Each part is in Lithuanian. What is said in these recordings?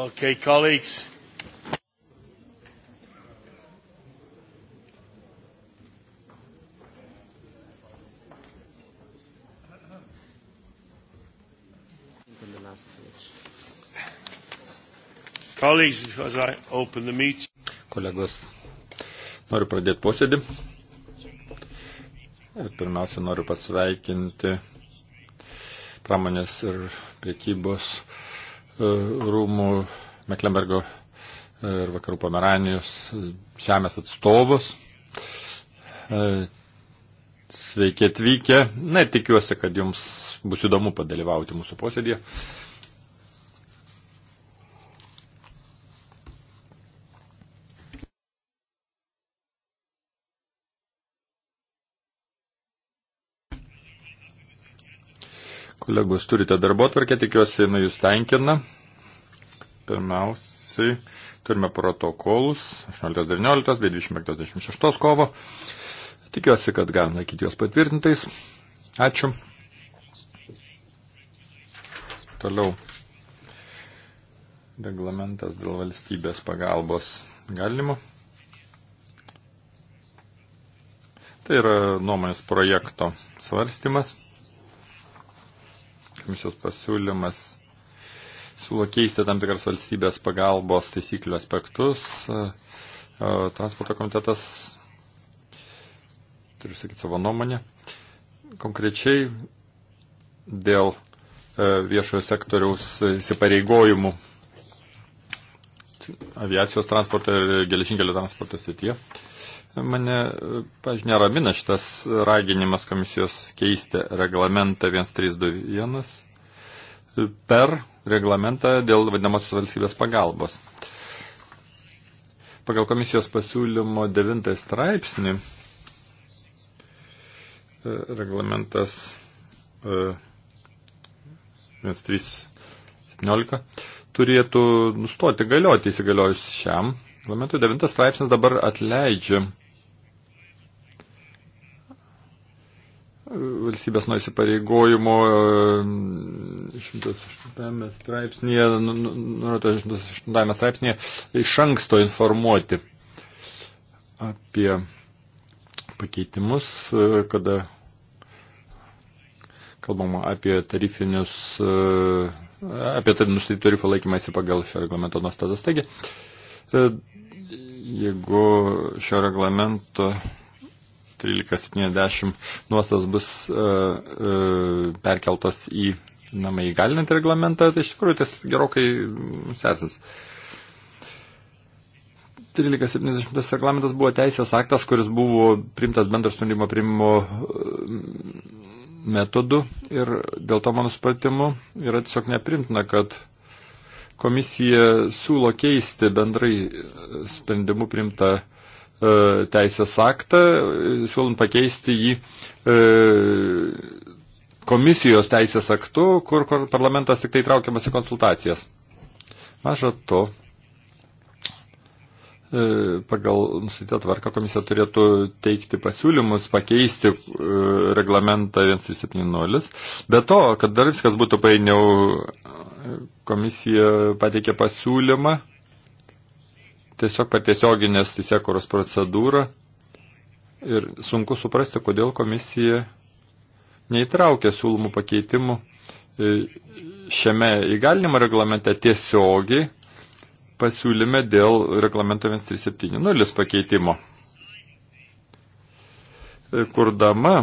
Okay, colleagues. Colleagues, as I open the meeting. Kolegos, noriu pradėti posėdį. Ir pirmiausia, noriu pasveikinti pramonės ir priekybos rūmų, Meklenbergo ir vakarų pomeranijos žemės atstovus. Sveiki atvykę. Na, tikiuosi, kad jums bus įdomu padalyvauti mūsų posėdėje. Kolegos, turite darbo tvarkę, tikiuosi, nu jūs tenkina. Pirmiausiai turime protokolus 18.19 bei 25.26 kovo. Tikiuosi, kad galime laikyti juos patvirtintais. Ačiū. Toliau. Reglamentas dėl valstybės pagalbos galimo. Tai yra nuomonės projekto svarstymas. Komisijos pasiūlymas siūlo keisti tam tikras valstybės pagalbos taisyklių aspektus. E, e, transporto komitetas, turiu sakyti savo nuomonę, konkrečiai dėl e, viešojo sektoriaus įsipareigojimų aviacijos transporto ir geležinkelio transporto srityje. Mane, pažiūrėjau, neramina šitas raginimas komisijos keisti reglamentą 1321 per reglamentą dėl vadinamos valstybės pagalbos. Pagal komisijos pasiūlymo 9 straipsnį e, reglamentas 1317 e, turėtų nustoti galioti įsigaliojus šiam reglamentui. 9 straipsnis dabar atleidžia valstybės nuo įsipareigojimo 108 e, straipsnėje, 108 nu, nu, straipsnėje iš anksto informuoti apie pakeitimus, e, kada kalbama apie tarifinius, e, apie nustatytų tarifų laikymąsi pagal šio reglamento nuostatas. Taigi, jeigu šio reglamento 1370 nuostas bus uh, uh, perkeltos į namai įgalinantį reglamentą, tai iš tikrųjų tas gerokai sesins. 1370 reglamentas buvo teisės aktas, kuris buvo primtas bendro sprendimo priimimo e, metodu ir dėl to mano supratimu yra tiesiog neprimtina, kad komisija siūlo keisti bendrai sprendimu primtą uh, E, teisės aktą, e, siūlom pakeisti jį e, komisijos teisės aktu, kur parlamentas tik tai traukiamas į konsultacijas. Mažo to, pagal nustatytą tvarką komisija turėtų teikti pasiūlymus, pakeisti reglamentą 170. Be to, kad dar viskas būtų painiau, komisija pateikė pasiūlymą tiesiog per tiesioginės teisėkuros procedūrą ir sunku suprasti, kodėl komisija neįtraukė siūlomų pakeitimų e, šiame įgalinimo reglamente tiesiogiai pasiūlyme dėl reglamento 1370 pakeitimo. E, kurdama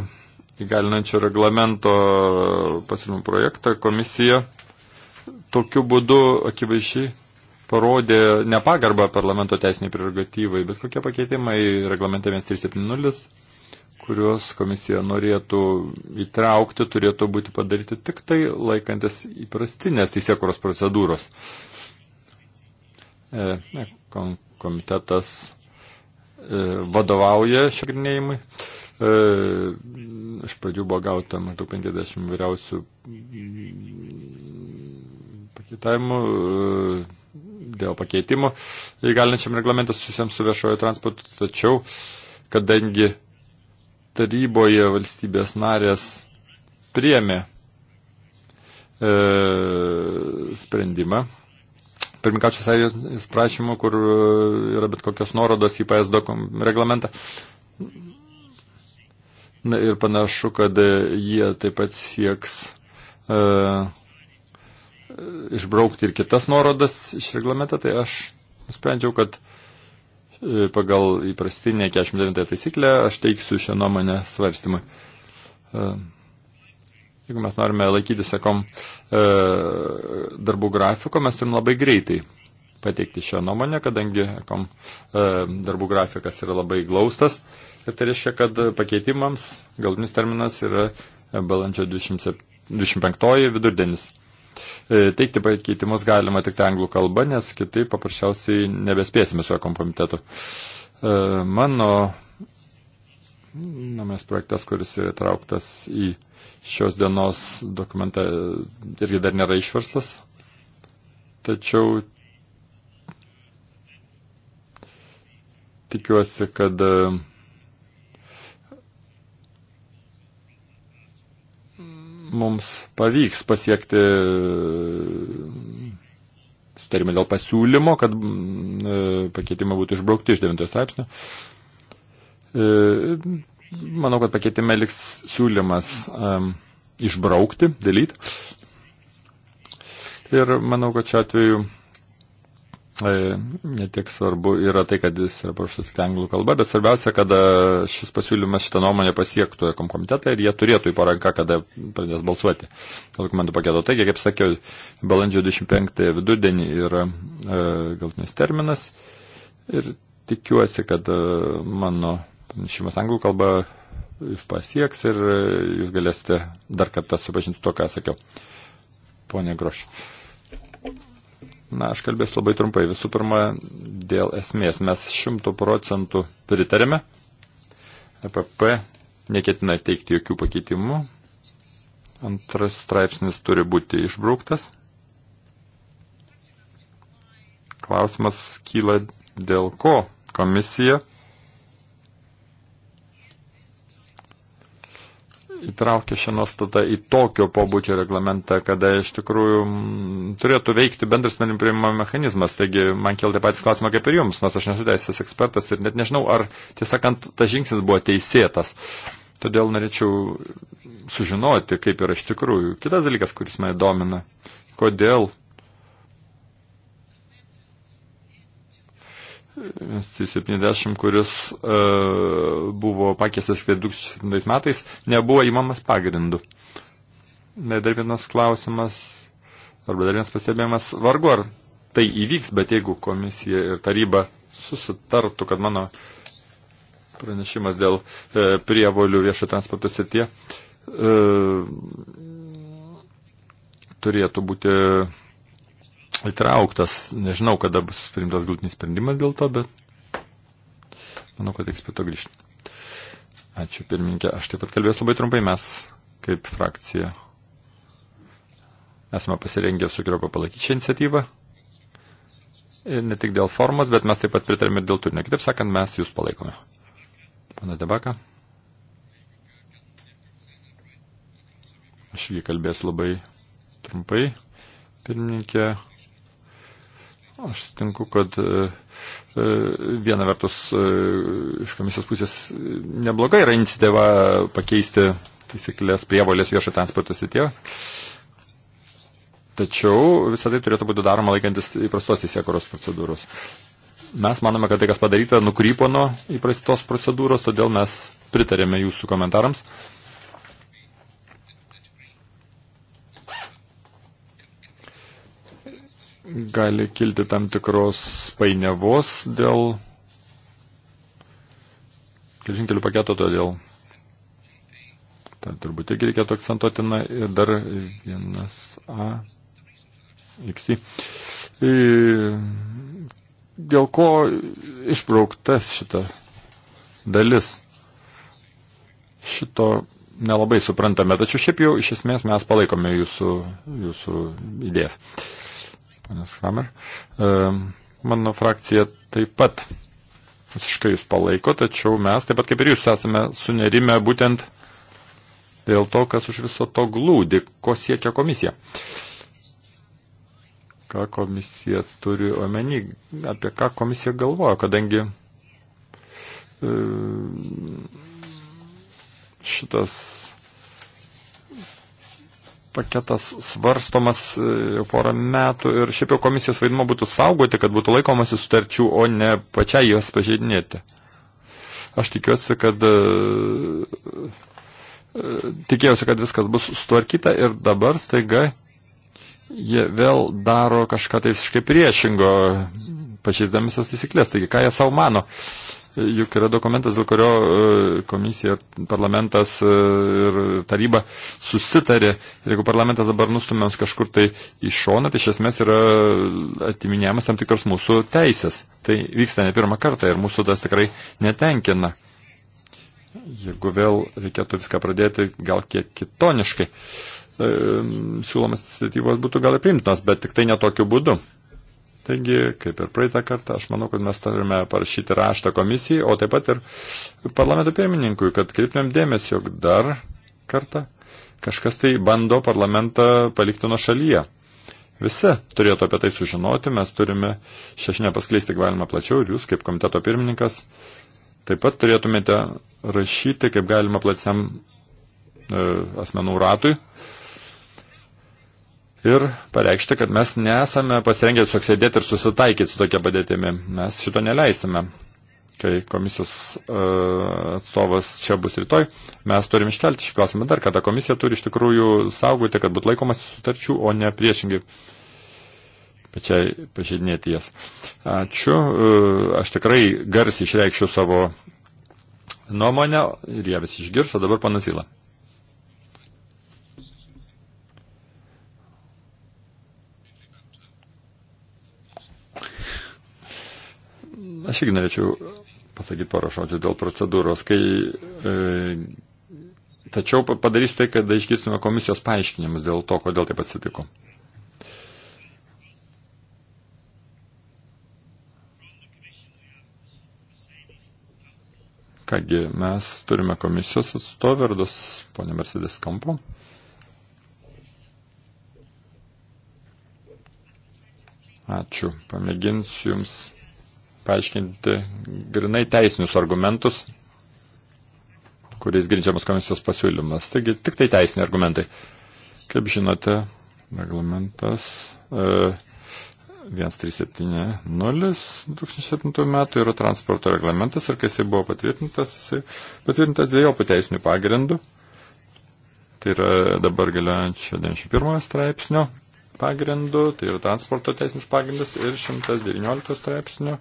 įgalinančio reglamento pasiūlymų projektą, komisija tokiu būdu akivaizdžiai parodė nepagarbą parlamento teisiniai prerogatyvai, bet kokie pakeitimai reglamente 1370, kuriuos komisija norėtų įtraukti, turėtų būti padaryti tik tai laikantis įprastinės teisėkuros procedūros. E, komitetas e, vadovauja šagrinėjimui. E, iš pradžių buvo gauta maždaug 50 vyriausių pakitavimų. E, dėl pakeitimų įgalinčiam reglamentą susijęs su viešojo transportu, tačiau kadangi taryboje valstybės narės priemė e, sprendimą, pirmikačios airijos prašymų, kur e, yra bet kokios nuorodos į PSD reglamentą. Na ir panašu, kad e, jie taip pat sieks uh, e, išbraukti ir kitas nuorodas iš reglamento, tai aš nusprendžiau, kad e, pagal įprastinę 49 taisyklę aš teiksiu šią nuomonę svarstymui. E, jeigu mes norime laikyti, sakom, e, darbų grafiko, mes turim labai greitai pateikti šią nuomonę, kadangi kom, darbų grafikas yra labai glaustas. Ir tai reiškia, kad pakeitimams galutinis terminas yra balandžio 27, 25 vidurdienis. E, teikti pakeitimus galima tik anglų kalba, nes kitaip paprasčiausiai nebespėsime su komitetu. E, mano namės projektas, kuris yra trauktas į šios dienos dokumentą, irgi dar nėra išverstas. Tačiau tikiuosi, kad e, mums pavyks pasiekti e, sutarimą dėl pasiūlymo, kad e, pakeitimai būtų išbraukti iš 9 straipsnio. E, manau, kad pakeitime liks siūlymas um, išbraukti, dalyti. Ir manau, kad šiuo atveju E, ne tiek svarbu yra tai, kad jis yra parašytas anglų kalba, bet svarbiausia, kad e, šis pasiūlymas šitą nuomonę pasiektų ekom komitetą ir jie turėtų į paranką, kada pradės balsuoti dokumentų paketo. Taigi, kaip sakiau, balandžio 25 vidudienį yra e, galtinis terminas ir tikiuosi, kad e, mano pranešimas anglų kalba jūs pasieks ir e, jūs galėsite dar kartą supažinti to, ką sakiau. Pone Groš. Na, aš kalbėsiu labai trumpai. Visų pirma, dėl esmės mes šimtų procentų pritarėme. EPP neketina teikti jokių pakeitimų. Antras straipsnis turi būti išbrauktas. Klausimas kyla dėl ko komisija įtraukė šią nuostatą į tokio pobūdžio reglamentą, kada iš tikrųjų turėtų veikti bendras sprendimų priimimo mechanizmas. Taigi man keltai patys klausimą kaip ir jums, nors aš nesu teisės ekspertas ir net nežinau, ar tiesąkant tas žingsnis buvo teisėtas. Todėl norėčiau sužinoti, kaip yra iš tikrųjų. Kitas dalykas, kuris mane domina, kodėl 70, kuris e, buvo pakėstas 2007 metais, nebuvo įmamas pagrindu. Bet dar vienas klausimas, arba dar vienas pastebėjimas, vargu ar tai įvyks, bet jeigu komisija ir taryba susitartų, kad mano pranešimas dėl e, prievolių viešo transporto srityje e, turėtų būti įtrauktas. Nežinau, kada bus priimtas galutinis sprendimas dėl to, bet manau, kad reiks prie to grįžti. Ačiū pirmininkė. Aš taip pat kalbėsiu labai trumpai. Mes kaip frakcija esame pasirengę su Griopa palaikyti šią iniciatyvą. Ir ne tik dėl formos, bet mes taip pat pritarėme dėl turinio. Kitaip sakant, mes jūs palaikome. Panas Debaka. Aš irgi kalbėsiu labai trumpai. Pirmininkė, Aš sutinku, kad e, e, viena vertus e, iš komisijos pusės neblogai yra iniciatyva pakeisti taisyklės prievolės viešo transporto sitie. Tačiau visą tai turėtų būti daroma laikantis įprastos įsiekuros procedūros. Mes manome, kad tai, kas padaryta, nukrypo nuo įprastos procedūros, todėl mes pritarėme jūsų komentarams. Uh, gali kilti tam tikros painiavos dėl geležinkelių paketo, todėl tai turbūt irgi reikėtų akcentuoti. Na ir dar vienas A. Iksi. E, dėl ko išbrauktas šita dalis šito nelabai suprantame, tačiau šiaip jau iš esmės mes palaikome jūsų, jūsų idėjas. Uh, panas Kramer. E, mano frakcija taip pat visiškai jūs palaiko, tačiau mes taip pat kaip ir jūs esame sunerime būtent dėl to, kas už viso to glūdi, ko siekia komisija. Ką komisija turi omeny, apie ką komisija galvoja, kadangi e, šitas paketas svarstomas e, jau porą metų ir šiaip jau komisijos vaidmo būtų saugoti, kad būtų laikomasi sutarčių, o ne pačiai juos pažeidinėti. Aš tikiuosi, kad e, e, tikėjausi, kad viskas bus sutvarkyta ir dabar staiga jie vėl daro kažką tai visiškai priešingo, pažeisdami visas taisyklės. Taigi, ką jie savo mano? Uh, juk yra dokumentas, dėl kurio e, komisija, parlamentas e, ir taryba susitarė. Ir jeigu parlamentas dabar nustumėms kažkur tai į šoną, tai iš esmės yra atiminėjamas tam tikras mūsų teisės. Tai vyksta ne pirmą kartą ir mūsų tas tikrai netenkina. Jeigu vėl reikėtų viską pradėti gal kiek kitoniškai, e, siūlomas iniciatyvos būtų gal ir primtinos, bet tik tai netokiu būdu. Taigi, kaip ir praeitą kartą, aš manau, kad mes turime parašyti raštą komisijai, o taip pat ir parlamento pirmininkui, kad kreiptumėm dėmesį, jog dar kartą kažkas tai bando parlamentą palikti nuo šalyje. Visi turėtų apie tai sužinoti, mes turime šešinę paskleisti galima plačiau ir jūs, kaip komiteto pirmininkas, taip pat turėtumėte rašyti, kaip galima plačiam e, asmenų ratui, ir pareikšti, kad mes nesame pasirengę susėdėti ir susitaikyti su tokia padėtimi. Mes šito neleisime. Kai komisijos uh, atstovas čia bus rytoj, mes turim iškelti šį klausimą dar, kad ta komisija turi iš tikrųjų saugoti, kad būtų laikomas sutarčių, o ne priešingai pačiai pažydinėti jas. Ačiū. Uh, aš tikrai garsiai išreikščiau savo nuomonę ir ją visi išgirso. Dabar panasyla. Aš irgi norėčiau pasakyti porą žodžių dėl procedūros. Kai, e, tačiau padarysiu tai, kad išgirsime komisijos paaiškinimus dėl to, kodėl taip atsitiko. Kągi, mes turime komisijos atstovę vardus, ponė Mercedes Kampo. Ačiū. Pamėginsiu Jums paaiškinti grinai teisinius argumentus, kuriais grindžiamas komisijos pasiūlymas. Taigi tik tai teisiniai argumentai. Kaip žinote, reglamentas e, 1370-2007 metų yra transporto reglamentas ir kai jisai buvo patvirtintas, jisai patvirtintas dviejopų teisinių pagrindų. Tai yra dabar galiojančio 91 straipsnio pagrindu, tai yra transporto teisinis pagrindas ir 119 straipsnių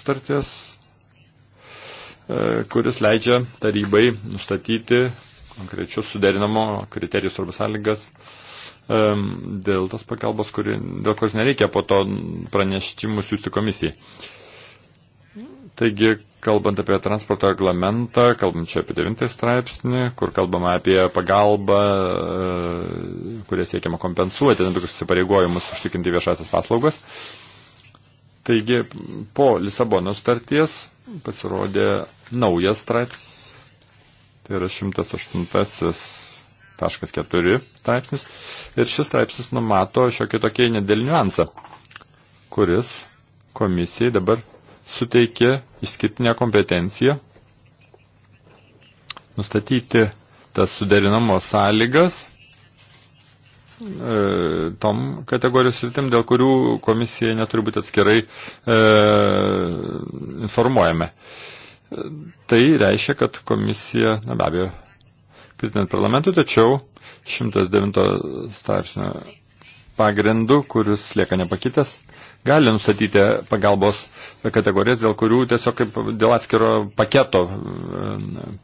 starties, e, kuris leidžia tarybai nustatyti konkrečius suderinamo kriterijus arba sąlygas e, dėl tos pagalbos, kuri, dėl kurios nereikia po to pranešimų siūsti komisijai. Taigi, kalbant apie transporto reglamentą, kalbant čia apie 9 straipsnį, kur kalbama apie pagalbą, e, kurie siekiama kompensuoti tam tikrus įsipareigojimus užtikrinti viešasias paslaugas. Taigi, po Lisabono starties pasirodė naujas straipsnis, tai yra 108.4 straipsnis, ir šis straipsnis numato šiokį tokį nedėlį niuansą, kuris komisijai dabar suteikė išskirtinę kompetenciją nustatyti tas suderinamo sąlygas e, tom kategorijos sritim, dėl kurių komisija neturi būti atskirai e, informuojame. Tai reiškia, kad komisija, na be abejo, pritinant parlamentui, tačiau 109 straipsnio pagrindu, kuris lieka nepakitęs, gali nustatyti pagalbos kategorijas, dėl kurių tiesiog kaip dėl atskiro paketo e,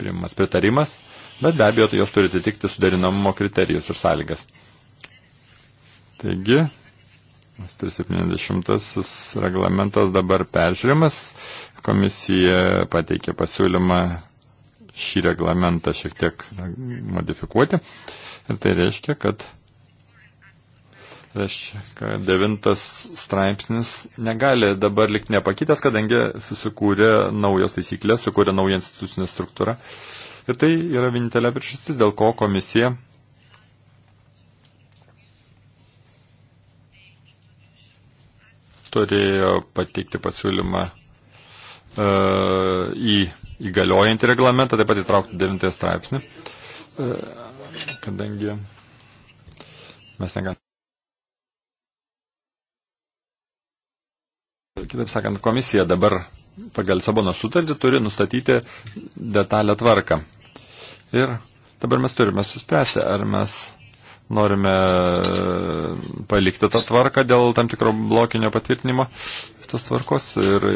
priimamas pritarimas, bet be abejo, tai jos turi atitikti suderinamumo kriterijus ir sąlygas. Taigi, 370 reglamentas dabar peržiūrimas, komisija pateikė pasiūlymą šį reglamentą šiek tiek modifikuoti ir tai reiškia, kad reiškia, kad devintas straipsnis negali dabar likti nepakytas, kadangi susikūrė naujos taisyklės, sukūrė naują institucinę struktūrą. Ir tai yra vienintelė priežastis, dėl ko komisija turėjo pateikti pasiūlymą uh, į įgaliojantį reglamentą, taip pat įtraukti devintąją straipsnį, uh, kadangi mes negalime. Kitaip sakant, komisija dabar pagal Sabono sutartį turi nustatyti detalę tvarką. Ir dabar mes turime suspręsti, ar mes norime palikti tą tvarką dėl tam tikro blokinio patvirtinimo tos tvarkos ir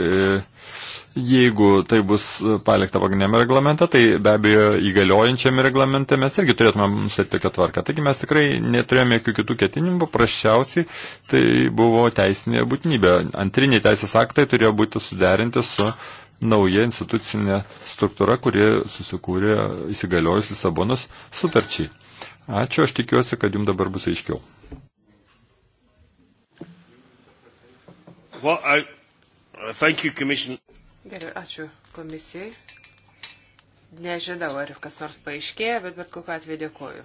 Jeigu tai bus palikta pagrindiniame reglamente, tai be abejo įgaliojančiame reglamente mes irgi turėtume nustatyti tokią tvarką. Taigi mes tikrai neturėjome jokių kitų ketinimų, paprasčiausiai tai buvo teisinė būtinybė. Antriniai teisės aktai turėjo būti suderinti su nauja institucinė struktūra, kuri susikūrė įsigaliojus Lisabonos sutarčiai. Ačiū, aš tikiuosi, kad jums dabar bus aiškiau. Well, I, uh, thank you, Commission. Gerai, ačiū komisijai. Nežinau, ar kas nors paaiškėjo, bet bet kokiu atveju dėkoju.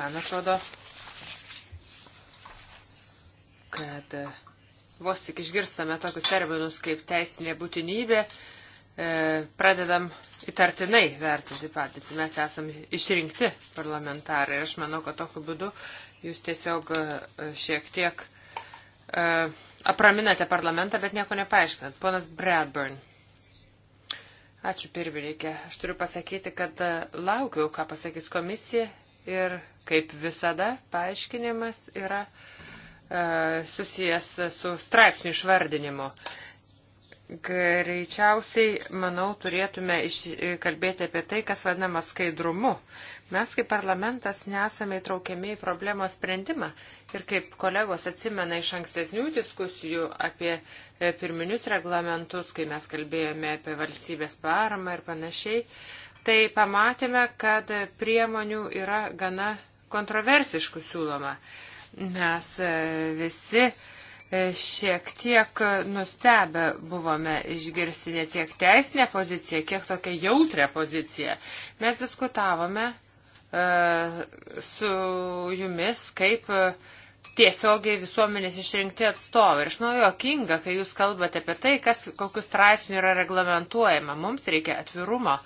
Man atrodo, kad e, vos tik išgirstame tokius terminus kaip teisinė būtinybė, e, pradedam įtartinai vertinti padėtį. Mes esam išrinkti parlamentarai ir aš manau, kad tokiu būdu jūs tiesiog e, šiek tiek apraminate parlamentą, bet nieko nepaaiškinat. Ponas Bradburn. Ačiū pirmininkė. Aš turiu pasakyti, kad e, laukiu, ką pasakys komisija ir kaip visada paaiškinimas yra e, susijęs su straipsnių išvardinimu greičiausiai, manau, turėtume kalbėti apie tai, kas vadinama skaidrumu. Mes kaip parlamentas nesame įtraukiami į problemos sprendimą. Ir kaip kolegos atsimena iš ankstesnių diskusijų apie e, pirminius reglamentus, kai mes kalbėjome apie valstybės paramą ir panašiai, tai pamatėme, kad priemonių yra gana kontroversiškų siūloma. Mes e, visi E, šiek tiek nustebę buvome išgirsti ne tiek teisinę poziciją, kiek tokią jautrę poziciją. Mes diskutavome e, su jumis, kaip tiesiogiai visuomenės išrinkti atstovai. Ir aš naujo kinga, kai jūs kalbate apie tai, kas, kokius straipsnių yra reglamentuojama. Mums reikia atvirumo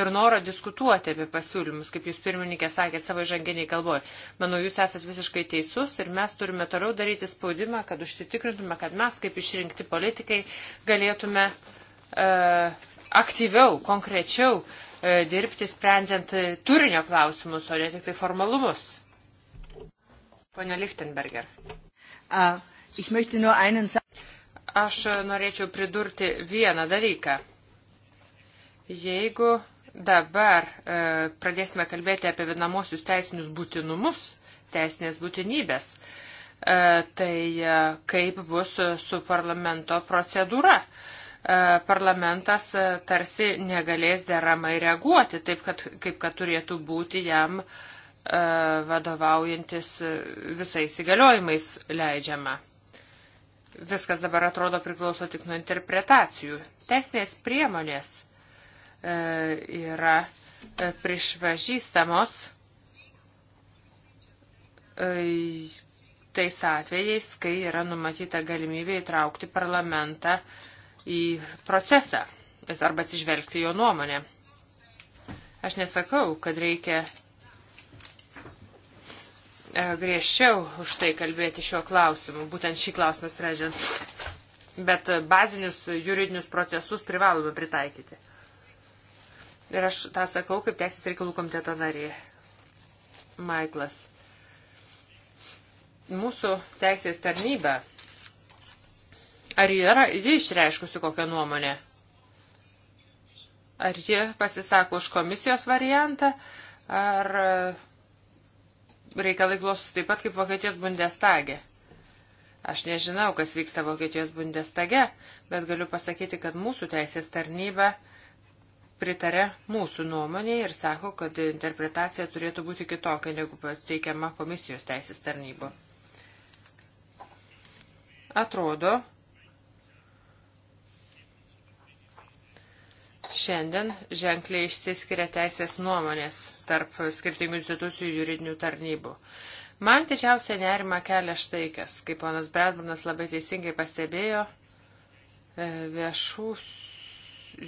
ir noro diskutuoti apie pasiūlymus, kaip jūs pirmininkė sakėt savo žanginiai kalboje. Manau, jūs esat visiškai teisus ir mes turime toliau daryti spaudimą, kad užsitikrintume, kad mes kaip išrinkti politikai galėtume uh, aktyviau, konkrečiau uh, dirbti, sprendžiant turinio klausimus, o ne tik tai formalumus. Pone Lichtenberger. Aš norėčiau pridurti vieną dalyką. Jeigu dabar e, pradėsime kalbėti apie vienamosius teisinius būtinumus, teisinės būtinybės, e, tai e, kaip bus su parlamento procedūra. E, parlamentas e, tarsi negalės deramai reaguoti, taip kad, kaip kad turėtų būti jam e, E, vadovaujantis visais įgaliojimais leidžiama. Viskas dabar atrodo priklauso tik nuo interpretacijų. Tesnės priemonės e, yra e, prišvažystamos tais atvejais, kai yra numatyta galimybė įtraukti parlamentą į procesą arba atsižvelgti jo nuomonę. Aš nesakau, kad reikia E, griežčiau už tai kalbėti šiuo klausimu, būtent šį klausimą sprendžiant. Bet bazinius juridinius procesus privalome pritaikyti. Ir aš tą sakau kaip Teisės reikalų komiteto narė. Maiklas. Mūsų teisės tarnyba. Ar yra, ji išreiškusi kokią nuomonę? Ar ji pasisako už komisijos variantą, ar reikalai klostosi taip pat kaip Vokietijos Bundestage. Aš nežinau, kas vyksta Vokietijos Bundestage, bet galiu pasakyti, kad mūsų teisės tarnyba pritarė mūsų nuomonė ir sako, kad interpretacija turėtų būti kitokia negu pateikiama komisijos teisės tarnybo. Atrodo, šiandien ženkliai išsiskiria teisės nuomonės tarp skirtingų institucijų juridinių tarnybų. Man didžiausia nerima kelia štaikės, kaip ponas Bradburnas labai teisingai pastebėjo, e, viešų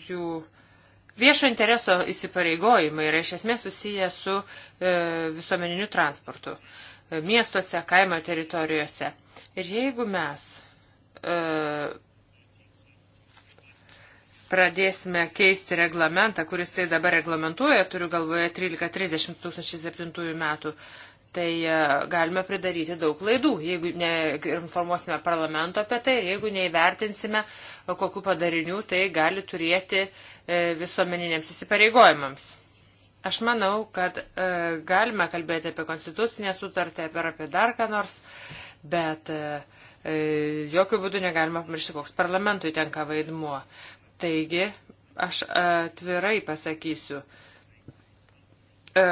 jų viešo intereso įsipareigojimai yra iš esmės susiję su e, visuomeniniu transportu e, miestuose, kaimo teritorijose. Ir jeigu mes e, pradėsime keisti reglamentą, kuris tai dabar reglamentuoja, turiu galvoje 13.30.2007 metų, tai e, galime pridaryti daug klaidų, jeigu neinformuosime parlamento apie tai ir jeigu neįvertinsime, kokiu padariniu tai gali turėti e, visuomeniniams įsipareigojimams. Aš manau, kad e, galime kalbėti apie konstitucinę sutartį, apie, apie dar ką nors, bet e, e, jokių būdų negalima pamiršti, koks parlamentui tenka vaidmuo. Taigi, aš atvirai pasakysiu, e,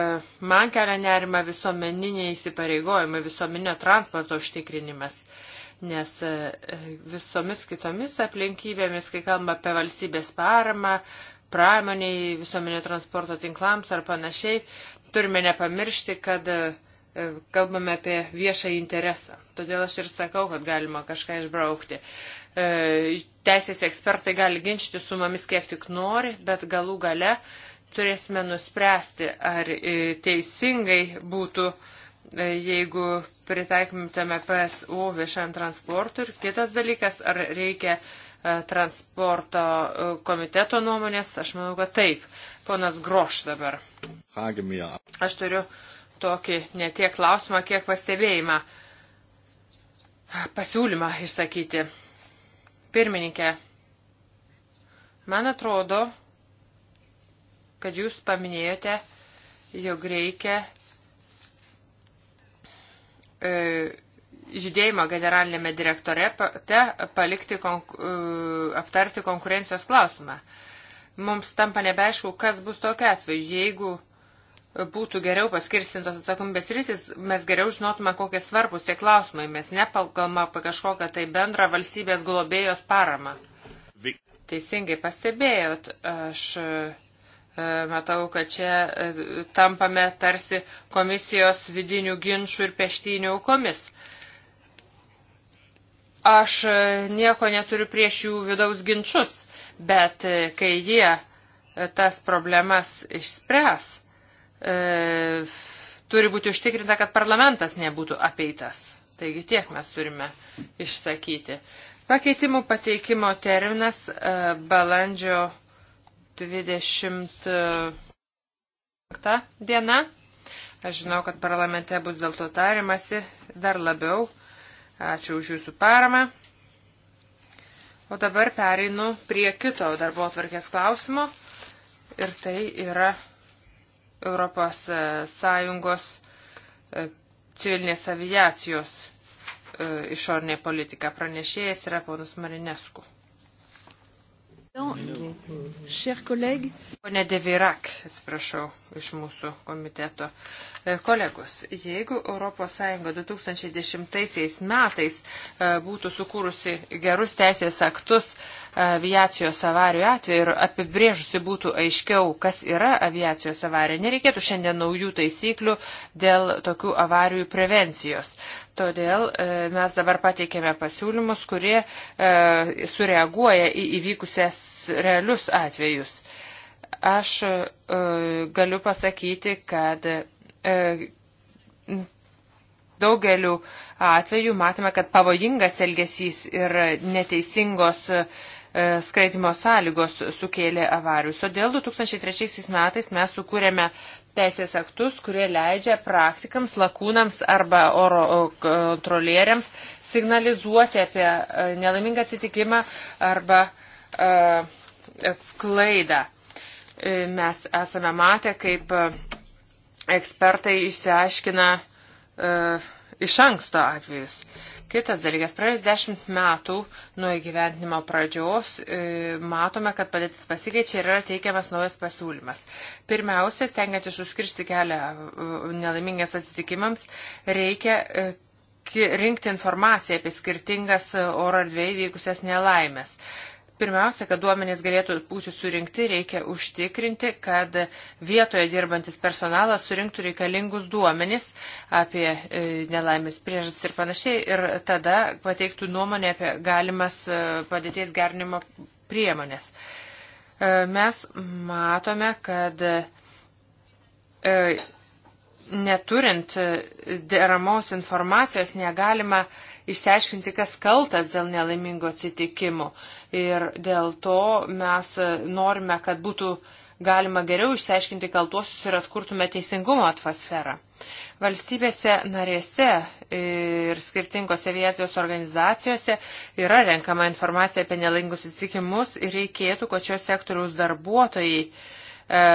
man kelia nerima visuomeniniai įsipareigojimai, visuomeninio transporto užtikrinimas, nes e, visomis kitomis aplinkybėmis, kai kalbame apie valstybės paramą, pramoniai, visuomeninio transporto tinklams ar panašiai, turime nepamiršti, kad uh, E, kalbame apie viešą interesą. Todėl aš ir sakau, kad galima kažką išbraukti. E, teisės ekspertai gali ginčyti su mumis kiek tik nori, bet galų gale turėsime nuspręsti, ar e, teisingai būtų, jeigu pritaikytume PSU viešajam transportui. Ir kitas dalykas, ar reikia transporto komiteto nuomonės, aš manau, kad taip. Ponas Groš dabar. Aš turiu uh, tokį netiek klausimą, kiek pastebėjimą, pasiūlymą išsakyti. Pirmininkė, man atrodo, kad jūs paminėjote, jog reikia e, judėjimo generalinėme direktore te palikti konku, e, aptarti konkurencijos klausimą. Mums tampa nebeaišku, kas bus tokia atveju, jeigu būtų geriau paskirstintos atsakomybės rytis, mes geriau žinotume, kokie svarbus tie klausimai, mes nepalkalma apie kažkokią tai bendrą valstybės globėjos paramą. Teisingai pastebėjot, aš e, matau, kad čia e, tampame tarsi komisijos vidinių ginčių ir peštinių aukomis. Aš e, nieko neturiu prieš jų vidaus ginčius, bet kai jie tas problemas išspręs, e, turi būti užtikrinta, kad parlamentas nebūtų apeitas. Taigi tiek mes turime išsakyti. Pakeitimų pateikimo terminas e, balandžio 25 diena. Aš žinau, kad parlamente bus dėl to tarimasi dar labiau. Ačiū už jūsų paramą. O dabar pereinu prie kito darbo atvarkės klausimo. Ir tai yra Europos e, Sąjungos e, civilinės aviacijos e, išornė politika. Pranešėjas yra ponas Marinesku. Pone Devirak, atsiprašau, iš mūsų komiteto. Kolegos, jeigu ES 2010 metais būtų sukūrusi gerus teisės aktus aviacijos avarijų atveju ir apibrėžusi būtų aiškiau, kas yra aviacijos avarija. Nereikėtų šiandien naujų taisyklių dėl tokių avarijų prevencijos. Todėl e, mes dabar pateikėme pasiūlymus, kurie e, sureaguoja į įvykusias realius atvejus. Aš e, galiu pasakyti, kad daugeliu atveju matome, kad pavojingas elgesys ir neteisingos uh, E, skraidimo sąlygos sukėlė avarius. Todėl 2003 metais mes sukūrėme teisės aktus, kurie leidžia praktikams, lakūnams arba oro kontrolieriams signalizuoti apie e, nelaimingą atsitikimą arba e, klaidą. Mes esame matę, kaip ekspertai išsiaiškina iš anksto atvejus. Kitas dalykas, praėjus dešimt metų nuo įgyventinimo pradžios e, matome, kad padėtis pasikeičia ir yra teikiamas naujas pasiūlymas. Pirmiausia, stengiantis užkirsti kelią e, nelaimingės atsitikimams, reikia e, rinkti informaciją apie skirtingas e, oro erdvėje vykusias nelaimės. E, Pirmiausia, kad duomenys galėtų būti surinkti, reikia užtikrinti, kad vietoje dirbantis personalas surinktų reikalingus duomenys apie e, nelaimės priežastis ir panašiai ir tada pateiktų nuomonę apie galimas e, padėties gernimo priemonės. E, mes matome, kad neturint e, deramos informacijos negalima išsiaiškinti, kas kaltas dėl nelaimingo atsitikimų. Ir dėl to mes e, norime, kad būtų galima geriau išsiaiškinti kaltuosius ir atkurtume teisingumo atmosferą. Valstybėse narėse ir skirtingose aviacijos organizacijose yra renkama informacija apie nelaimingus atsitikimus ir reikėtų, kad šios sektoriaus darbuotojai e,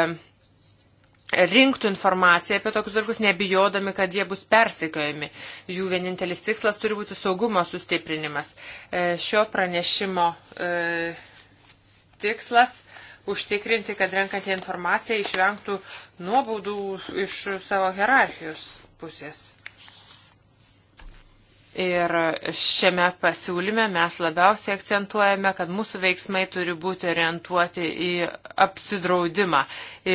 rinktų informaciją apie tokius dalykus, nebijodami, kad jie bus persikojami. Jų vienintelis tikslas turi būti saugumo sustiprinimas. E, šio pranešimo e, tikslas užtikrinti, kad renkant informaciją išvengtų nuobaudų iš savo hierarchijos pusės. Ir šiame pasiūlyme mes labiausiai akcentuojame, kad mūsų veiksmai turi būti orientuoti į apsidraudimą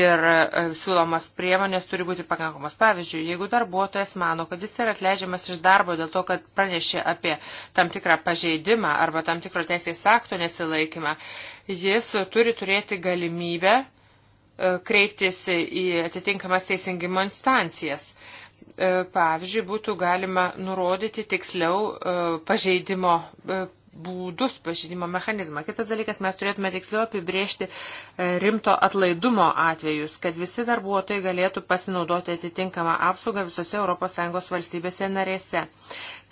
ir e, siūlomas priemonės turi būti pakankamos. Pavyzdžiui, jeigu darbuotojas mano, kad jis yra atleidžiamas iš darbo dėl to, kad pranešė apie tam tikrą pažeidimą arba tam tikro teisės akto nesilaikymą, jis turi turėti galimybę e, kreiptis į atitinkamas teisingumo instancijas. E, pavyzdžiui, būtų galima nurodyti tiksliau e, pažeidimo e, būdus, pažeidimo mechanizmą. Kitas dalykas, mes turėtume tiksliau apibriežti rimto atlaidumo atvejus, kad visi darbuotojai galėtų pasinaudoti atitinkamą apsaugą visose ES valstybėse narėse.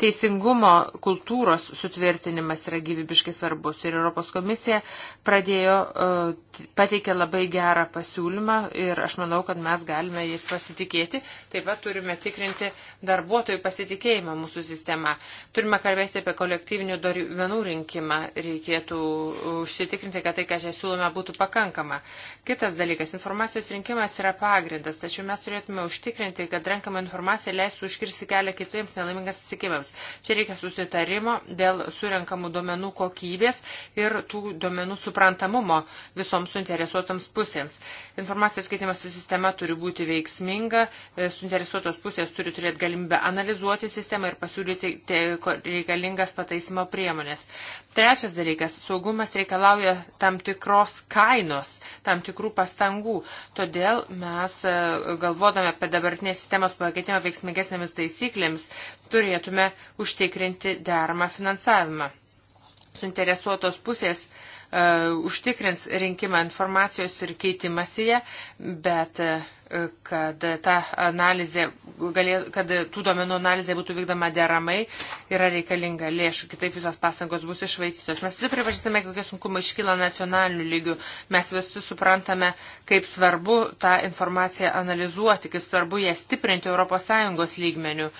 Teisingumo kultūros sutvirtinimas yra gyvybiškai svarbus ir Europos komisija pradėjo, e, pateikė labai gerą pasiūlymą ir aš manau, kad mes galime jais pasitikėti. Taip pat turime tikrinti darbuotojų pasitikėjimą mūsų sistema. Turime kalbėti apie kolektyvinių duomenų rinkimą. Reikėtų užsitikrinti, kad tai, ką čia siūlome, būtų pakankama. Kitas dalykas - informacijos rinkimas yra pagrindas, tačiau mes turėtume užtikrinti, kad renkama informacija leistų užkirsti kelią kitiems nelaimingas susitikimams. Čia reikia susitarimo dėl surinkamų duomenų kokybės ir tų duomenų suprantamumo visoms suinteresuotams pusėms. Informacijos keitimosi sistema turi būti veiksminga, e, suinteresuotos pusės turi turėti galimybę analizuoti sistemą ir pasiūlyti reikalingas pataisimo priemonės. Trečias dalykas - saugumas reikalauja tam tikros kainos, tam tikrų pastangų. Todėl mes e, galvodami apie dabartinės sistemos pakeitimą veiksmingesnėmis taisyklėmis turėtume galėtume užtikrinti deramą finansavimą. Suinteresuotos pusės uh, užtikrins rinkimą informacijos ir keitimąsi ją, bet uh, kad ta analizė, kad tų domenų analizė būtų vykdoma deramai, yra reikalinga lėšų, kitaip visos pasangos bus išvaistytos. Mes visi pripažįstame, kokie sunkumai iškyla nacionaliniu lygiu, mes visi suprantame, kaip svarbu tą informaciją analizuoti, kaip svarbu ją stiprinti ES lygmenių.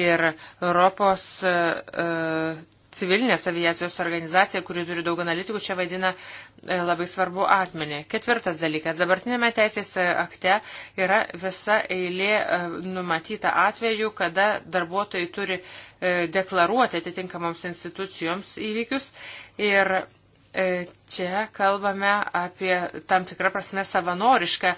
Ir Europos uh, civilinės aviacijos organizacija, kuri turi daug analitikų, čia vaidina e, labai svarbu atmenį. Ketvirtas dalykas. Dabartinėme teisės e, akte yra visa eilė e, numatyta atveju, kada darbuotojai turi deklaruoti atitinkamoms institucijoms įvykius. Ir čia kalbame apie tam tikrą prasme savanorišką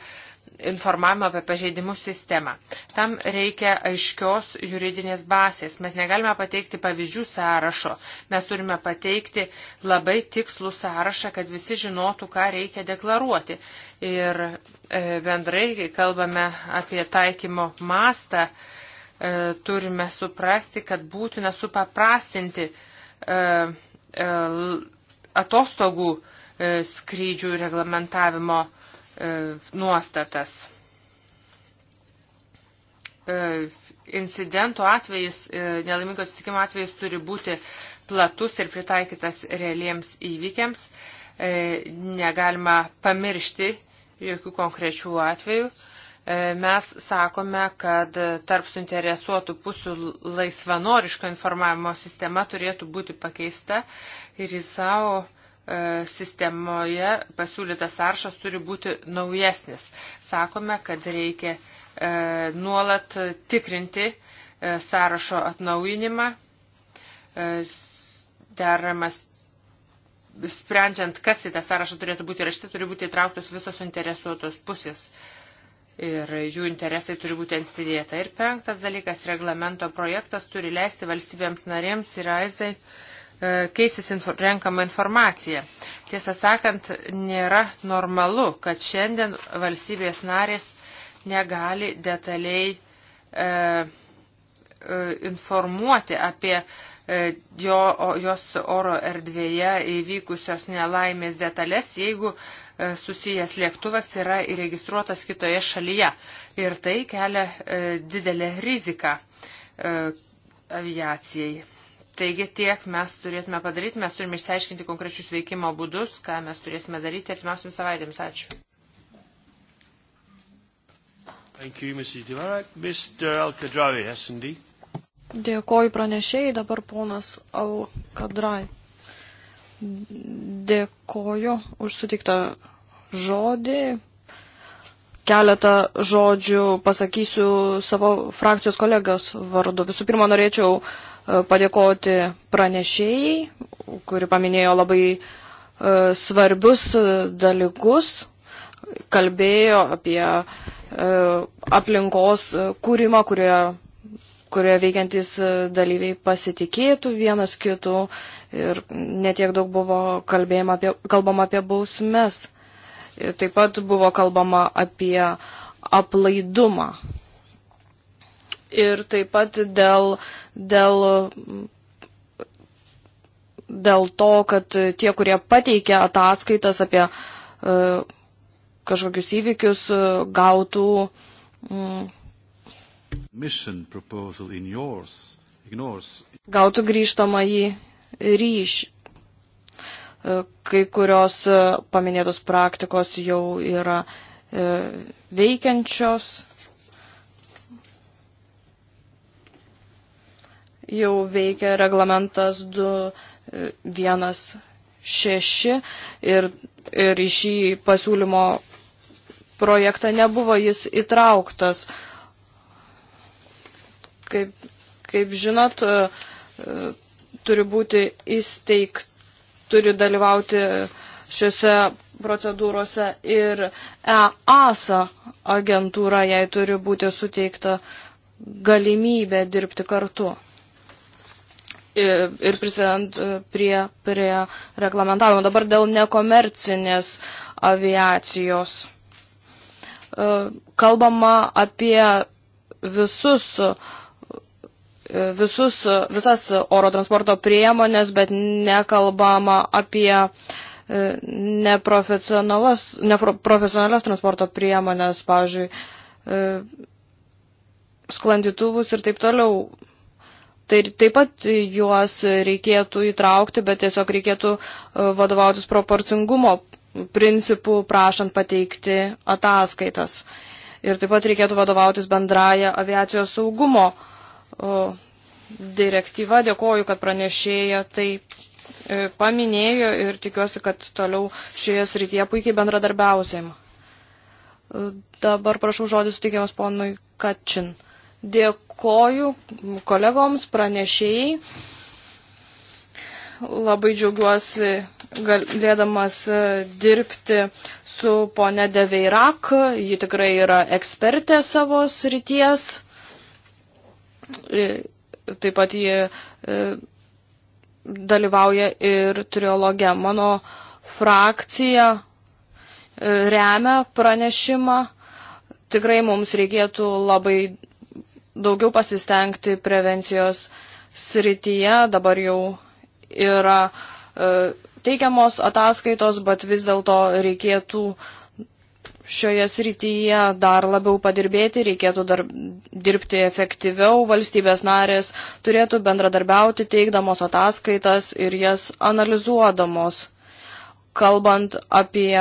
informavimo apie pažeidimus sistemą. Tam reikia aiškios juridinės bazės. Mes negalime pateikti pavyzdžių sąrašo. Mes turime pateikti labai tikslų sąrašą, kad visi žinotų, ką reikia deklaruoti. Ir e, bendrai, kai kalbame apie taikymo mastą, e, turime suprasti, kad būtina supaprastinti e, e, atostogų e, skrydžių reglamentavimo e, E, nuostatas. E, Incidentų atvejus, e, nelaimingo atsitikimo atvejus turi būti platus ir pritaikytas realiems įvykiams. Negalima pamiršti jokių konkrečių atvejų mes sakome, kad tarp suinteresuotų pusių laisvanoriško informavimo sistema turėtų būti pakeista ir į savo E, sistemoje pasiūlytas sąrašas turi būti naujesnis. Sakome, kad reikia e, nuolat tikrinti e, sąrašo atnaujinimą, deramas sprendžiant, kas į tą sąrašą turėtų būti rašti, turi būti įtrauktos visos interesuotos pusės. Ir jų interesai turi būti atspidėta. Ir penktas dalykas, reglamento projektas turi leisti valstybėms narėms ir aizai uh, E, keisis info, renkama informacija. Tiesą sakant, nėra normalu, kad šiandien valstybės narės negali detaliai e, e, informuoti apie e, jo, o, jos oro erdvėje įvykusios nelaimės detalės, jeigu e, susijęs lėktuvas yra įregistruotas kitoje šalyje. Ir tai kelia e, didelę riziką e, aviacijai. Taigi tiek mes turėtume padaryti, mes turime išsiaiškinti konkrečius veikimo būdus, ką mes turėsime daryti artimiausiams savaitėms. Ačiū. Thank you, Mrs. Divarak. Mr. Al-Kadrawi, S&D. Dėkoju pranešėjai, dabar ponas Al-Kadrai. Dėkoju už sutiktą žodį. Keletą žodžių pasakysiu savo frakcijos kolegos vardu. Visų pirma, norėčiau uh, padėkoti pranešėjai, kuri paminėjo labai e, svarbius e, dalykus, kalbėjo apie e, aplinkos kūrimą, kurioje, kurioje veikiantis dalyviai pasitikėtų vienas kitų ir netiek daug buvo apie, kalbama apie bausmes. Taip pat buvo kalbama apie aplaidumą ir taip pat dėl, dėl, dėl to, kad tie, kurie pateikia ataskaitas apie uh, kažkokius įvykius, uh, gautų. Um, yours, gautų grįžtamą į ryšį. Uh, kai kurios paminėtos praktikos jau yra veikiančios jau veikia reglamentas 216 e, ir, ir į šį pasiūlymo projektą nebuvo jis įtrauktas. Kaip, kaip žinot, e, e, turi būti įsteigt, turi dalyvauti šiuose procedūrose ir EASA agentūra jai turi būti suteikta galimybė dirbti kartu ir prisidant e, prie, prie reglamentavimo. Dabar dėl nekomercinės aviacijos. E, kalbama apie visus e, visus, visas oro transporto priemonės, bet nekalbama apie neprofesionalias, neprofesionalias transporto priemonės, pavyzdžiui, sklandytuvus ir taip toliau. Tai taip pat juos reikėtų įtraukti, bet tiesiog reikėtų e, vadovautis proporcingumo principų prašant pateikti ataskaitas. Ir taip pat reikėtų vadovautis bendraja aviacijos saugumo e, direktyva. Dėkoju, kad pranešėja tai e, paminėjo ir tikiuosi, kad toliau šioje srityje puikiai bendradarbiausim. Dabar prašau žodis suteikiamas ponui Kačin. Dėkoju kolegoms, pranešėjai. Labai džiaugiuosi galėdamas e, dirbti su ponė Deveirak. Ji tikrai yra ekspertė savo srities. E, taip pat ji e, dalyvauja ir triologė. Mano frakcija remia pranešimą tikrai mums reikėtų labai daugiau pasistengti prevencijos srityje. Dabar jau yra e, teikiamos ataskaitos, bet vis dėlto reikėtų šioje srityje dar labiau padirbėti, reikėtų dar dirbti efektyviau, valstybės narės turėtų bendradarbiauti teikdamos ataskaitas ir jas analizuodamos. Kalbant apie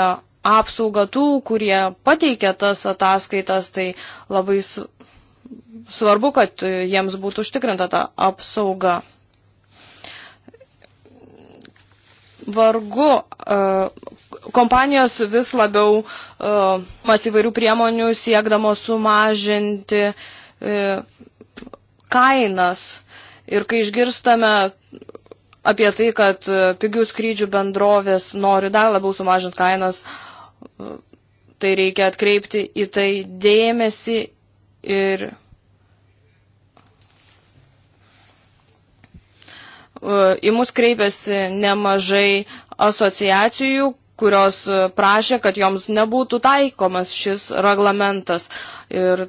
apsaugą tų, kurie pateikia tas ataskaitas, tai labai svarbu, kad jiems būtų užtikrinta ta apsauga. Vargu, e, kompanijos vis labiau e, mas įvairių priemonių siekdamos sumažinti e, kainas. Ir kai išgirstame apie tai, kad pigių skrydžių bendrovės nori dar labiau sumažinti kainas, tai reikia atkreipti į tai dėmesį ir e, į mus kreipėsi nemažai asociacijų, kurios prašė, kad joms nebūtų taikomas šis reglamentas ir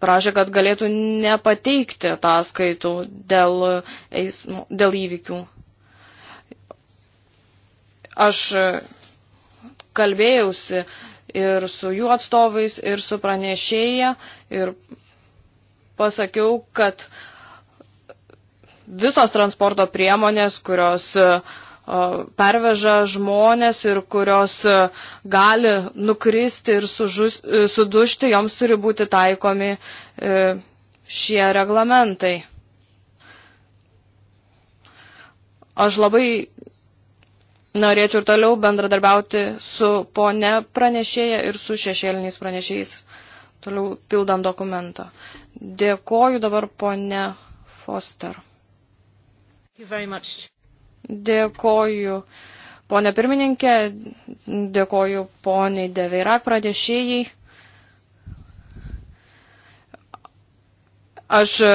prašė, kad galėtų nepateikti ataskaitų dėl, eismo, dėl įvykių. Aš kalbėjausi ir su jų atstovais, ir su pranešėja ir pasakiau, kad visos transporto priemonės, kurios e, perveža žmonės ir kurios e, gali nukristi ir sužus, e, sudušti, joms turi būti taikomi šie reglamentai. Aš labai Norėčiau ir toliau bendradarbiauti su pone pranešėja ir su šešėliniais pranešėjais, toliau pildant dokumentą. Dėkoju dabar pone Foster. Dėkoju pone pirmininkė, dėkoju poniai Deveirak pranešėjai. Aš e,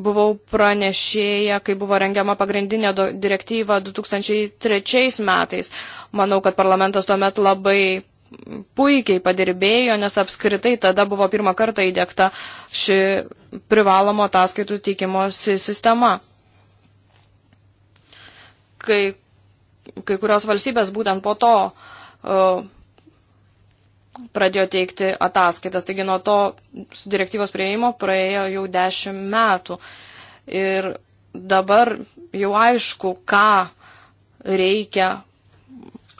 buvau pranešėję, kai buvo rengiama pagrindinė direktyva 2003 metais. Manau, kad parlamentas tuomet labai puikiai padirbėjo, nes apskritai tada buvo pirmą kartą įdėkta ši privalomo ataskaitų teikimo sistema. Kai, kai kurios valstybės būtent po to uh, pradėjo teikti ataskaitas. Taigi nuo to su direktyvos prieimo praėjo jau dešimt metų. Ir dabar jau aišku, ką reikia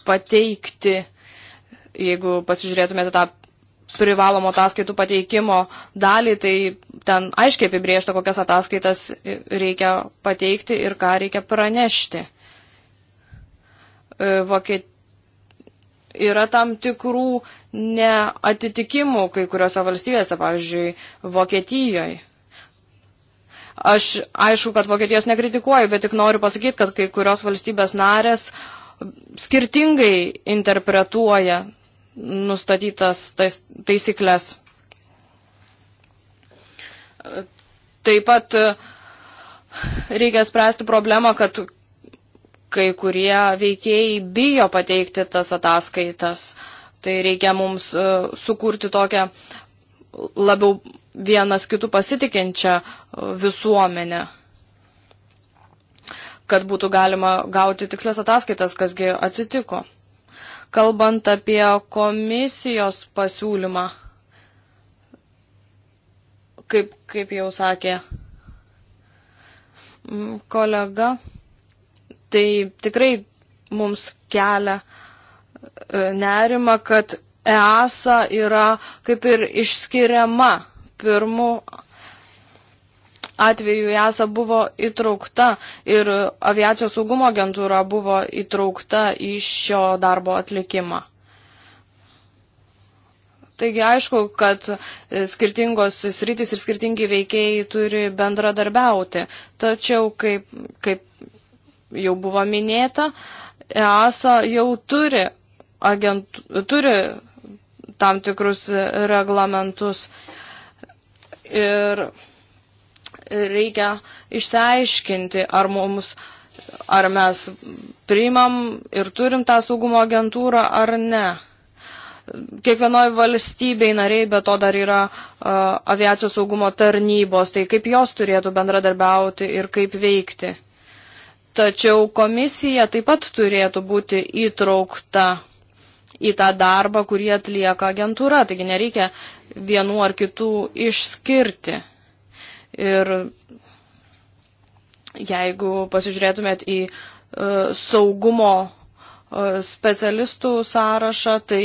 pateikti, jeigu pasižiūrėtumėte tą privalomo ataskaitų pateikimo dalį, tai ten aiškiai apibriešta, kokias ataskaitas reikia pateikti ir ką reikia pranešti. E, Vokiet... Yra tam tikrų neatitikimų kai kuriuose valstybėse, pavyzdžiui, Vokietijoje. Aš aišku, kad Vokietijos nekritikuoju, bet tik noriu pasakyti, kad kai kurios valstybės narės skirtingai interpretuoja nustatytas tais, taisyklės. Taip pat reikia spręsti problemą, kad kai kurie veikėjai bijo pateikti tas ataskaitas. Uh, Tai reikia mums e, sukurti tokią labiau vienas kitų pasitikinčią e, visuomenę, kad būtų galima gauti tikslės ataskaitas, kasgi atsitiko. Kalbant apie komisijos pasiūlymą, kaip, kaip jau sakė mm, kolega, tai tikrai mums kelia uh, E, nerima, kad EASA yra kaip ir išskiriama. Pirmų atveju EASA buvo įtraukta ir aviacijos saugumo agentūra buvo įtraukta į šio darbo atlikimą. Taigi aišku, kad skirtingos sritis ir skirtingi veikėjai turi bendradarbiauti. Tačiau, kaip, kaip jau buvo minėta, EASA jau turi agent, turi tam tikrus reglamentus ir reikia išsiaiškinti, ar mums, ar mes priimam ir turim tą saugumo agentūrą ar ne. Kiekvienoje valstybei nariai, bet to dar yra uh, aviacijos saugumo tarnybos, tai kaip jos turėtų bendradarbiauti ir kaip veikti. Tačiau komisija taip pat turėtų būti įtraukta į tą darbą, kurį atlieka agentūra. Taigi nereikia vienų ar kitų išskirti. Ir jeigu pasižiūrėtumėt į e, saugumo e, specialistų sąrašą, tai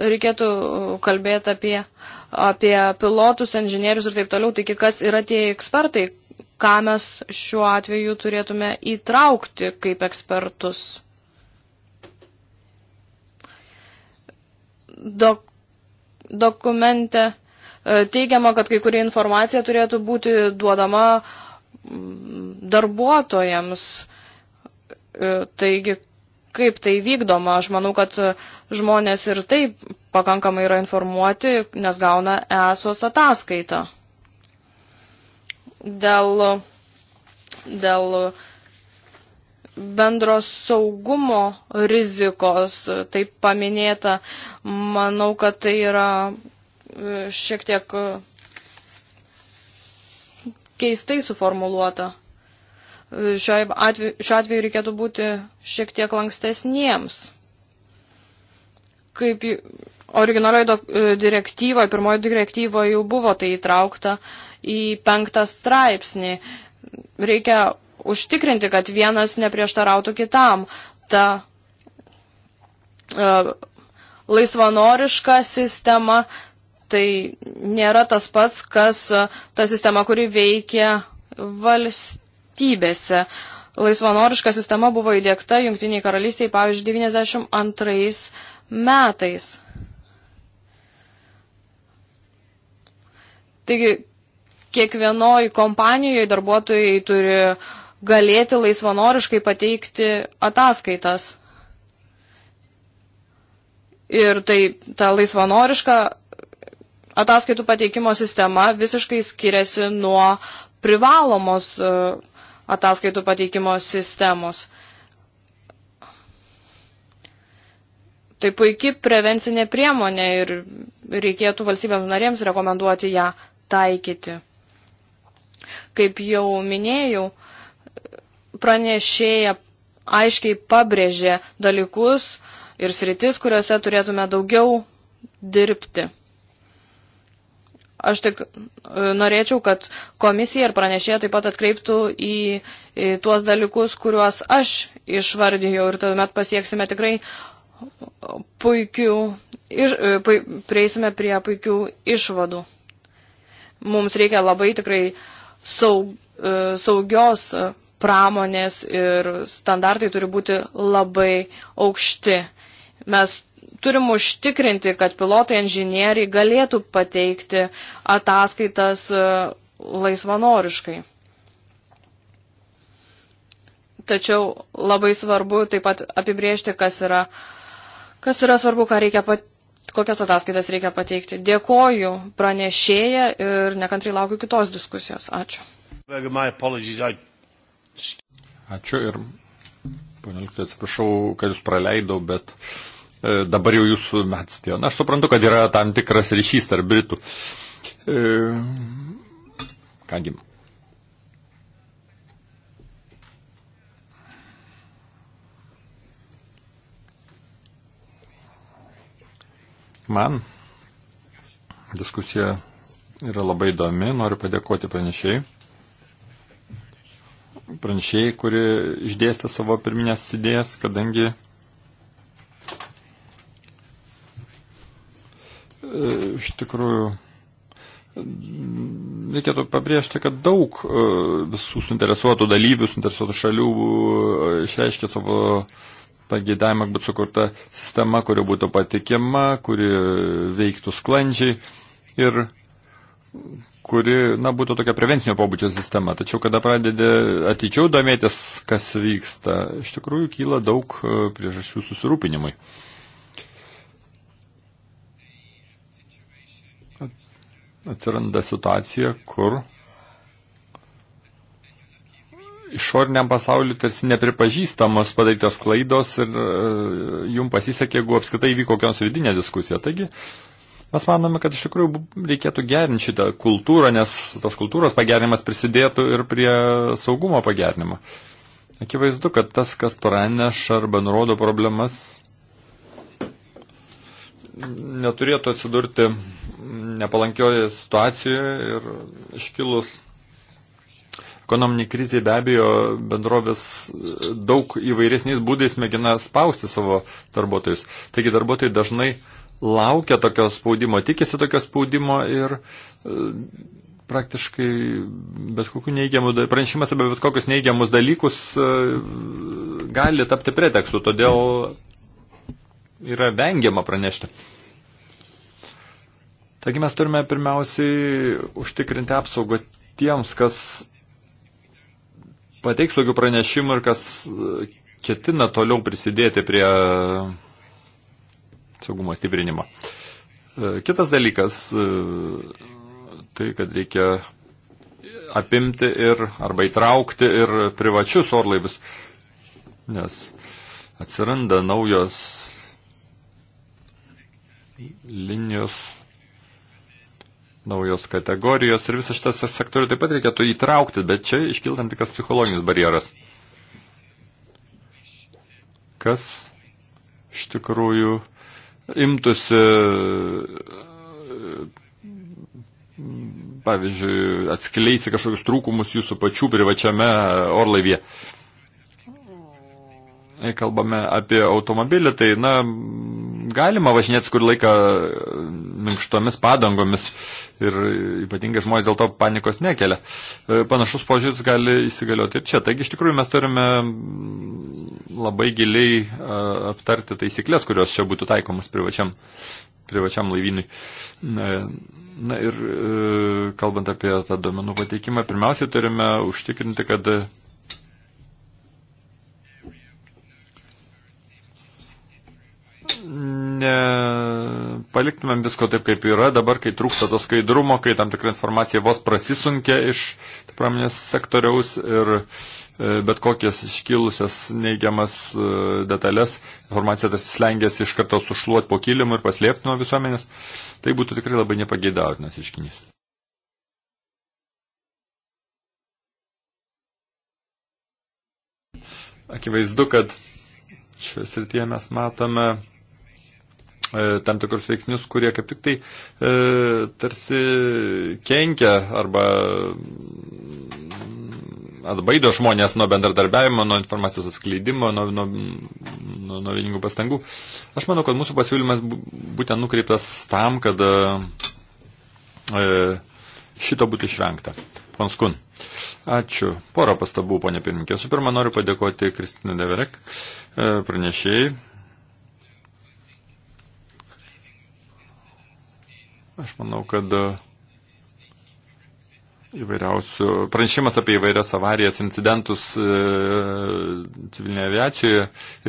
reikėtų e, kalbėti apie, apie pilotus, inžinierius ir taip toliau. Taigi, kas yra tie ekspertai, ką mes šiuo atveju turėtume įtraukti kaip ekspertus? dok dokumente e, teigiama, kad kai kurie informacija turėtų būti duodama mm, darbuotojams. E, taigi, kaip tai vykdoma, aš manau, kad žmonės ir taip pakankamai yra informuoti, nes gauna ESOS ataskaitą. Dėl, dėl uh, bendros saugumo rizikos, taip paminėta, manau, kad tai yra e, šiek tiek e, keistai suformuluota. E, šiuo atveju, šiuo atveju reikėtų būti šiek tiek lankstesniems. Kaip originalioje direktyvoje, pirmojo direktyvoje jau buvo tai įtraukta į penktą straipsnį. Reikia užtikrinti, kad vienas neprieštarautų kitam. Ta e, laisvanoriška sistema tai nėra tas pats, kas e, ta sistema, kuri veikia valstybėse. Laisvanoriška sistema buvo įdėkta Junktiniai karalystiai, pavyzdžiui, 92 metais. Taigi, kiekvienoj kompanijoje darbuotojai turi galėti laisvanoriškai pateikti ataskaitas. Ir tai ta laisvanoriška ataskaitų pateikimo sistema visiškai skiriasi nuo privalomos e, ataskaitų pateikimo sistemos. Tai puikiai prevencinė priemonė ir reikėtų valstybėms narėms rekomenduoti ją taikyti. Kaip jau minėjau, pranešėja aiškiai pabrėžė dalykus ir sritis, kuriuose turėtume daugiau dirbti. Aš tik e, norėčiau, kad komisija ir pranešėja taip pat atkreiptų į, į tuos dalykus, kuriuos aš išvardėjau ir tuomet pasieksime tikrai puikių, iš, e, pu, prieisime prie puikių išvadų. Mums reikia labai tikrai saug, e, saugios pramonės ir standartai turi būti labai aukšti. Mes turim užtikrinti, kad pilotai inžinieriai galėtų pateikti ataskaitas e, laisvanoriškai. Tačiau labai svarbu taip pat apibriežti, kas yra, kas yra svarbu, ką reikia pat, kokias ataskaitas reikia pateikti. Dėkoju pranešėję ir nekantrai laukiu kitos diskusijos. Ačiū. Ačiū ir, ponė Liktai, atsiprašau, kad jūs praleidau, bet e, dabar jau jūsų atstėjo. Na, aš suprantu, kad yra tam tikras ryšys tarp Britų. E, kągi. Man diskusija yra labai įdomi, noriu padėkoti pranešėjai pranešėjai, kuri išdėstė savo pirminės idėjas, kadangi e, iš tikrųjų reikėtų pabrėžti, kad daug e, visų suinteresuotų dalyvių, suinteresuotų šalių e, išreiškė savo pagėdavimą, kad būtų sukurta sistema, kuri būtų patikima, kuri veiktų sklandžiai ir kuri, na, būtų tokia prevencinio pobūdžio sistema. Tačiau, kada pradedi ateičiau domėtis, kas vyksta, iš tikrųjų kyla daug e, priežasčių susirūpinimui. Atsiranda situacija, kur išoriniam pasauliu tarsi nepripažįstamos padarytos klaidos ir e, jum pasisekė, jeigu apskritai vyko kokios vidinė diskusija. Taigi, uh, Mes manome, kad iš tikrųjų reikėtų gerinti šitą kultūrą, nes tos kultūros pagerinimas prisidėtų ir prie saugumo pagerinimo. Akivaizdu, kad tas, kas praneša arba nurodo problemas, neturėtų atsidurti nepalankioje situacijoje ir iškilus ekonominį krizį be abejo bendrovės daug įvairesniais būdais mėgina spausti savo darbuotojus. Taigi darbuotojai dažnai uh, laukia tokio spaudimo, tikisi tokio spaudimo ir e, praktiškai bet kokių neigiamų, pranešimas apie bet kokius neigiamus dalykus e, gali tapti pretekstu, todėl yra vengiama pranešti. Taigi mes turime pirmiausiai užtikrinti apsaugą tiems, kas pateiks tokių pranešimų ir kas e, ketina toliau prisidėti prie saugumo stiprinimo. E, kitas dalykas, e, tai kad reikia apimti ir arba įtraukti ir privačius orlaivius, nes atsiranda naujos linijos naujos kategorijos ir visą šitą sektorių taip pat reikėtų įtraukti, bet čia iškilta tam tikras psichologinis barjeras. Kas iš tikrųjų imtųsi, pavyzdžiui, atskleisti kažkokius trūkumus jūsų pačių privačiame orlaivėje kalbame apie automobilį, tai, na, galima važinėti kur laiką minkštomis padangomis ir ypatingai žmonės dėl to panikos nekelia. E, panašus požiūris gali įsigalioti ir čia. Taigi, iš tikrųjų, mes turime labai giliai e, aptarti taisyklės, kurios čia būtų taikomas privačiam privačiam laivynui. E, na ir kalbant apie tą duomenų pateikimą, pirmiausiai turime užtikrinti, kad nepaliktumėm visko taip, kaip yra dabar, kai trūksta to skaidrumo, kai tam tikra informacija vos prasisunkia iš pramonės sektoriaus ir e, bet kokias iškilusias neigiamas e, detalės informacija tarsi slengiasi iš karto sušluoti po kilimu ir paslėpti nuo visuomenės, tai būtų tikrai labai nepageidautinas iškinys. Akivaizdu, kad šioje srityje mes matome E, tam tikrus veiksnius, kurie kaip tik tai e, tarsi kenkia arba mm, atbaido žmonės nuo bendradarbiavimo, nuo informacijos atskleidimo, nuo, nuo, nuo, nuo vieningų pastangų. Aš manau, kad mūsų pasiūlymas būtent nukreiptas tam, kad e, šito būtų išvengta. Ponskun. Ačiū. Porą pastabų, ponė pirmininkė. Visų pirma, noriu padėkoti Kristina Deverek, e, pranešėjai, Aš manau, kad e, įvairiausių pranešimas apie įvairias avarijas, incidentus e, civilinėje aviacijoje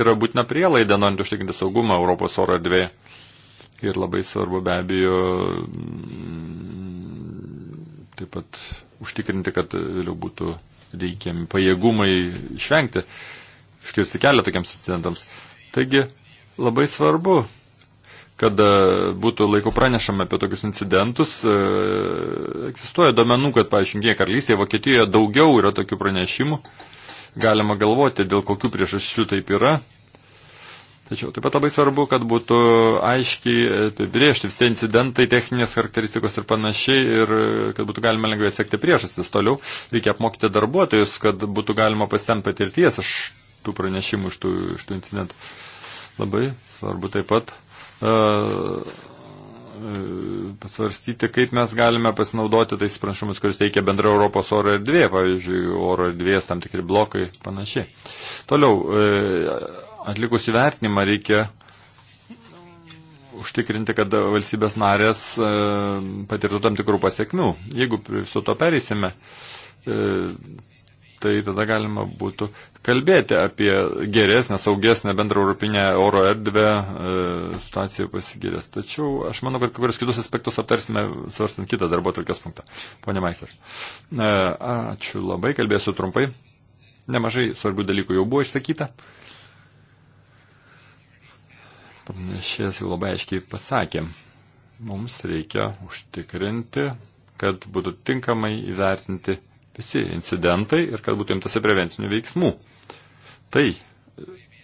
yra būtina prielaida, norint užtikrinti saugumą Europos oro erdvėje. Ir labai svarbu be abejo mm, taip pat užtikrinti, kad vėliau būtų reikiami pajėgumai išvengti, iškirsti kelią tokiems incidentams. Taigi labai svarbu kad e, būtų laiku pranešama apie tokius incidentus. E, egzistuoja domenų, kad, pavyzdžiui, Junktinėje karalystėje, Vokietijoje daugiau yra tokių pranešimų. Galima galvoti, dėl kokių priežasčių taip yra. Tačiau taip pat labai svarbu, kad būtų aiškiai apibriežti visi incidentai, techninės charakteristikos ir panašiai, ir e, kad būtų galima lengvai atsekti priežastis. Toliau reikia apmokyti darbuotojus, kad būtų galima pasiemti patirties iš tų pranešimų, iš tų, iš tų incidentų. Labai svarbu taip pat E, e, pasvarstyti, kaip mes galime pasinaudoti tais pranašumus, kuris teikia bendra Europos oro erdvė, pavyzdžiui, oro erdvės tam tikri blokai ir panašiai. Toliau, e, atlikus įvertinimą reikia užtikrinti, kad valstybės narės patirtų tam tikrų pasiekmių. Jeigu viso to perėsime, tai tada galima būtų kalbėti apie geresnę, saugesnę bendrą europinę oro erdvę, e, situacija pasigirės. Tačiau aš manau, kad kai kurios kitus aspektus aptarsime svarstant kitą darbo tokias punktą. Pone Maikler, e, ačiū labai, kalbėsiu trumpai. Nemažai svarbių dalykų jau buvo išsakyta. Šies jau labai aiškiai pasakė, mums reikia užtikrinti, kad būtų tinkamai įvertinti visi incidentai ir kad būtų imtasi prevencinių veiksmų. Tai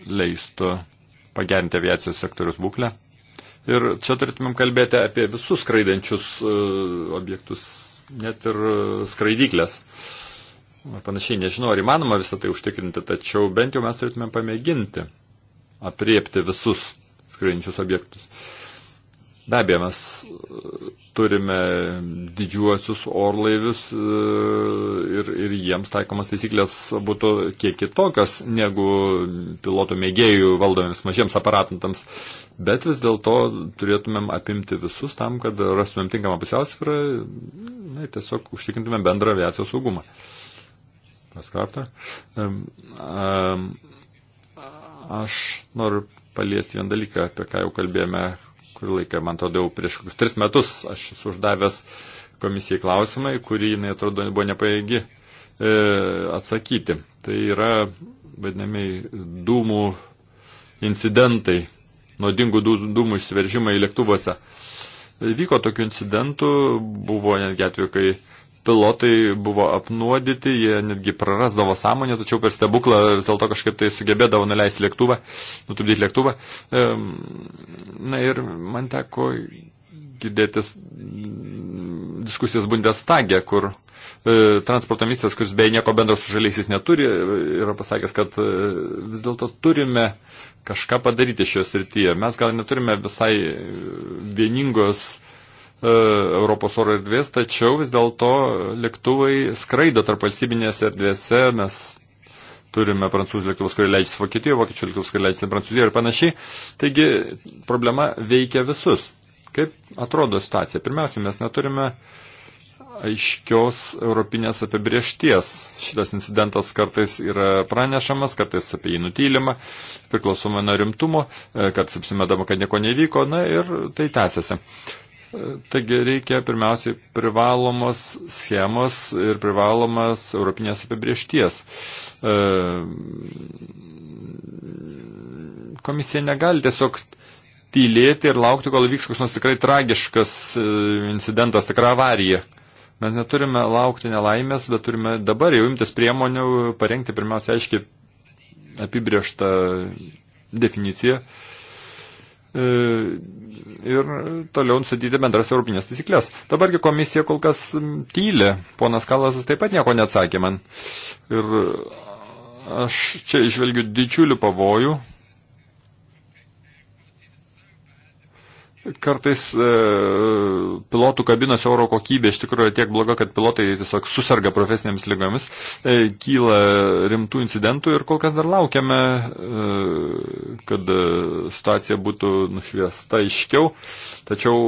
leistų pagerinti aviacijos sektorius būklę. Ir čia turėtumėm kalbėti apie visus skraidančius e, objektus, net ir e, skraidyklės. Ar panašiai, nežinau, ar įmanoma visą tai užtikrinti, tačiau bent jau mes turėtumėm pamėginti apriepti visus skraidančius objektus. Uh, Be abejo, mes e, turime didžiuosius orlaivius e, ir, ir jiems taikomas taisyklės būtų kiek kitokios negu pilotų mėgėjų valdomiems mažiems aparatantams, bet vis dėlto turėtumėm apimti visus tam, kad rastumėm tinkamą pusiausvyrą ir tiesiog užtikrintumėm bendrą aviacijos saugumą. Paskrapta. Aš noriu paliesti vieną dalyką, apie ką jau kalbėjome kurį laiką, man atrodo, jau prieš kokius tris metus aš esu uždavęs komisijai klausimą, į kurį jinai atrodo buvo nepaėgi e, atsakyti. Tai yra, vadinamiai, dūmų incidentai, nuodingų dūmų išsiveržimai lėktuvuose. Vyko tokių incidentų, buvo netgi atveju, kai pilotai buvo apnuodyti, jie netgi prarasdavo sąmonę, tačiau per stebuklą vis dėlto kažkaip tai sugebėdavo nuleisti lėktuvą, nutupdyti lėktuvą. Na ir man teko girdėtis diskusijas Bundestage, kur e, transporto ministras, kuris beje nieko bendro su žaliaisiais neturi, yra pasakęs, kad e, vis dėlto turime kažką padaryti šioje srityje. Mes gal neturime visai vieningos uh, E, Europos oro erdvės, tačiau vis dėlto lėktuvai skraido tarp valstybinės erdvėse, mes turime prancūzų lėktuvus, kurie leidžiasi Vokietijoje, vokiečių lėktuvus, kurie leidžiasi Prancūzijoje ir panašiai. Taigi problema veikia visus. Kaip atrodo situacija? Pirmiausia, mes neturime aiškios europinės apibriešties. Šitas incidentas kartais yra pranešamas, kartais apie jį nutylima, priklausomai nuo rimtumo, e, kartais apsimetama, kad nieko nevyko, na ir tai tęsiasi. Uh, Taigi reikia pirmiausiai privalomos schemos ir privalomas europinės apibriešties. E, komisija negali tiesiog tylėti ir laukti, kol vyks koks nors tikrai tragiškas e, incidentas, tikra avarija. Mes neturime laukti nelaimės, bet turime dabar jau imtis priemonių, parengti pirmiausia aiškiai apibrieštą definiciją. Uh, E, ir toliau nustatyti bendras europinės taisyklės. Dabargi komisija kol kas tyli, ponas Kalasas taip pat nieko neatsakė man. Ir aš čia išvelgiu didžiulių pavojų, Kartais e, pilotų kabinos oro kokybė iš tikrųjų tiek bloga, kad pilotai tiesiog susirga profesinėmis lygomis, e, kyla rimtų incidentų ir kol kas dar laukiame, e, kad e, situacija būtų nušviesta aiškiau. Tačiau,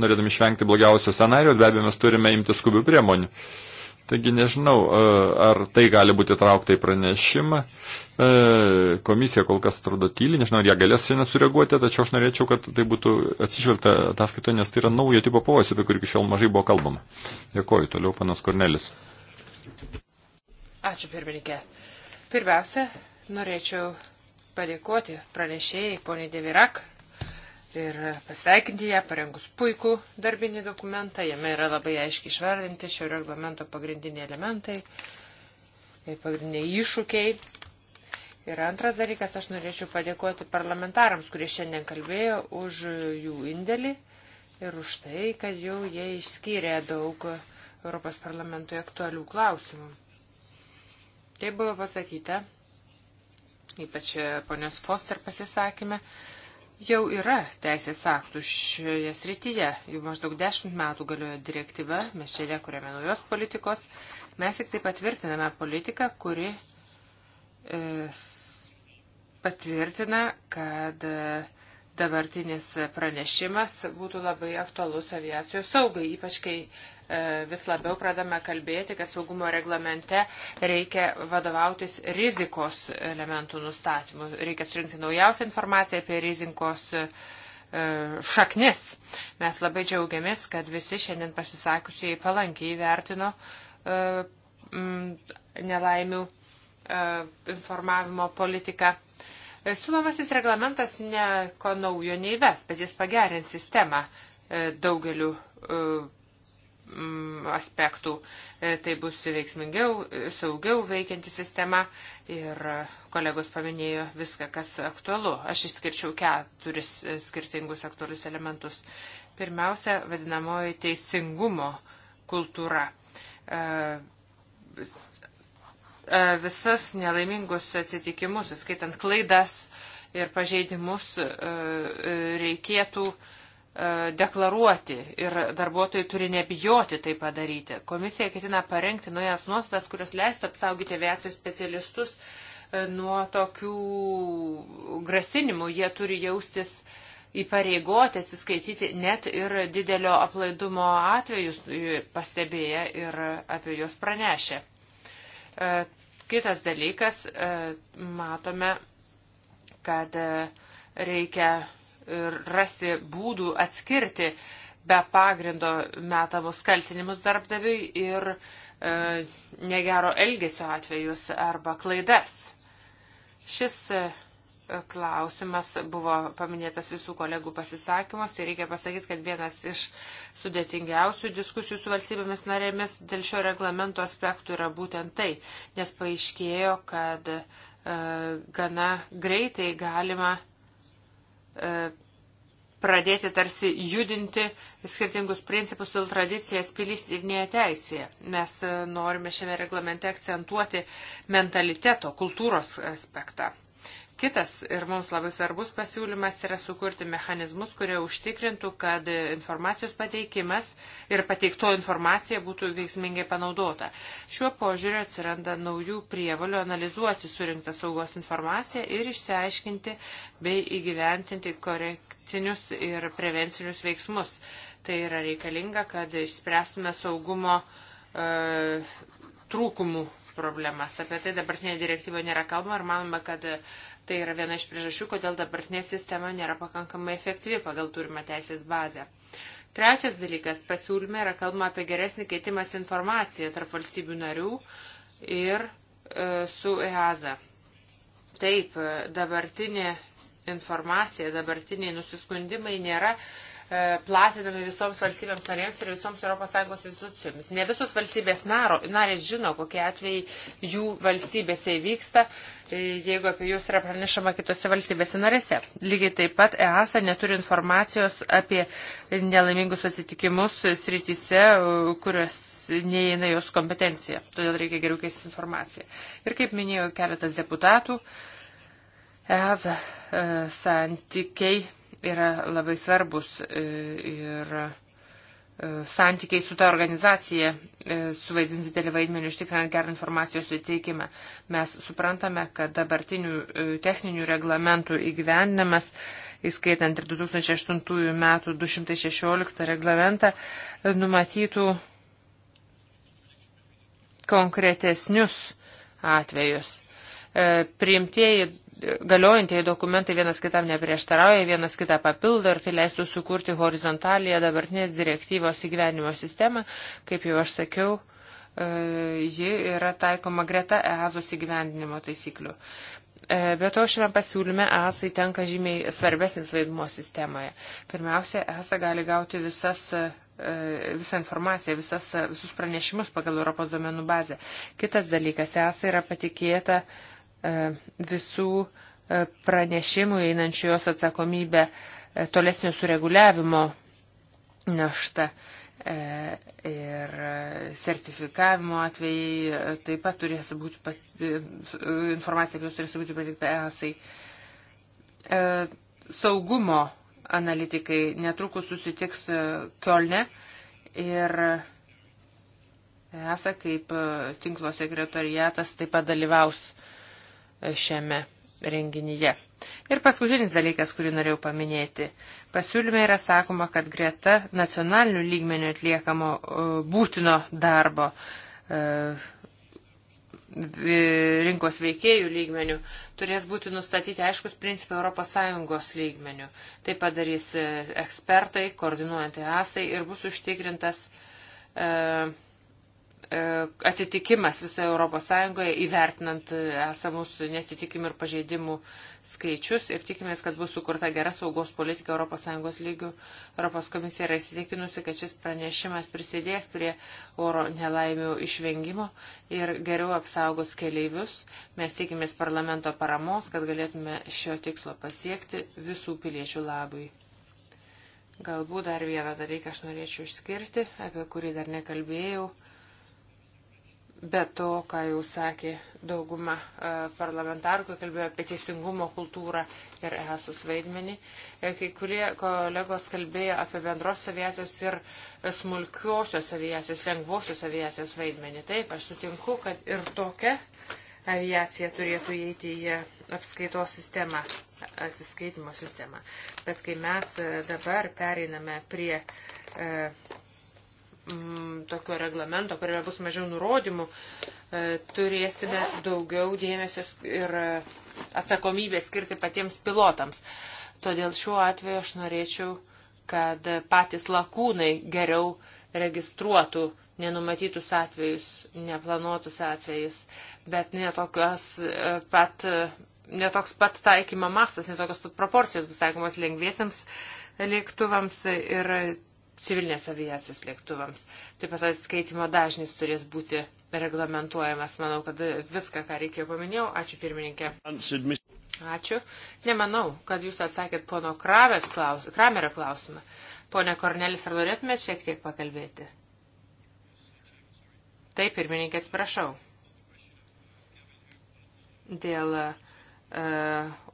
norėdami išvengti blogiausio scenario, be abejo, mes turime imti skubių priemonių. E, Taigi nežinau, e, ar tai gali būti traukta į pranešimą. E, komisija kol kas atrodo tyli, nežinau, ar jie galės šiandien sureaguoti, tačiau aš norėčiau, kad tai būtų atsižvelgta ataskaitoje, nes tai yra naujo tipo pavojus, apie kurį iki šiol mažai buvo kalbama. Dėkoju, toliau panas Kornelis. Ačiū pirmininkė. Pirmiausia, norėčiau padėkoti pranešėjai, poniai Devirak, ir pasveikinti ją, parengus puikų darbinį dokumentą. Jame yra labai aiškiai išvardinti šio reglamento pagrindiniai elementai, pagrindiniai iššūkiai. Ir antras dalykas, aš norėčiau padėkoti parlamentarams, kurie šiandien kalbėjo, už jų indėlį ir už tai, kad jau jie išskyrė daug Europos parlamentui aktualių klausimų. Tai buvo pasakyta, ypač ponios Foster pasisakymė, Jau yra teisės aktų šioje srityje, jau maždaug dešimt metų galioja direktyva, mes čia nekuriame naujos politikos, mes tik tai patvirtiname politiką, kuri e, patvirtina, kad e, dabartinis pranešimas būtų labai aktualus aviacijos saugai, ypač kai E, vis labiau pradame kalbėti, kad saugumo reglamente reikia vadovautis rizikos elementų nustatymu. Reikia surinkti naujausią informaciją apie rizikos e, šaknis. Mes labai džiaugiamės, kad visi šiandien pasisakiusiai palankiai vertino e, nelaimių informavimo politiką. Siūlomasis reglamentas nieko naujo neįves, bet jis pagerins sistemą daugeliu Mm, aspektų. E, tai bus veiksmingiau, saugiau veikianti sistema ir e, kolegos paminėjo viską, kas aktualu. Aš išskirčiau keturis e, skirtingus aktualius elementus. Pirmiausia, vadinamoji teisingumo kultūra. Visas nelaimingus atsitikimus, skaitant klaidas ir pažeidimus, reikėtų uh, E, deklaruoti ir darbuotojai turi nebijoti tai padaryti. Komisija ketina parengti naujas nuostatas, kurios leistų apsaugoti aviacijos specialistus e, nuo tokių grasinimų. Jie turi jaustis įpareigoti atsiskaityti net ir didelio aplaidumo atvejus e, pastebėję ir apie juos pranešę. Kitas dalykas, matome, kad reikia ir rasti būdų atskirti be pagrindo metamus kaltinimus darbdaviui ir e, negero elgesio atvejus arba klaidas. Šis e, klausimas buvo paminėtas visų kolegų pasisakymas ir reikia pasakyti, kad vienas iš sudėtingiausių diskusijų su valstybėmis narėmis dėl šio reglamento aspektų yra būtent tai, nes paaiškėjo, kad e, gana greitai galima E, pradėti tarsi judinti skirtingus principus ir tradicijas pilistinėje teisėje. Mes e, norime šiame reglamente akcentuoti mentaliteto, kultūros aspektą. Kitas ir mums labai svarbus pasiūlymas yra sukurti mechanizmus, kurie užtikrintų, kad informacijos pateikimas ir pateikto informacija būtų veiksmingai panaudota. Šiuo požiūriu atsiranda naujų prievalių analizuoti surinktą saugos informaciją ir išsiaiškinti bei įgyventinti korektinius ir prevencinius veiksmus. Tai yra reikalinga, kad išspręstume saugumo e, trūkumų problemas. Apie tai dabartinė direktyva nėra kalbama ir manome, kad Tai yra viena iš priežasčių, kodėl dabartinė sistema nėra pakankamai efektyvi pagal turimą teisės bazę. Trečias dalykas - pasiūlyme yra kalbama apie geresnį keitimas informaciją tarp valstybių narių ir e, su EASA. Taip, e, dabartinė informacija, dabartiniai nusiskundimai nėra E, platinami visoms valstybėms narėms ir visoms ES institucijomis. Ne visos valstybės naro, narės žino, kokie atvejai jų valstybėse įvyksta, e, jeigu apie jūs yra pranešama kitose valstybėse narėse. Lygiai taip pat EASA neturi informacijos apie nelaimingus atsitikimus srityse, e, kurios neįeina jos kompetencija. Todėl reikia geriau keisti informaciją. Ir kaip minėjo keletas deputatų, EASA santykiai yra labai svarbus e, ir e, santykiai su ta organizacija e, suvaidins didelį vaidmenį ištikrinant gerą informacijos suteikimą. Mes suprantame, kad dabartinių techninių reglamentų įgyvendinamas, įskaitant ir 2008 metų 216 reglamentą, numatytų konkretesnius atvejus. E, priimtieji galiojantieji dokumentai vienas kitam neprieštarauja, vienas kitą papildo ir tai leistų sukurti horizontaliją dabartinės direktyvos įgyvenimo sistemą. Kaip jau aš sakiau, e, ji yra taikoma greta EASOS įgyvendinimo taisyklių. E, be to, šiame pasiūlyme ESA tenka žymiai svarbesnis vaidmuo sistemoje. Pirmiausia, ESA gali gauti visas visą informaciją, visas, visus pranešimus pagal Europos duomenų bazę. Kitas dalykas, ESA yra patikėta uh, E, visų e, pranešimų einančių jos atsakomybę e, tolesnio sureguliavimo našta. Ir sertifikavimo atvejai taip pat turės būti, pat, informacija, kurios turės būti patikta esai. Saugumo analitikai netrukus susitiks Kielne ir esą kaip tinklo sekretariatas taip pat dalyvaus šiame renginyje. Ir paskutinis dalykas, kurį norėjau paminėti. Pasiūlyme yra sakoma, kad greta nacionalinių lygmenių atliekamo e, būtino darbo e, rinkos veikėjų lygmenių turės būti nustatyti aiškus principai ES lygmenių. Tai padarys e, ekspertai, koordinuojant EASai ir bus užtikrintas uh, E, atitikimas visoje ES įvertinant e, esamus netitikimų ir pažeidimų skaičius ir tikimės, kad bus sukurta gera saugos politika ES lygių. ES komisija yra įsitikinusi, kad šis pranešimas prisidės prie oro nelaimių išvengimo ir geriau apsaugos keleivius. Mes tikimės parlamento paramos, kad galėtume šio tikslo pasiekti visų piliečių labui. Galbūt dar vieną dalyką aš norėčiau išskirti, apie kurį dar nekalbėjau Be to, ką jau sakė dauguma e, parlamentarų, kai kalbėjo apie teisingumo kultūrą ir esus vaidmenį, e, kai kurie kolegos kalbėjo apie bendros aviacijos ir smulkiosios aviacijos, lengvosios aviacijos vaidmenį. Taip, aš sutinku, kad ir tokia aviacija turėtų įeiti į apskaitos sistemą, atsiskaitimo sistemą. Bet kai mes e, dabar pereiname prie. E, mm, tokio reglamento, kuriame bus mažiau nurodymų, e, turėsime daugiau dėmesio ir atsakomybės skirti patiems pilotams. Todėl šiuo atveju aš norėčiau, kad patys lakūnai geriau registruotų nenumatytus atvejus, neplanuotus atvejus, bet netokios e, pat e, netoks pat taikymo mastas, netokios pat proporcijos bus taikomos lengviesiams lėktuvams ir civilinės aviacijos lėktuvams. Taip pat atskaitimo dažnis turės būti reglamentuojamas. Manau, kad viską, ką reikėjo paminėjau. Ačiū pirmininkė. Ačiū. Nemanau, kad jūs atsakėt pono klaus, Kramerio klausimą. Pone Kornelis, ar norėtumėt šiek tiek pakalbėti? Taip, pirmininkė, atsiprašau. Dėl uh,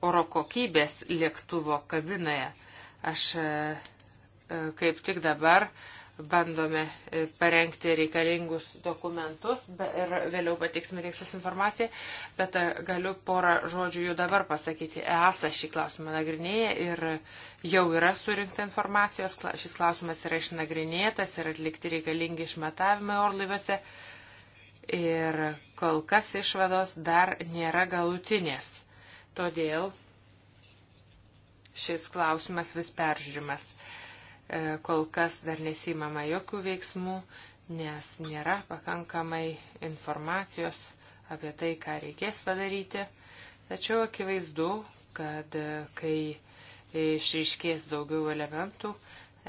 oro kokybės lėktuvo kabinoje aš uh, E, kaip tik dabar bandome e, parengti reikalingus dokumentus ir vėliau pateiksime tikslas informaciją, bet e, galiu porą žodžių jau dabar pasakyti. EASA šį klausimą nagrinėja ir jau yra surinkta informacijos, šis klausimas yra išnagrinėtas ir atlikti reikalingi išmetavimai orlaiviuose ir kol kas išvados dar nėra galutinės. Todėl šis klausimas vis peržiūrimas. E, kol kas dar nesimama jokių veiksmų, nes nėra pakankamai informacijos apie tai, ką reikės padaryti. Tačiau akivaizdu, kad e, kai išryškės daugiau elementų,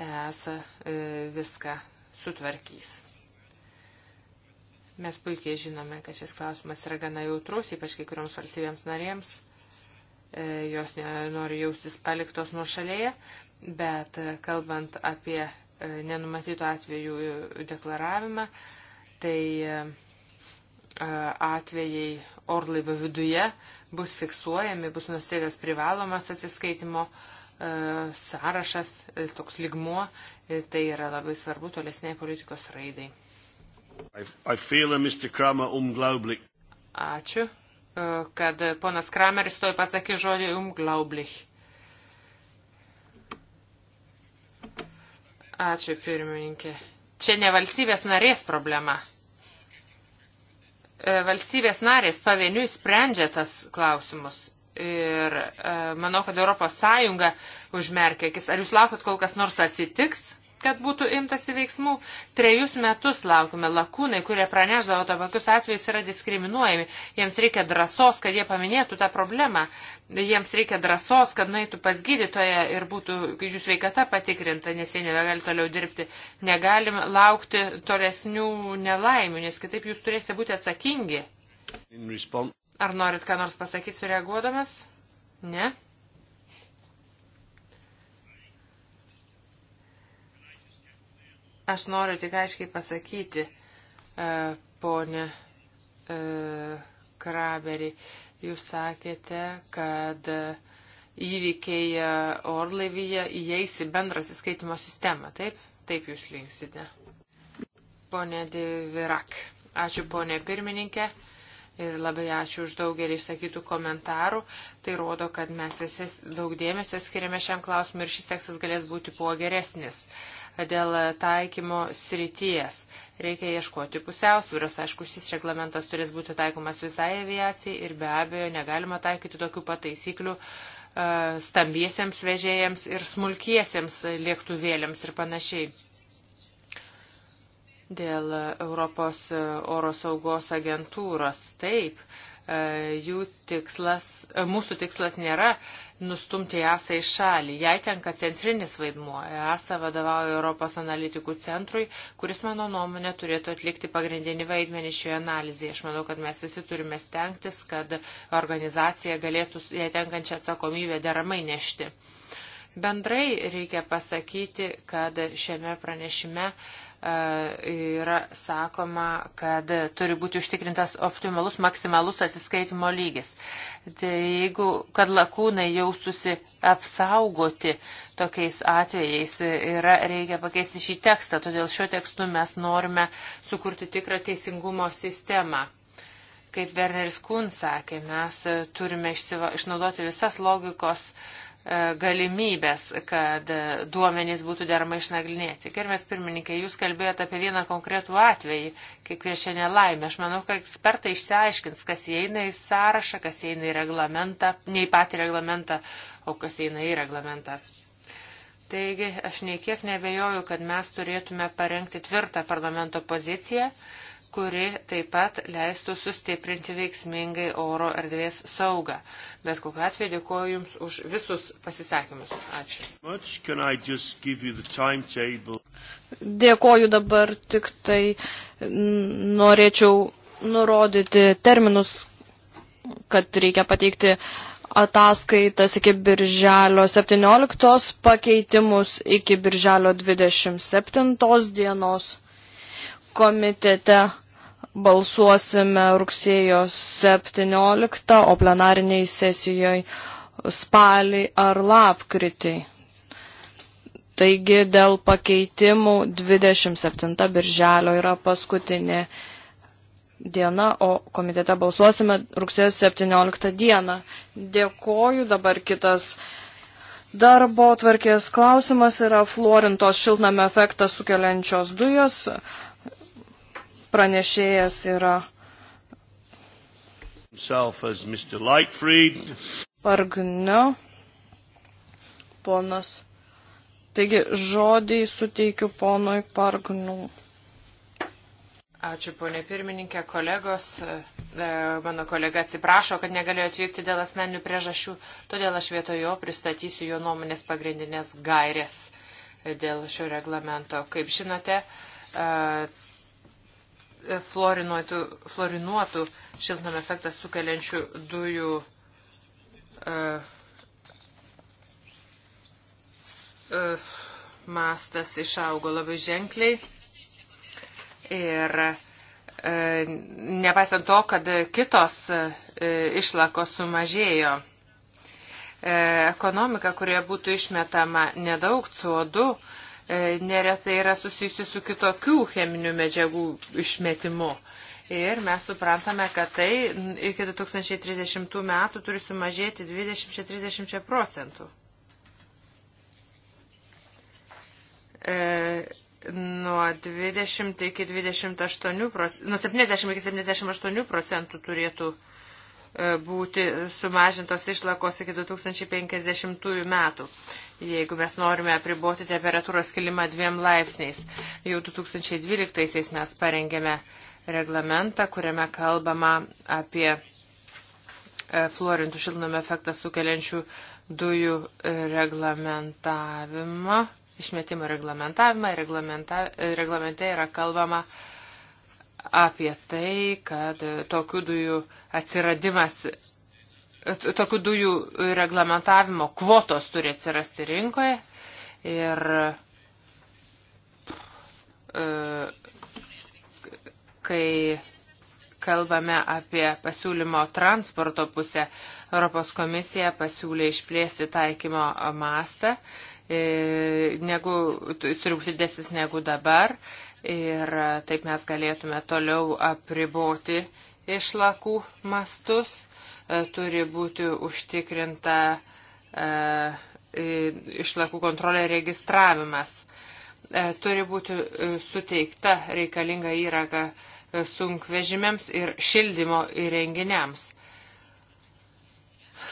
ES e, viską sutvarkys. Mes puikiai žinome, kad šis klausimas yra gana jautrus, ypač kai kurioms valstybėms narėms. Jos nori jaustis paliktos nuo šalyje, bet e, kalbant apie e, nenumatytų atvejų e, deklaravimą, tai atvejai orlaivio viduje bus fiksuojami, bus nustėtas privalomas atsiskaitimo sąrašas, toks ligmuo, tai yra labai svarbu tolesniai politikos raidai. I feel a Mr. Kramer umglaublich. Ačiū, kad ponas Krameris toj pasakė žodį umglaublich. Ačiū pirmininkė. Čia ne valstybės narės problema. E, valstybės narės pavieniui sprendžia tas klausimus. Ir e, manau, kad Europos Sąjunga užmerkia akis. Ar jūs laukot, kol kas nors atsitiks? kad būtų imtasi veiksmų. Trejus metus laukime lakūnai, kurie praneždavo tokius atvejus, yra diskriminuojami. Jiems reikia drąsos, kad jie paminėtų tą problemą. Jiems reikia drąsos, kad nueitų pas gydytoją ir būtų jų sveikata patikrinta, nes jie nebegali toliau dirbti. Negalim laukti tolesnių nelaimių, nes kitaip jūs turėsite būti atsakingi. Ar norit ką nors pasakyti sureaguodamas? Ne? Aš noriu tik aiškiai pasakyti, e, ponė e, Kraberi, jūs sakėte, kad e, įvykiai orlaivyje įeis į bendrą įskaitimo sistemą, taip? Taip jūs linksite. Pone Divirak. Ačiū, ponė pirmininkė ir labai ačiū už daugelį išsakytų komentarų. Tai rodo, kad mes visi daug dėmesio skiriame šiam klausimui ir šis tekstas galės būti kuo geresnis. Dėl taikymo srities reikia ieškoti pusiausvyros. Aišku, šis reglamentas turės būti taikomas visai aviacijai ir be abejo negalima taikyti tokių pataisyklių e, stambiesiems vežėjams ir smulkiesiems lėktuvėliams ir panašiai. Dėl Europos oro saugos agentūros. Taip, e, jų tikslas, e, mūsų tikslas nėra nustumti ESA į šalį. Jai tenka centrinis vaidmuo. ESA vadovauja Europos analitikų centrui, kuris, mano nuomonė, turėtų atlikti pagrindinį vaidmenį šioje analizėje. Aš manau, kad mes visi turime stengtis, kad organizacija galėtų jai tenkančią atsakomybę deramai nešti. Bendrai reikia pasakyti, kad šiame pranešime uh, E, yra sakoma, kad turi būti užtikrintas optimalus, maksimalus atsiskaitimo lygis. Tai jeigu, kad lakūnai jaustusi apsaugoti tokiais atvejais, yra, reikia pakeisti šį tekstą, todėl šiuo tekstu mes norime sukurti tikrą teisingumo sistemą. Kaip Werneris Kun sakė, mes turime išnaudoti visas logikos uh, E, galimybės, kad e, duomenys būtų deramai išnagrinėti. Gerbės pirmininkai, jūs kalbėjote apie vieną konkretų atvejį, kaip prieš šią nelaimę. Aš manau, kad ekspertai išsiaiškins, kas įeina į sąrašą, kas įeina į reglamentą, ne į patį reglamentą, o kas įeina į reglamentą. Taigi, aš nei kiek nebejoju, kad mes turėtume parengti tvirtą parlamento poziciją, kuri taip pat leistų sustiprinti veiksmingai oro erdvės saugą. Bet kokiu atveju dėkuoju Jums už visus pasisakymus. Ačiū. Dėkuoju dabar tik tai norėčiau nurodyti terminus, kad reikia pateikti ataskaitas iki birželio 17, pakeitimus iki birželio 27 dienos komitete balsuosime rugsėjo 17, o plenariniai sesijoje spalį ar lapkritį. Taigi dėl pakeitimų 27 birželio yra paskutinė diena, o komitete balsuosime rugsėjo 17 dieną. Dėkoju, dabar kitas. Darbo tvarkės klausimas yra fluorintos šiltnamio efektą sukeliančios dujos pranešėjas yra Pargnio ponas. Taigi žodį suteikiu ponui Pargnų. Ačiū, ponė pirmininkė, kolegos. E, mano kolega atsiprašo, kad negalėjo atvykti dėl asmeninių priežasčių, todėl aš vietojo pristatysiu jo nuomonės pagrindinės gairės dėl šio reglamento. Kaip žinote, e, E, florinuotų, florinuotų šiltnamio efektą sukeliančių dujų uh, uh, mastas išaugo labai ženkliai. Ir uh, nepaisant to, kad kitos uh, išlakos sumažėjo, uh, ekonomika, kurioje būtų išmetama nedaug CO2, uh, E, neretai yra susijusi su kitokių cheminių medžiagų išmetimu. Ir mes suprantame, kad tai iki 2030 metų turi sumažėti 20-30 procentų. E, nuo 20 iki 28 procentų, nuo 70 iki 78 procentų turėtų uh, E, būti sumažintos išlakos iki 2050 metų, jeigu mes norime apriboti temperatūros kilimą dviem laipsniais. Jau 2012 mes parengėme reglamentą, kuriame kalbama apie e, fluorintų šiltnamio efektą sukeliančių dujų reglamentavimą, išmetimo reglamentavimą. Reglamenta, reglamente yra kalbama uh, apie tai, kad tokių dujų atsiradimas, tokių dujų reglamentavimo kvotos turi atsirasti rinkoje ir e, kai kalbame apie pasiūlymo transporto pusę, Europos komisija pasiūlė išplėsti taikymo mastą e, negu, turi būti desnis negu dabar. E, ir e, taip mes galėtume toliau apriboti išlakų mastus. E, turi būti užtikrinta e, išlakų kontrolė registravimas. Turi būti suteikta reikalinga įranga sunkvežimiams ir šildymo įrenginiams.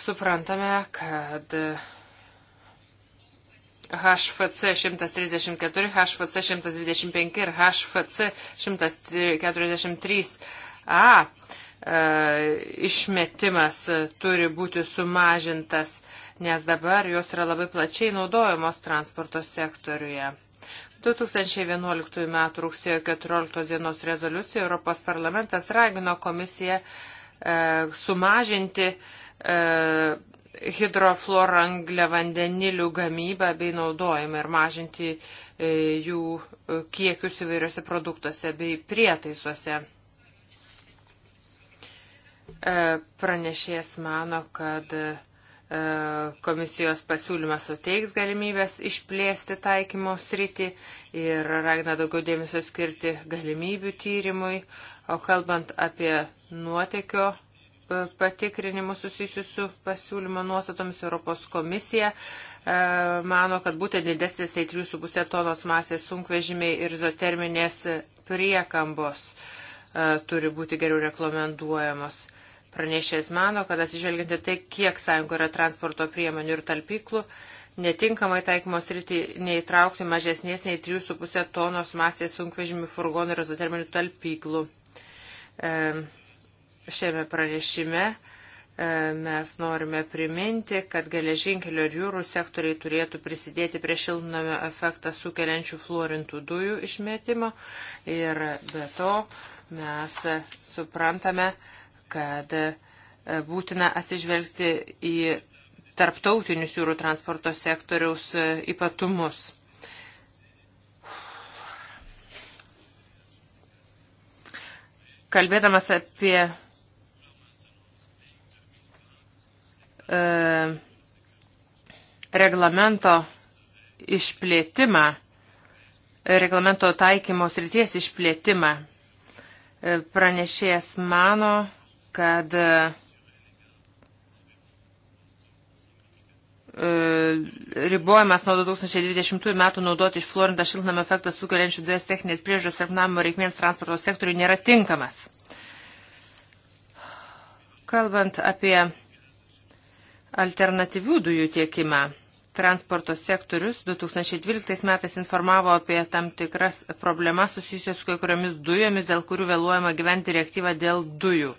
Suprantame, kad HFC 134, HFC 125 ir HFC 143A e, išmetimas e, turi būti sumažintas, nes dabar jos yra labai plačiai naudojamos transporto sektoriuje. 2011 m. rugsėjo 14 dienos rezoliucijoje Europos parlamentas ragino komisiją e, sumažinti e, hidrofloranglę vandenilių gamybą bei naudojimą ir mažinti e, jų e, kiekius įvairiose produktuose bei prietaisuose. E, pranešėjas mano, kad komisijos pasiūlymas suteiks galimybės išplėsti taikymo sritį ir ragina daugiau dėmesio skirti galimybių tyrimui, o kalbant apie nuotekio patikrinimus susijusius su pasiūlymo nuostatomis Europos komisija e, mano, kad būtent didesnės nei 3,5 tonos masės sunkvežimiai ir izoterminės priekambos e, turi būti geriau reglamentuojamos. Pranešėjas mano, kad atsižvelginti tai, kiek sąjungo yra transporto priemonių ir talpyklų, netinkamai taikymos rytį neįtraukti mažesnės nei 3,5 tonos masės sunkvežimių furgonų ir izoterminių talpyklų. E, šiame pranešime e, mes norime priminti, kad geležinkelio ir jūrų sektoriai turėtų prisidėti prie šiltnamio efektą sukeliančių fluorintų dujų išmetimo. Ir be to mes suprantame, kad e, būtina atsižvelgti į tarptautinius jūrų transporto sektoriaus e, ypatumus. Kalbėdamas apie E, reglamento išplėtimą, reglamento taikymo srities išplėtimą. E, pranešėjas mano, kad e, ribojimas nuo 2020 metų naudoti iš Florida šiltnamio efektą sukeliančių dujas techninės priežiūros ir namų reikmėms transporto sektoriui nėra tinkamas. Kalbant apie alternatyvių dujų tiekimą. Transporto sektorius 2012 metais informavo apie tam tikras problemas susijusios su kai kuriomis dujomis, dėl kurių vėluojama gyventi reaktyvą dėl dujų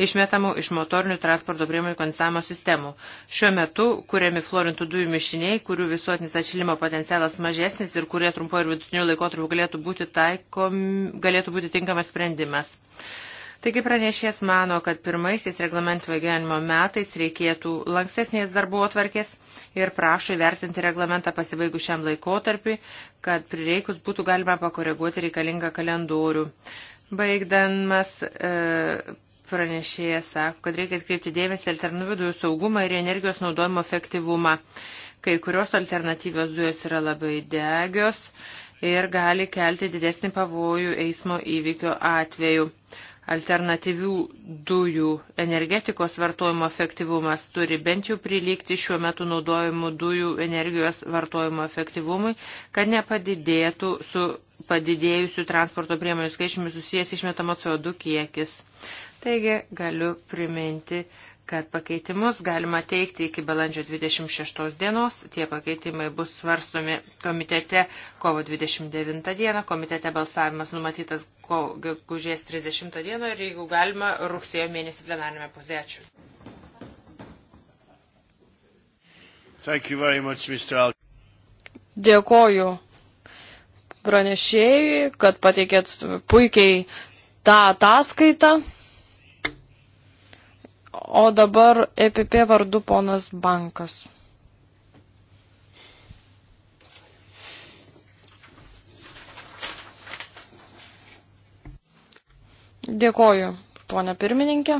išmetamų iš motorinių transporto priemonių kondensavimo sistemų. Šiuo metu kuriami florintų dujų mišiniai, kurių visuotinis atšilimo potencialas mažesnis ir kurie trumpo ir vidutiniu laikotarpiu galėtų būti, taikom, galėtų būti tinkamas sprendimas. Taigi pranešės mano, kad pirmaisiais reglamento gyvenimo metais reikėtų lankstesnės darbo atvarkės ir prašo įvertinti reglamentą pasibaigus šiam laikotarpiu, kad prireikus būtų galima pakoreguoti reikalingą kalendorių. Baigdamas. E, pranešėjas sako, kad reikia atkreipti dėmesį alternatyvių dujų saugumą ir energijos naudojimo efektyvumą. Kai kurios alternatyvios dujos yra labai degios ir gali kelti didesnį pavojų eismo įvykio atveju. Alternatyvių dujų energetikos vartojimo efektyvumas turi bent jau prilygti šiuo metu naudojimų dujų energijos vartojimo efektyvumui, kad nepadidėtų su padidėjusiu transporto priemonių skaičiumi susijęs išmetamo CO2 kiekis. Taigi galiu priminti kad pakeitimus galima teikti iki balandžio 26 dienos. Tie pakeitimai bus svarstomi komitete kovo 29 dieną. Komitete balsavimas numatytas gužės 30 dieną ir jeigu galima rugsėjo mėnesį plenarinėme posėdžiu. Dėkoju pranešėjui, kad pateikėt puikiai tą ataskaitą. O dabar EPP vardu ponas Bankas. Dėkoju, ponia pirmininkė.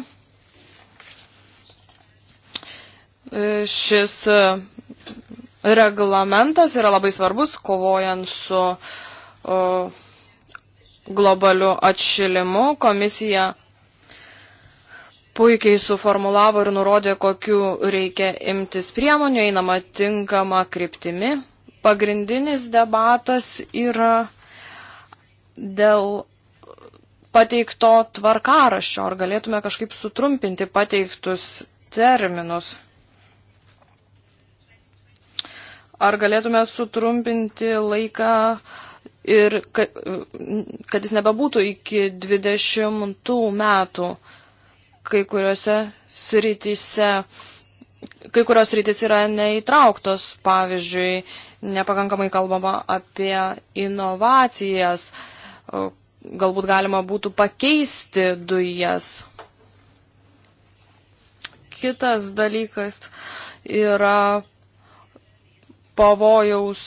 E, šis e, reglamentas yra labai svarbus, kovojant su o, e, globaliu atšilimu. Komisija puikiai suformulavo ir nurodė, kokiu reikia imtis priemonių, einama tinkama kryptimi. Pagrindinis debatas yra dėl pateikto tvarkaraščio, ar galėtume kažkaip sutrumpinti pateiktus terminus. Ar galėtume sutrumpinti laiką ir kad, kad jis nebebūtų iki 20 metų kai kuriuose srityse. Kai kurios rytis yra neįtrauktos, pavyzdžiui, nepakankamai kalbama apie inovacijas, galbūt galima būtų pakeisti dujas. Kitas dalykas yra pavojaus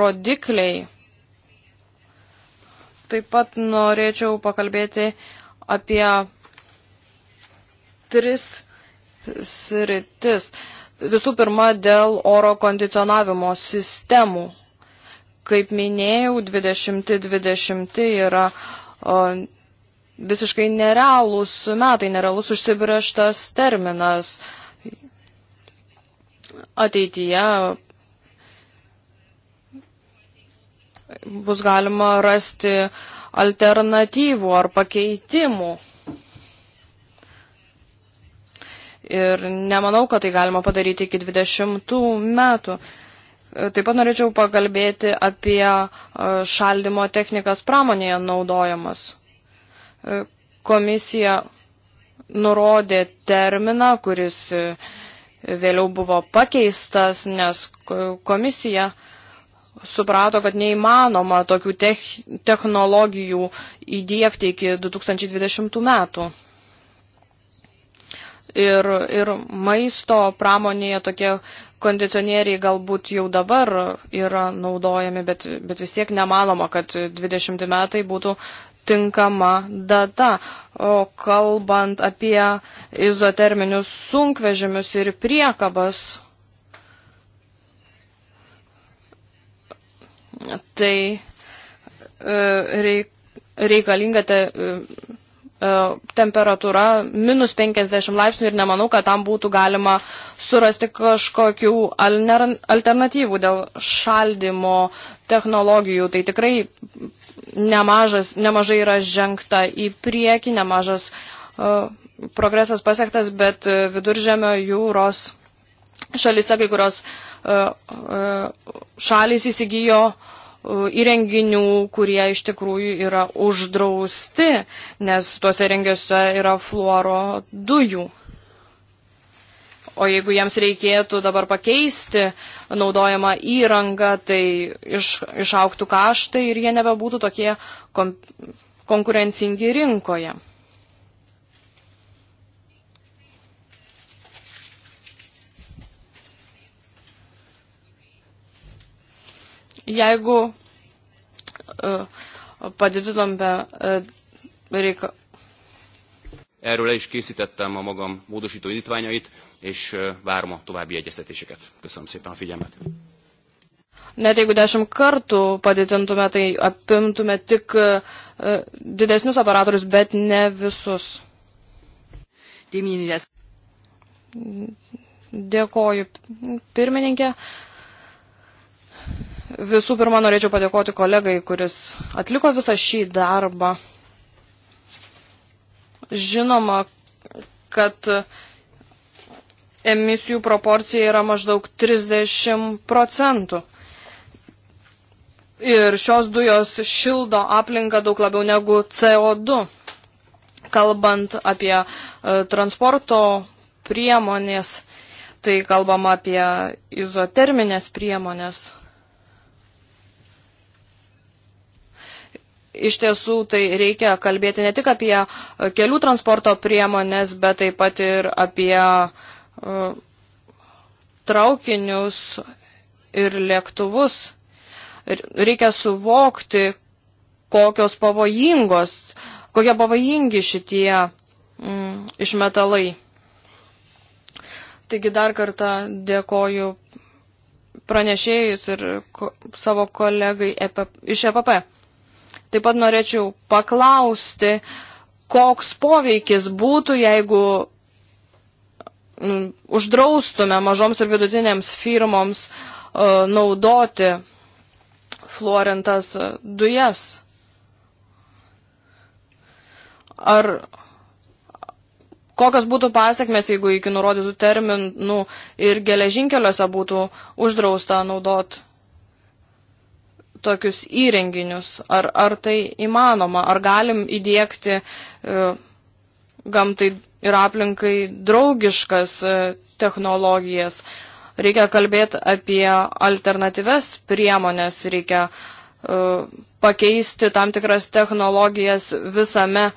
rodikliai. Taip pat norėčiau pakalbėti apie tris sritis. Visų pirma, dėl oro kondicionavimo sistemų. Kaip minėjau, 2020 yra o, visiškai nerealūs metai, nerealus užsibrieštas terminas. Ateityje bus galima rasti alternatyvų ar pakeitimų Ir nemanau, kad tai galima padaryti iki 20 metų. E, taip pat norėčiau pakalbėti apie e, šaldimo technikas pramonėje naudojamas. E, komisija nurodė terminą, kuris vėliau buvo pakeistas, nes komisija suprato, kad neįmanoma tokių tech, technologijų įdėkti iki 2020 metų ir, ir maisto pramonėje tokie kondicionieriai galbūt jau dabar yra naudojami, bet, bet vis tiek nemanoma, kad 20 metai būtų tinkama data. O kalbant apie izoterminius sunkvežimius ir priekabas, tai e, reik, reikalinga te e, E, temperatūra minus 50 laipsnių ir nemanau, kad tam būtų galima surasti kažkokių alternatyvų dėl šaldimo technologijų. Tai tikrai nemažas, nemažai yra žengta į priekį, nemažas uh, progresas pasiektas, bet viduržėmio jūros šalyse kai kurios uh, uh, šalys įsigijo uh, E, įrenginių, kurie iš tikrųjų yra uždrausti, nes tuose renginiuose yra fluoro dujų. O jeigu jiems reikėtų dabar pakeisti naudojamą įrangą, tai iš, išauktų kaštai ir jie nebebūtų tokie kom, konkurencingi rinkoje. Jeigu e, padidinome e, reika. Erről el is készítettem a magam módosító indítványait, és e, várom a további egyeztetéseket. Köszönöm szépen a figyelmet. Net jeigu dešimt kartų padidintume, tai apimtume tik uh, didesnius operatorius, bet ne visus. Dėkoju, pirmininkė. Uh, Visų pirma, norėčiau padėkoti kolegai, kuris atliko visą šį darbą. Žinoma, kad emisijų proporcija yra maždaug 30 procentų. Ir šios dujos šildo aplinką daug labiau negu CO2. Kalbant apie e, transporto priemonės, tai kalbam apie izoterminės priemonės, iš tiesų tai reikia kalbėti ne tik apie e, kelių transporto priemonės, bet taip pat ir apie uh, traukinius ir lėktuvus. Reikia suvokti, kokios pavojingos, kokie pavojingi šitie mm, išmetalai. Taigi dar kartą dėkoju pranešėjus ir ko, savo kolegai EPP, iš EPP. Taip pat norėčiau paklausti, koks poveikis būtų, jeigu nu, uždraustume mažoms ir vidutinėms firmoms e, naudoti fluorintas dujas. Ar kokios būtų pasiekmes, jeigu iki nurodytų terminų ir geležinkeliuose būtų uždrausta naudot tokius įrenginius? Ar, ar tai įmanoma? Ar galim įdėkti e, gamtai ir aplinkai draugiškas e, technologijas? Reikia kalbėti apie alternatyves priemonės, reikia e, pakeisti tam tikras technologijas visame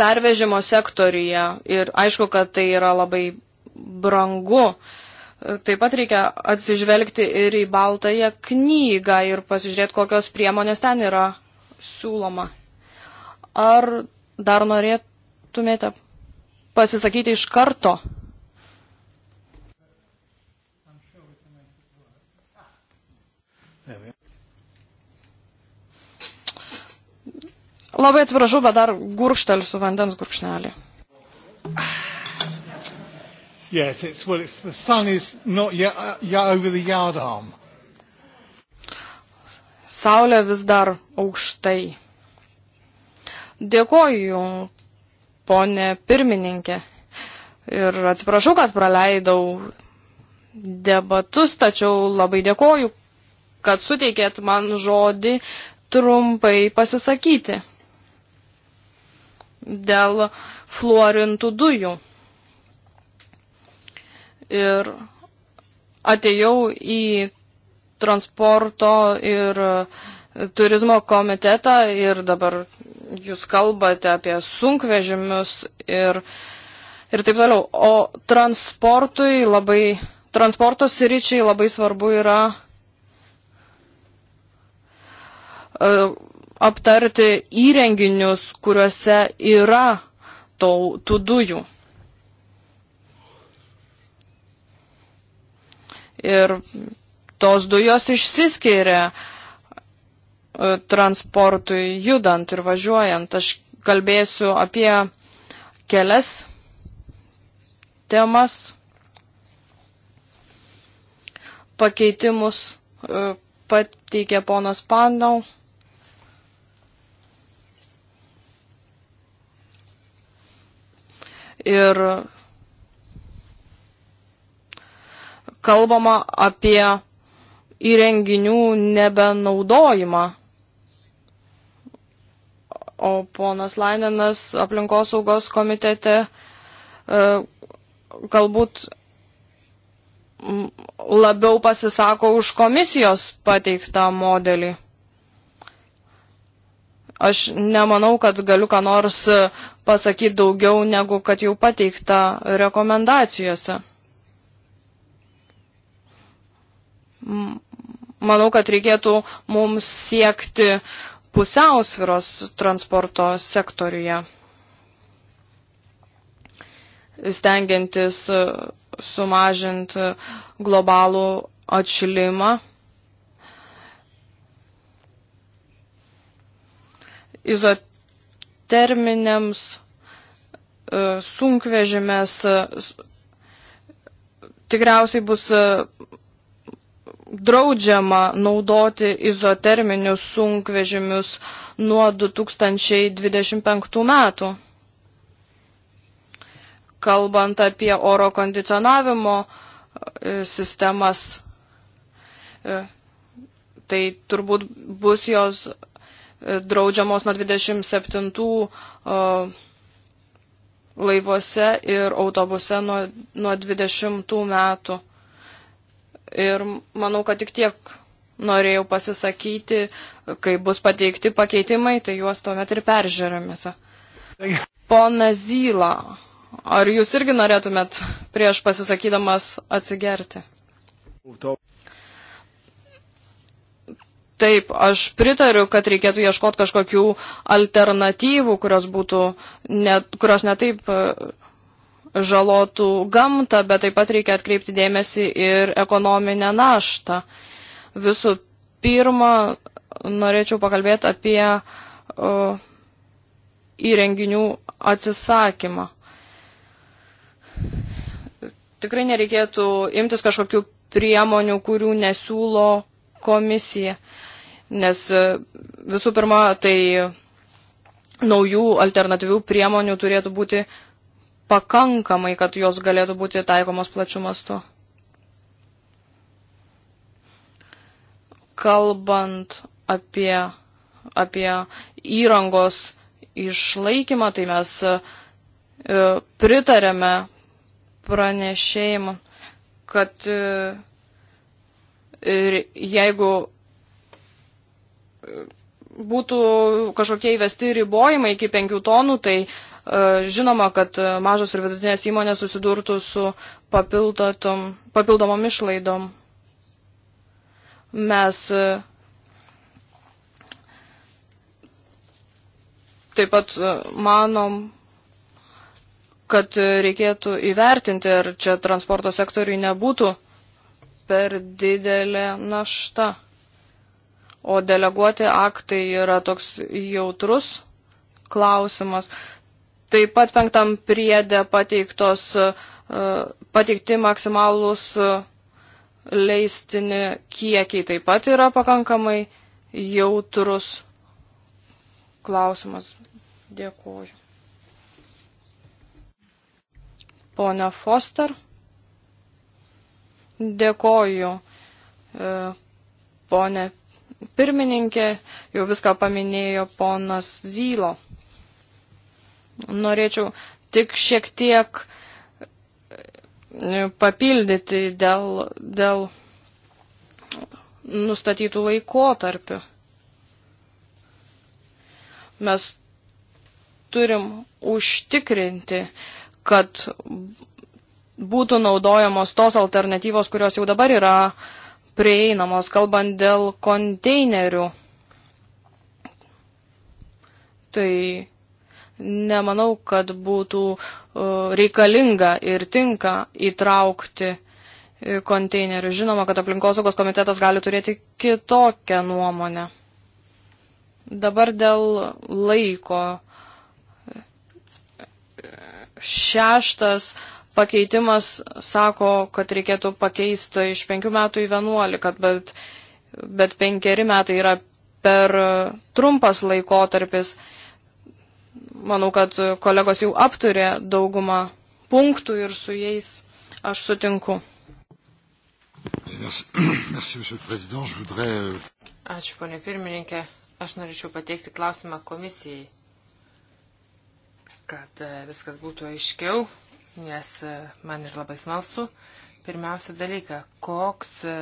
pervežimo sektoriuje. Ir aišku, kad tai yra labai brangu. E, Taip pat reikia atsižvelgti ir į baltąją knygą ir pasižiūrėti, kokios priemonės ten yra siūloma. Ar dar norėtumėte pasisakyti iš karto? Labai atsiprašau, bet dar gurkštelsiu vandens gurkšnelį. Ah. Yes, it's, well, it's, the sun is not yet, uh, yet over the yard arm. Saulė vis dar aukštai. Dėkoju, ponė pirmininkė. Ir atsiprašau, kad praleidau debatus, tačiau labai dėkoju, kad suteikėt man žodį trumpai pasisakyti dėl fluorintų dujų ir atėjau į transporto ir e, turizmo komitetą ir dabar jūs kalbate apie sunkvežimius ir, ir taip toliau. O transportui labai, transporto sričiai labai svarbu yra e, aptarti įrenginius, kuriuose yra to, tų dujų. ir tos dujos išsiskiria e, transportui judant ir važiuojant. Aš kalbėsiu apie kelias temas, pakeitimus e, pateikė ponas Pandau. Ir kalbama apie įrenginių nebenaudojimą. O ponas Laininas aplinkosaugos komitete e, galbūt labiau pasisako už komisijos pateiktą modelį. Aš nemanau, kad galiu ką nors e, pasakyti daugiau, negu kad jau pateikta rekomendacijose. Manau, kad reikėtų mums siekti pusiausviros transporto sektoriuje, stengiantis e, sumažinti e, globalų atšilimą. Izoterminiams e, sunkvežimės tikriausiai bus draudžiama naudoti izoterminius sunkvežimius nuo 2025 metų. Kalbant apie oro kondicionavimo e, sistemas, e, tai turbūt bus jos e, draudžiamos nuo 27 laivuose ir autobuse nuo, nuo 20 metų. Ir manau, kad tik tiek norėjau pasisakyti, kai bus pateikti pakeitimai, tai juos tuomet ir peržiūrėmės. Pona Zyla, ar jūs irgi norėtumėt prieš pasisakydamas atsigerti? Taip, aš pritariu, kad reikėtų ieškoti kažkokių alternatyvų, kurios būtų, net, kurios netaip žalotų gamtą, bet taip pat reikia atkreipti dėmesį ir ekonominę naštą. Visų pirma, norėčiau pakalbėti apie uh, įrenginių atsisakymą. Tikrai nereikėtų imtis kažkokių priemonių, kurių nesiūlo komisija, nes e, visų pirma, tai naujų alternatyvių priemonių turėtų būti uh, pakankamai, kad jos galėtų būti taikomos plačiu mastu. Kalbant apie, apie įrangos išlaikymą, tai mes e, pritarėme pranešėjimą, kad e, jeigu e, būtų kažkokie įvesti ribojimai iki penkių tonų, tai E, žinoma, kad mažos ir vidutinės įmonės susidurtų su papildomom išlaidom. Mes e, taip pat e, manom, kad reikėtų įvertinti, ar čia transporto sektoriui nebūtų per didelė našta. O deleguoti aktai yra toks jautrus klausimas. Taip pat penktam priedė pateiktos, e, pateikti maksimalus e, leistini kiekiai taip pat yra pakankamai jautrus klausimas. Dėkuoju. Pone Foster, dėkoju. E, pone pirmininkė, jau viską paminėjo ponas Zylo norėčiau tik šiek tiek e, papildyti dėl, dėl nustatytų laikotarpių. Mes turim užtikrinti, kad būtų naudojamos tos alternatyvos, kurios jau dabar yra prieinamos, kalbant dėl konteinerių. Tai nemanau, kad būtų e, reikalinga ir tinka įtraukti e, konteinerių. Žinoma, kad aplinkosaugos komitetas gali turėti kitokią nuomonę. Dabar dėl laiko. Šeštas pakeitimas sako, kad reikėtų pakeisti iš penkių metų į vienuolika, bet, bet penkeri metai yra per trumpas laikotarpis manau, kad kolegos jau apturė daugumą punktų ir su jais aš sutinku. Euh, Ačiū, ponė pirmininkė. Aš norėčiau pateikti klausimą komisijai, kad e, viskas būtų aiškiau, nes e, man ir labai smalsu. Pirmiausia dalyka, koks e,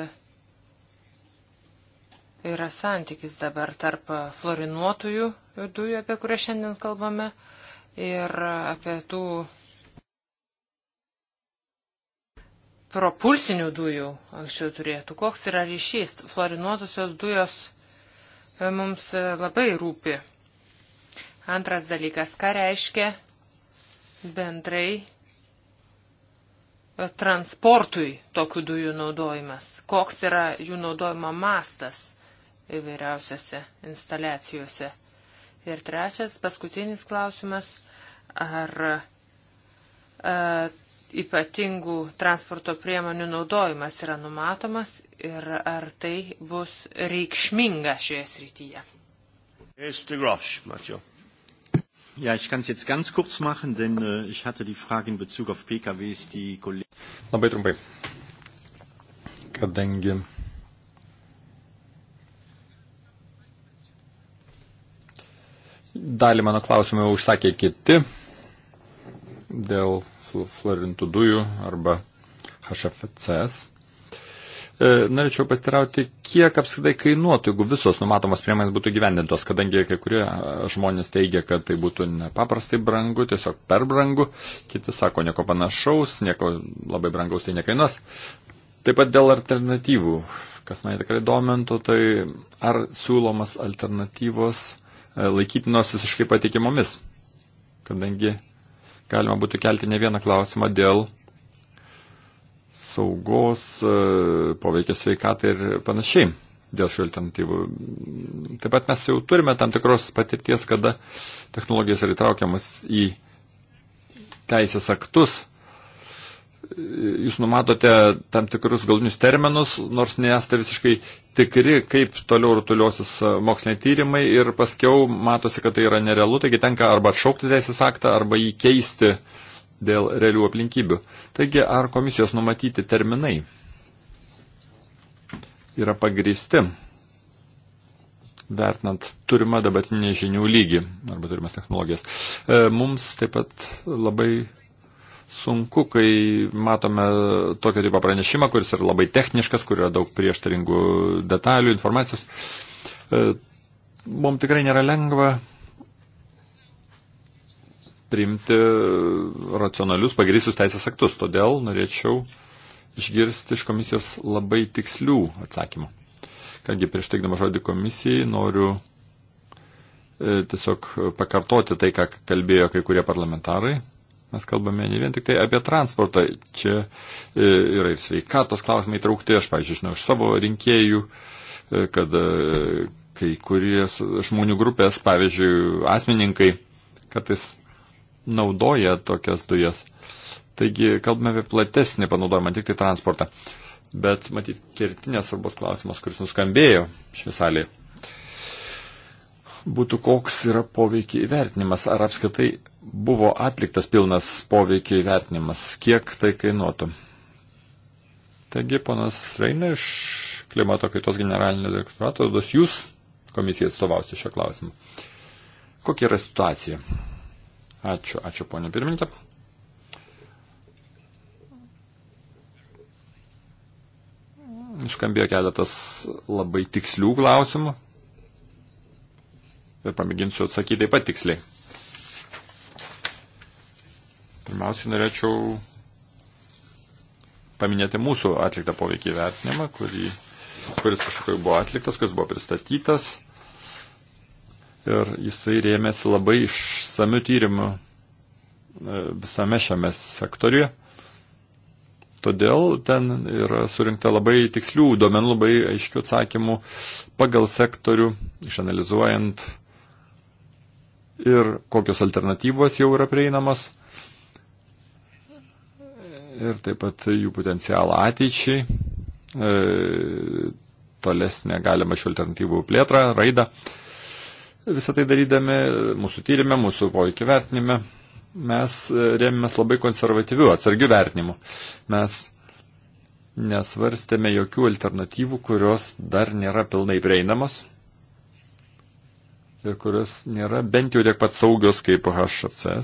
yra santykis dabar tarp florinuotųjų dujų, apie kurią šiandien kalbame, ir apie tų propulsinių dujų anksčiau turėtų. Koks yra ryšys? Florinuotusios dujos e, mums e, labai rūpi. Antras dalykas, ką reiškia bendrai e, transportui tokių dujų naudojimas, koks yra jų naudojimo mastas įvairiausiose instaliacijose. Ir trečias, paskutinis klausimas, ar e, ypatingų transporto priemonių naudojimas yra numatomas ir ar tai bus reikšminga šioje srityje. Ja, ich kann es jetzt ganz kurz machen, denn äh, ich hatte die Frage in Bezug auf PKWs, die Kollegen. Labai trumpai. Kadangi Dalį mano klausimų užsakė kiti dėl florintų dujų arba HFCS. E, norėčiau pastirauti, kiek apskritai kainuotų, jeigu visos numatomos priemonės būtų gyvendintos, kadangi kai kurie e, žmonės teigia, kad tai būtų nepaprastai brangu, tiesiog per brangu, kiti sako nieko panašaus, nieko labai brangaus tai nekainuos. Taip pat dėl alternatyvų, kas mane tikrai domintų, tai ar siūlomas alternatyvos E, laikytinos visiškai patikimomis, kadangi galima būtų kelti ne vieną klausimą dėl saugos, e, poveikio sveikatai ir panašiai dėl šių alternatyvų. Taip pat mes jau turime tam tikros patirties, kada technologijos yra įtraukiamas į teisės aktus jūs numatote tam tikrus galutinius terminus, nors nesate visiškai tikri, kaip toliau rutuliosis e, moksliniai tyrimai ir paskiau matosi, kad tai yra nerealu, taigi tenka arba atšaukti teisės aktą, arba jį keisti dėl realių aplinkybių. Taigi, ar komisijos numatyti terminai yra pagristi, vertinant turimą dabartinį žinių lygį arba turimas technologijas. E, mums taip pat labai sunku, kai matome tokio tipo pranešimą, kuris yra labai techniškas, kur yra daug prieštaringų detalių, informacijos. E, Mums tikrai nėra lengva priimti racionalius pagrįstus teisės aktus, todėl norėčiau išgirsti iš komisijos labai tikslių atsakymų. Kągi, prieš teikdama žodį komisijai, noriu e, tiesiog pakartoti tai, ką kalbėjo kai kurie parlamentarai mes kalbame ne vien tik tai apie transportą, čia e, yra ir sveikatos klausimai traukti, aš, pavyzdžiui, žinau iš savo rinkėjų, e, kad e, kai kurie žmonių grupės, pavyzdžiui, asmeninkai, kartais naudoja tokias dujas. Taigi kalbame apie platesnį panaudojimą, tik tai transportą. Bet matyt, kertinės svarbos klausimas, kuris nuskambėjo šviesaliai būtų, koks yra poveikiai įvertinimas, ar apskritai buvo atliktas pilnas poveikiai įvertinimas, kiek tai kainuotų. Taigi, ponas Reina iš klimato kaitos generalinio direktorato, jūs komisijai atstovausite šio klausimu. Kokia yra situacija? Ačiū, ačiū ponė pirmininkė. Iškambėjo keletas labai tikslių klausimų ir pamėginsiu atsakyti taip pat tiksliai. Pirmiausiai norėčiau paminėti mūsų atliktą poveikį vertinimą, kurį, kuris kažkokiu buvo atliktas, kuris buvo pristatytas. Ir jisai rėmėsi labai išsamių tyrimų e, visame šiame sektoriuje. Todėl ten yra surinkta labai tikslių duomenų, labai aiškių atsakymų pagal sektorių, išanalizuojant ir kokios alternatyvos jau yra prieinamos ir taip pat jų potencialą ateičiai, e, tolesnę galimą šių alternatyvų plėtrą, raidą. Visą tai darydami mūsų tyrimė, mūsų poveikį vertinime, mes rėmėmės labai konservatyvių, atsargių vertinimų. Mes nesvarstėme jokių alternatyvų, kurios dar nėra pilnai prieinamos ir kurios nėra bent jau tiek pat saugios kaip HCC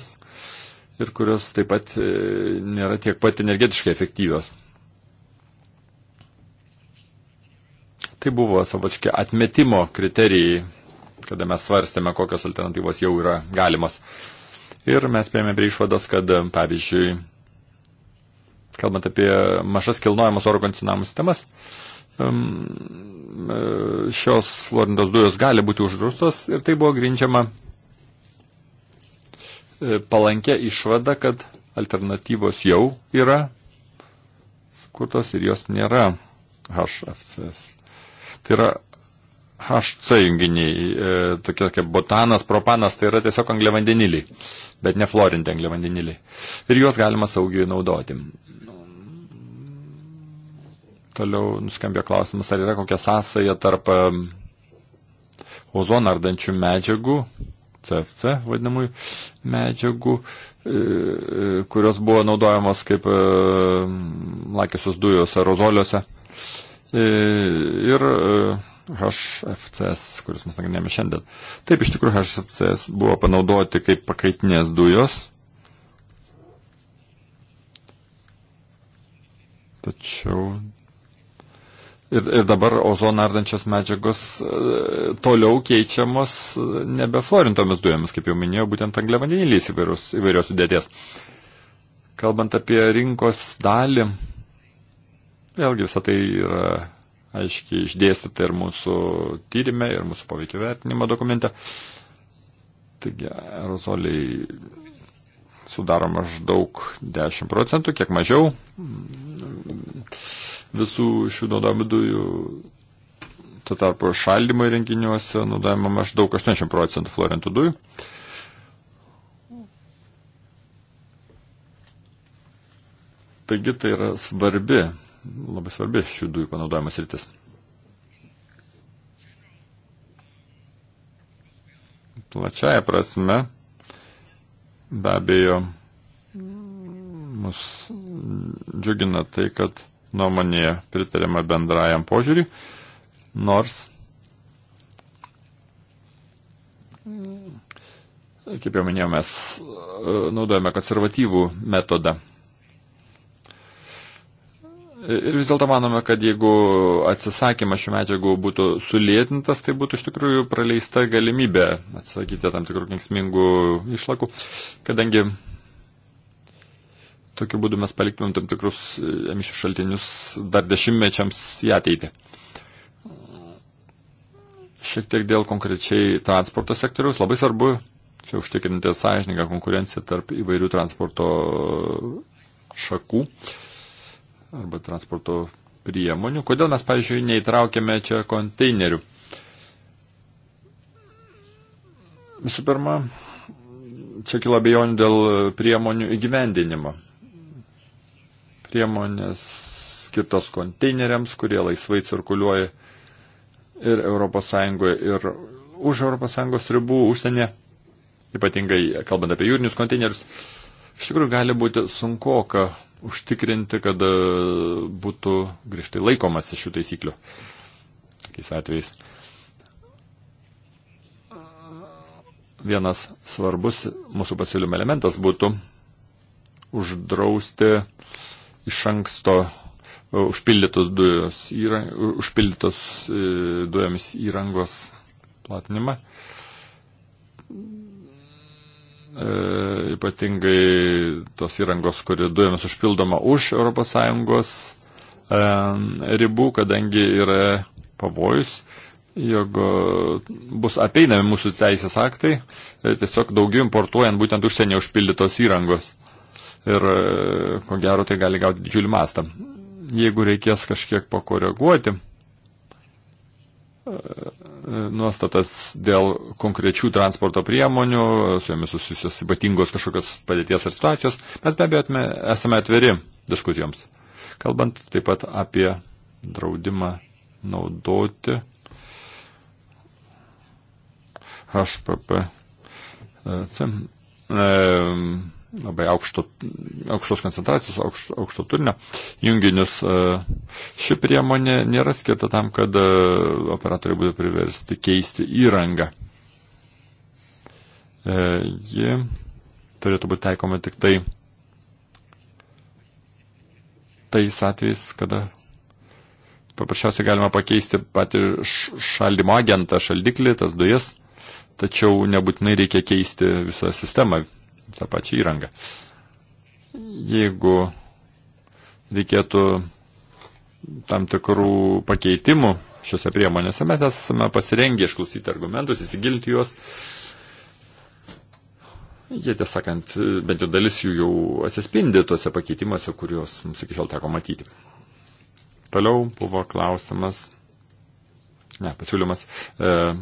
ir kurios taip pat e, nėra tiek pat energetiškai efektyvios. Tai buvo savočkia atmetimo kriterijai, kada mes svarstėme, kokios alternatyvos jau yra galimos. Ir mes prieėmėme prie išvados, kad, pavyzdžiui, kalbant apie mažas kilnojamas oro kondicionavimo sistemas, E, šios fluorintos dujos gali būti uždraustos ir tai buvo grindžiama e, palankia išvada, kad alternatyvos jau yra sukurtos ir jos nėra HFCs. Tai yra HC junginiai, e, tokie kaip botanas, propanas, tai yra tiesiog angliavandeniliai, bet ne florinti angliavandeniliai. Ir juos galima saugiai naudoti. Toliau nuskambėjo klausimas, ar yra kokia sąsaja tarp ozoną ardančių medžiagų, CFC vadinamųjų medžiagų, e, e, kurios buvo naudojamos kaip e, lakiusios dujos aerozoliuose. Ir HFCS, kuris mes nagrinėjame šiandien. Taip, iš tikrųjų, HFCS buvo panaudoti kaip pakaitinės dujos. Tačiau Ir, ir dabar ozoną ardančios medžiagos e, toliau keičiamos e, nebeflorintomis dujomis, kaip jau minėjau, būtent angliavandeniliais įvairios sudėties. Kalbant apie rinkos dalį, vėlgi visą tai yra aiškiai išdėstyta ir mūsų tyrimė, ir mūsų poveikio vertinimo dokumente. Taigi aerozoliai sudaro maždaug 10 procentų, kiek mažiau visų šių naudojamų dujų. Tuo tarpu šaldymo įrenginiuose naudojama maždaug 80 procentų florentų dujų. Taigi tai yra svarbi, labai svarbi šių dujų panaudojimas rytis. Plačiaja prasme, Be abejo, mus džiugina tai, kad nuomonėje pritarėme bendrajam požiūrį, nors, kaip jau minėjau, mes e, naudojame konservatyvų metodą Ir vis dėlto manome, kad jeigu atsisakymas šių medžiagų būtų sulėtintas, tai būtų iš tikrųjų praleista galimybė atsisakyti tam tikrų kengsmingų išlakų, kadangi tokiu būdu mes paliktumėm tam tikrus e, emisijų šaltinius dar dešimtmečiams į ateitį. Šiek tiek dėl konkrečiai transporto sektoriaus labai svarbu čia užtikrinti sąžininką konkurenciją tarp įvairių transporto šakų. Uh, arba transporto priemonių. Kodėl mes, pavyzdžiui, neįtraukėme čia konteinerių? Visų pirma, čia kilo abejonių dėl priemonių įgyvendinimo. Priemonės skirtos konteineriams, kurie laisvai cirkuliuoja ir ES, ir už ES ribų, užsienė, ypatingai kalbant apie jūrinius konteinerius, iš tikrųjų gali būti sunku, kad užtikrinti, kad e, būtų grįžtai laikomas iš šių taisyklių. Tokiais atvejais. Vienas svarbus mūsų pasiūlymo elementas būtų uždrausti iš anksto e, užpildytos, dujos, įrang, užpildytos e, dujomis įrangos platinimą. E, ypatingai tos įrangos, kuri dujomis užpildoma už ES e, ribų, kadangi yra pavojus, jog e, bus apeinami mūsų teisės aktai, tiesiog daugiau importuojant būtent užsienio užpildytos įrangos. Ir ko gero tai gali gauti didžiulį mastą. Jeigu reikės kažkiek pakoreguoti, nuostatas dėl konkrečių transporto priemonių, su jomis susijusios ypatingos kažkokios padėties ar situacijos, mes be abejo atme, esame atviri diskusijoms. Kalbant taip pat apie draudimą naudoti HPP. C, e, labai aukšto, aukštos koncentracijos, aukšto, aukšto turinio junginius. E, ši priemonė nėra skirta tam, kad e, operatoriai būtų priversti keisti įrangą. E, ji turėtų būti taikoma tik tai tais atvejais, kada paprasčiausiai galima pakeisti patį šaldymo agentą, šaldiklį, tas dujas, tačiau nebūtinai reikia keisti visą sistemą tą pačią įrangą. Jeigu reikėtų tam tikrų pakeitimų šiuose priemonėse, mes esame pasirengę išklausyti argumentus, įsigilinti juos. Jie, tiesąkant, bent jau dalis jų jau atsispindi tuose pakeitimuose, kuriuos mums iki šiol teko matyti. Toliau buvo klausimas, ne, pasiūlymas e,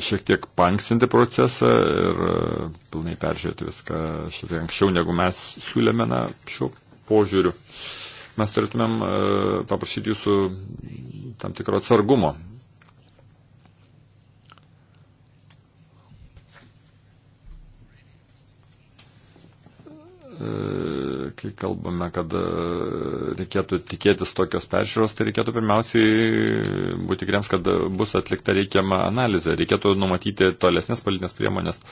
šiek tiek panksinti procesą ir e, pilnai peržiūrėti viską šiek tiek anksčiau, negu mes siūlėme na, šiuo požiūriu. Mes turėtumėm e, paprašyti jūsų tam tikro atsargumo. E, kai kalbame, kad e, reikėtų tikėtis tokios peržiūros, tai reikėtų pirmiausiai būti tikriems, kad bus atlikta reikiama analizė. Reikėtų numatyti tolesnės politinės priemonės,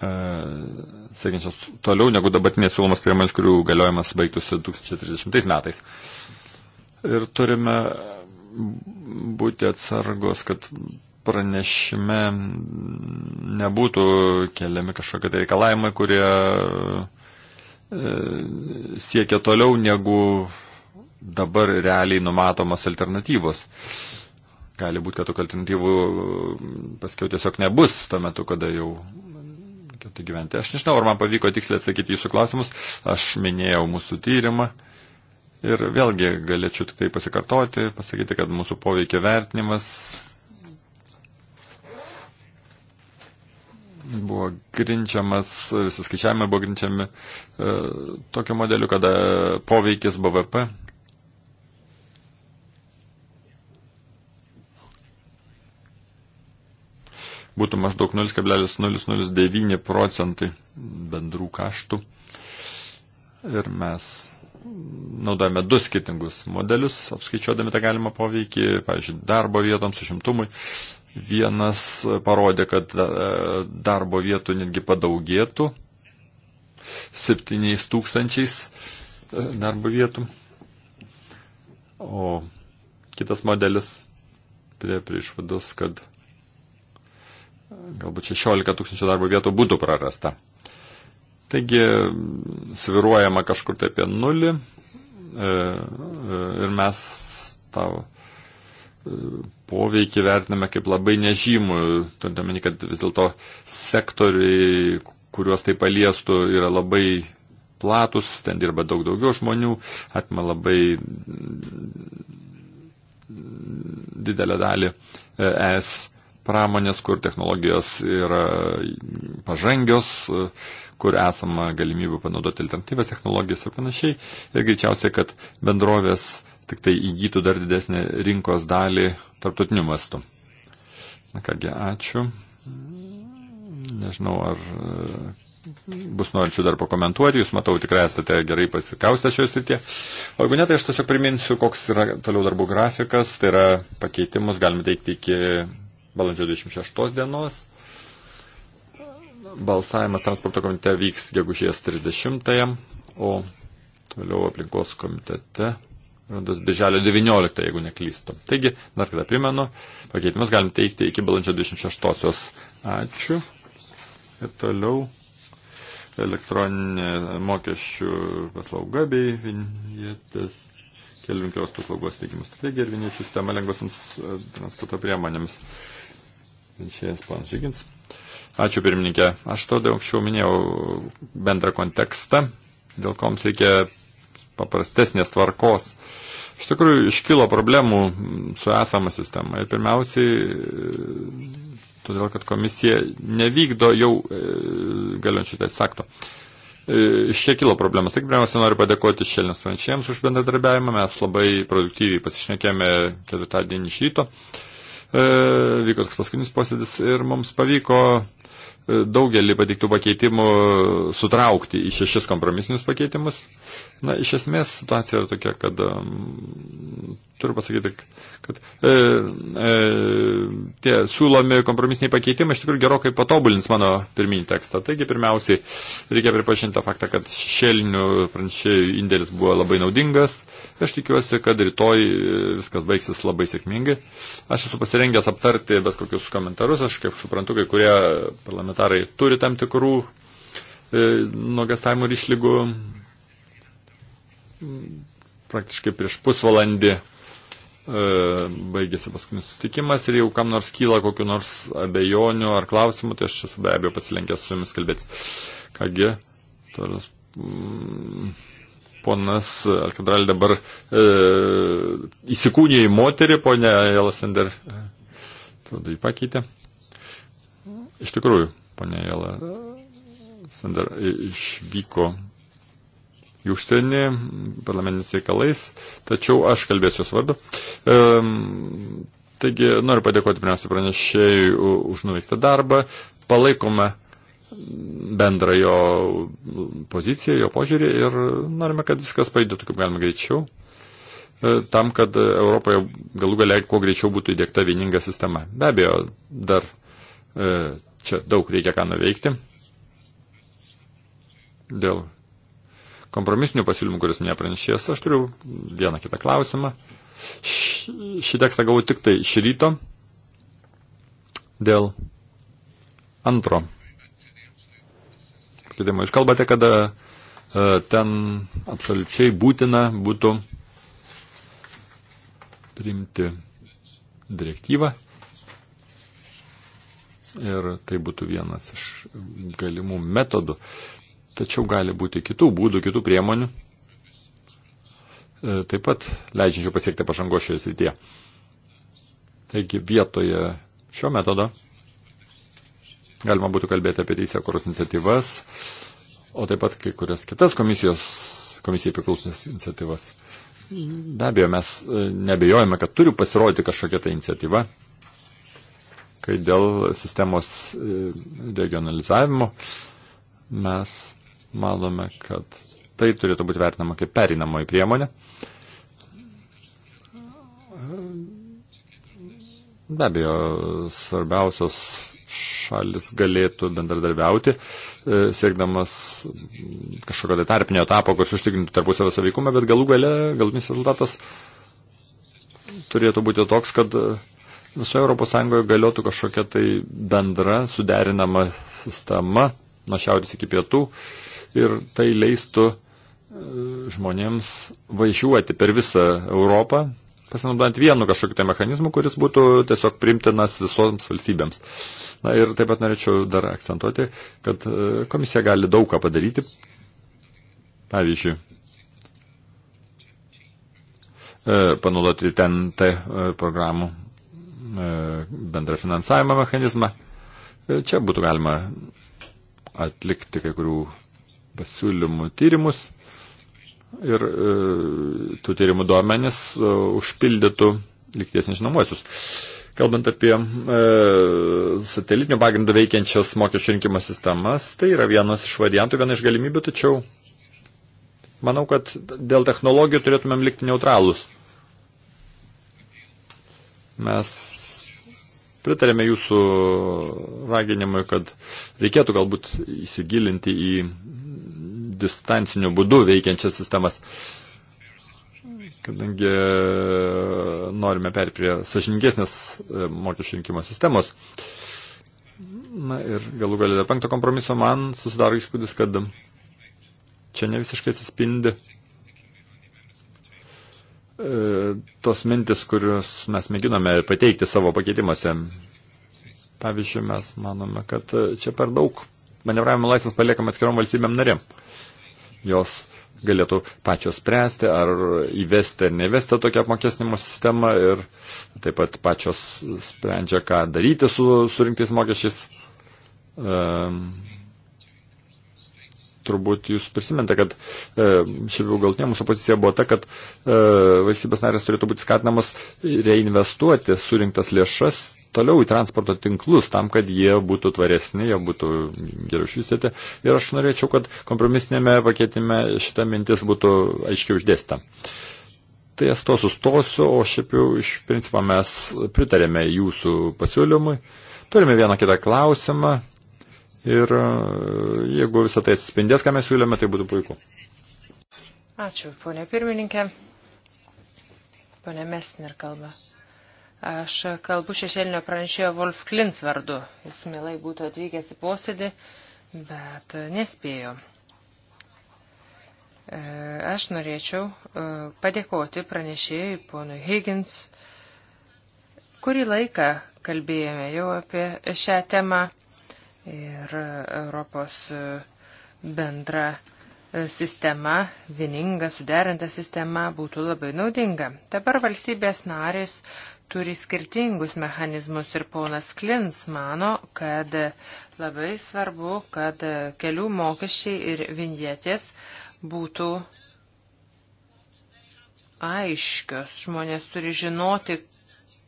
e, siekiančias toliau negu dabartinės siūlomas priemonės, kurių galiojimas baigtųsi 2030 metais. Ir turime būti atsargos, kad pranešime nebūtų keliami kažkokie tai reikalavimai, kurie E, siekia toliau negu dabar realiai numatomos alternatyvos. Gali būti, kad tokių alternatyvų mm, paskiau tiesiog nebus tuo metu, kada jau reikėtų gyventi. Aš nežinau, ar man pavyko tiksliai atsakyti jūsų klausimus. Aš minėjau mūsų tyrimą. Ir vėlgi galėčiau tik tai pasikartoti, pasakyti, kad mūsų poveikio vertinimas buvo grinčiamas, visi skaičiavimai buvo grinčiami e, tokiu modeliu, kada poveikis BVP būtų maždaug 0,009 procentai bendrų kaštų. Ir mes naudojame du skirtingus modelius, apskaičiuodami tą galimą poveikį, pavyzdžiui, darbo vietoms, užimtumui. E, Vienas parodė, kad e, darbo vietų netgi padaugėtų 7 tūkstančiais e, darbo vietų. O kitas modelis prie, prie išvados, kad e, galbūt 16 tūkstančių darbo vietų būtų prarasta. Taigi sviruojama kažkur tai apie nulį e, e, ir mes tą poveikį vertiname kaip labai nežymų, turint omeny, kad vis dėlto sektoriai, kuriuos tai paliestų, yra labai platus, ten dirba daug daugiau žmonių, atma labai didelę dalį e, ES pramonės, kur technologijos yra pažangios, e, kur esama galimybių panaudoti alternatyvas technologijas ir panašiai. Ir greičiausiai, kad bendrovės tik tai įgytų dar didesnį rinkos dalį tarptautiniu mastu. Na kągi, ačiū. Nežinau, ar e, bus norinčių dar pakomentuoti, jūs matau tikrai esate gerai pasikaustę šios rytie. O jeigu ne, tai aš tiesiog priminsiu, koks yra toliau darbų grafikas, tai yra pakeitimus galime teikti iki balandžio 26 dienos. Balsavimas transporto komitete vyks gegužės 30, o toliau aplinkos komitete Rodos birželio 19, jeigu neklystu. Taigi, dar kada primenu, pakeitimus galim teikti iki balandžio 26-osios. Ačiū. Ir toliau elektroninė mokesčių paslauga bei vinjetės kelvinkios paslaugos teikimo strategija ir vinječių sistema lengvosiams e, transporto priemonėms. Vinčėjas panas Žygins. Ačiū pirmininkė. Aš to daug anksčiau minėjau bendrą kontekstą, dėl ko mums reikia paprastesnės tvarkos. Iš tikrųjų, iškilo problemų su esama sistema ir pirmiausiai, todėl kad komisija nevykdo jau e, galiančių teisės akto. E, iš čia kilo problemas. Tik pirmiausia, noriu padėkoti šiandien pranešėjams už bendradarbiavimą. Mes labai produktyviai pasišnekėjome ketvirtadienį iš ryto. E, vyko toks paskutinis posėdis ir mums pavyko daugelį pateiktų pakeitimų sutraukti į šešis kompromisinius pakeitimus. Na, iš esmės situacija yra tokia, kad um, turiu pasakyti, kad e, e, tie siūlomi kompromisiniai pakeitimai iš tikrųjų gerokai patobulins mano pirminį tekstą. Taigi, pirmiausiai, reikia pripažinti tą faktą, kad šešėlinių pranešėjų indėlis buvo labai naudingas. Aš tikiuosi, kad rytoj e, viskas baigsis labai sėkmingai. Aš esu pasirengęs aptarti bet kokius komentarus. Aš kaip suprantu, kai kurie parlamentarai parlamentarai turi tam tikrų e, nuogastavimų ir išlygų. Praktiškai prieš pusvalandį e, baigėsi paskutinis sutikimas ir jau kam nors kyla kokiu nors abejonių ar klausimų, tai aš esu be abejo pasilenkęs su jumis kalbėtis. Kągi, toras. Mm, ponas Alkadral dabar e, įsikūnė į moterį, ponė Jelasender, e, atrodo, jį pakeitė. Iš tikrųjų, ponė Jela Sander išvyko į užsienį parlamentiniais reikalais, tačiau aš kalbėsiu jos vardu. E, taigi noriu padėkoti pirmiausia pranešėjui už nuveiktą darbą, palaikome bendrą jo poziciją, jo požiūrį ir norime, kad viskas pajudėtų kaip galima greičiau, e, tam, kad Europoje galų galia kuo greičiau būtų įdėkta vieninga sistema. Be abejo, dar e, Čia daug reikia ką nuveikti. Dėl kompromisinių pasiūlymų, kuris nepranešės, aš turiu vieną kitą klausimą. Š šį tekstą gavau tik tai šį ryto dėl antro. Jūs kalbate, kad e, ten absoliučiai būtina būtų priimti direktyvą Ir tai būtų vienas iš galimų metodų. Tačiau gali būti kitų būdų, kitų priemonių, e, taip pat leidžiančių pasiekti pažango šioje srityje. Taigi vietoje šio metodo galima būtų kalbėti apie teisėkuros iniciatyvas, o taip pat kai kurias kitas komisijos, komisijai priklausantis iniciatyvas. Be abejo, mes e, nebejojame, kad turi pasirodyti kažkokia ta iniciatyva, kai dėl sistemos e, regionalizavimo mes manome, kad tai turėtų būti vertinama kaip perinamoji priemonė. Be abejo, svarbiausios šalis galėtų bendradarbiauti, e, siekdamas kažkokio tai tarpinio etapo, kuris užtikrintų tarpusavio saveikumą, bet galų gale galutinis rezultatas turėtų būti toks, kad visoje ES galiotų kažkokia tai bendra, suderinama sistema nuo šiaurės iki pietų ir tai leistų e, žmonėms važiuoti per visą Europą, pasinaudojant vienu kažkokiu tai mechanizmu, kuris būtų tiesiog primtinas visoms valstybėms. Na ir taip pat norėčiau dar akcentuoti, kad e, komisija gali daug ką padaryti. Pavyzdžiui, e, panaudoti ten T programų E, bendrą finansavimo mechanizmą. E, čia būtų galima atlikti kai kurių pasiūlymų tyrimus ir e, tų tyrimų duomenis užpildytų likties nežinomuosius. Kalbant apie e, satelitinio pagrindu veikiančias mokesčių rinkimo sistemas, tai yra vienas iš variantų, viena iš galimybių, tačiau manau, kad dėl technologijų turėtumėm likti neutralus. Mes pritarėme jūsų raginimui, kad reikėtų galbūt įsigilinti į distanciniu būdu veikiančias sistemas, kadangi norime per prie sažiningesnės e, mokesčių rinkimo sistemos. Na ir galų galę penkto kompromiso man susidaro įspūdis, kad čia ne visiškai atsispindi E, tos mintis, kurius mes mėginame pateikti savo pakeitimuose. Pavyzdžiui, mes manome, kad čia per daug manevravimo laisvės paliekam atskirom valstybėm narėm. Jos galėtų pačios spręsti, ar įvesti ar nevesti tokią apmokestinimo sistemą ir taip pat pačios sprendžia, ką daryti su surinktais mokesčiais. Um, turbūt jūs prisimente, kad e, šiaip jau galtinė mūsų pozicija buvo ta, kad e, valstybės narės turėtų būti skatinamas reinvestuoti surinktas lėšas toliau į transporto tinklus, tam, kad jie būtų tvaresni, jie būtų geriau išvystyti. Ir aš norėčiau, kad kompromisinėme pakėtime šitą mintis būtų aiškiai uždėsta. Ties to sustosiu, o šiaip jau iš principo mes pritarėme jūsų pasiūlymui. Turime vieną kitą klausimą, Ir e, jeigu visą tai atsispindės, ką mes siūlėme, tai būtų puiku. Ačiū, ponė pirmininkė. Ponė Mesner kalba. Aš kalbu šešėlinio pranešėjo Wolf Klins vardu. Jis mielai būtų atvykęs į posėdį, bet nespėjo. E, aš norėčiau e, padėkoti pranešėjui ponui Higgins. Kurį laiką kalbėjome jau apie šią temą ir Europos bendra sistema, vieninga, suderinta sistema būtų labai naudinga. Dabar valstybės narės turi skirtingus mechanizmus ir ponas Klins mano, kad labai svarbu, kad kelių mokesčiai ir vinjetės būtų aiškios. Žmonės turi žinoti,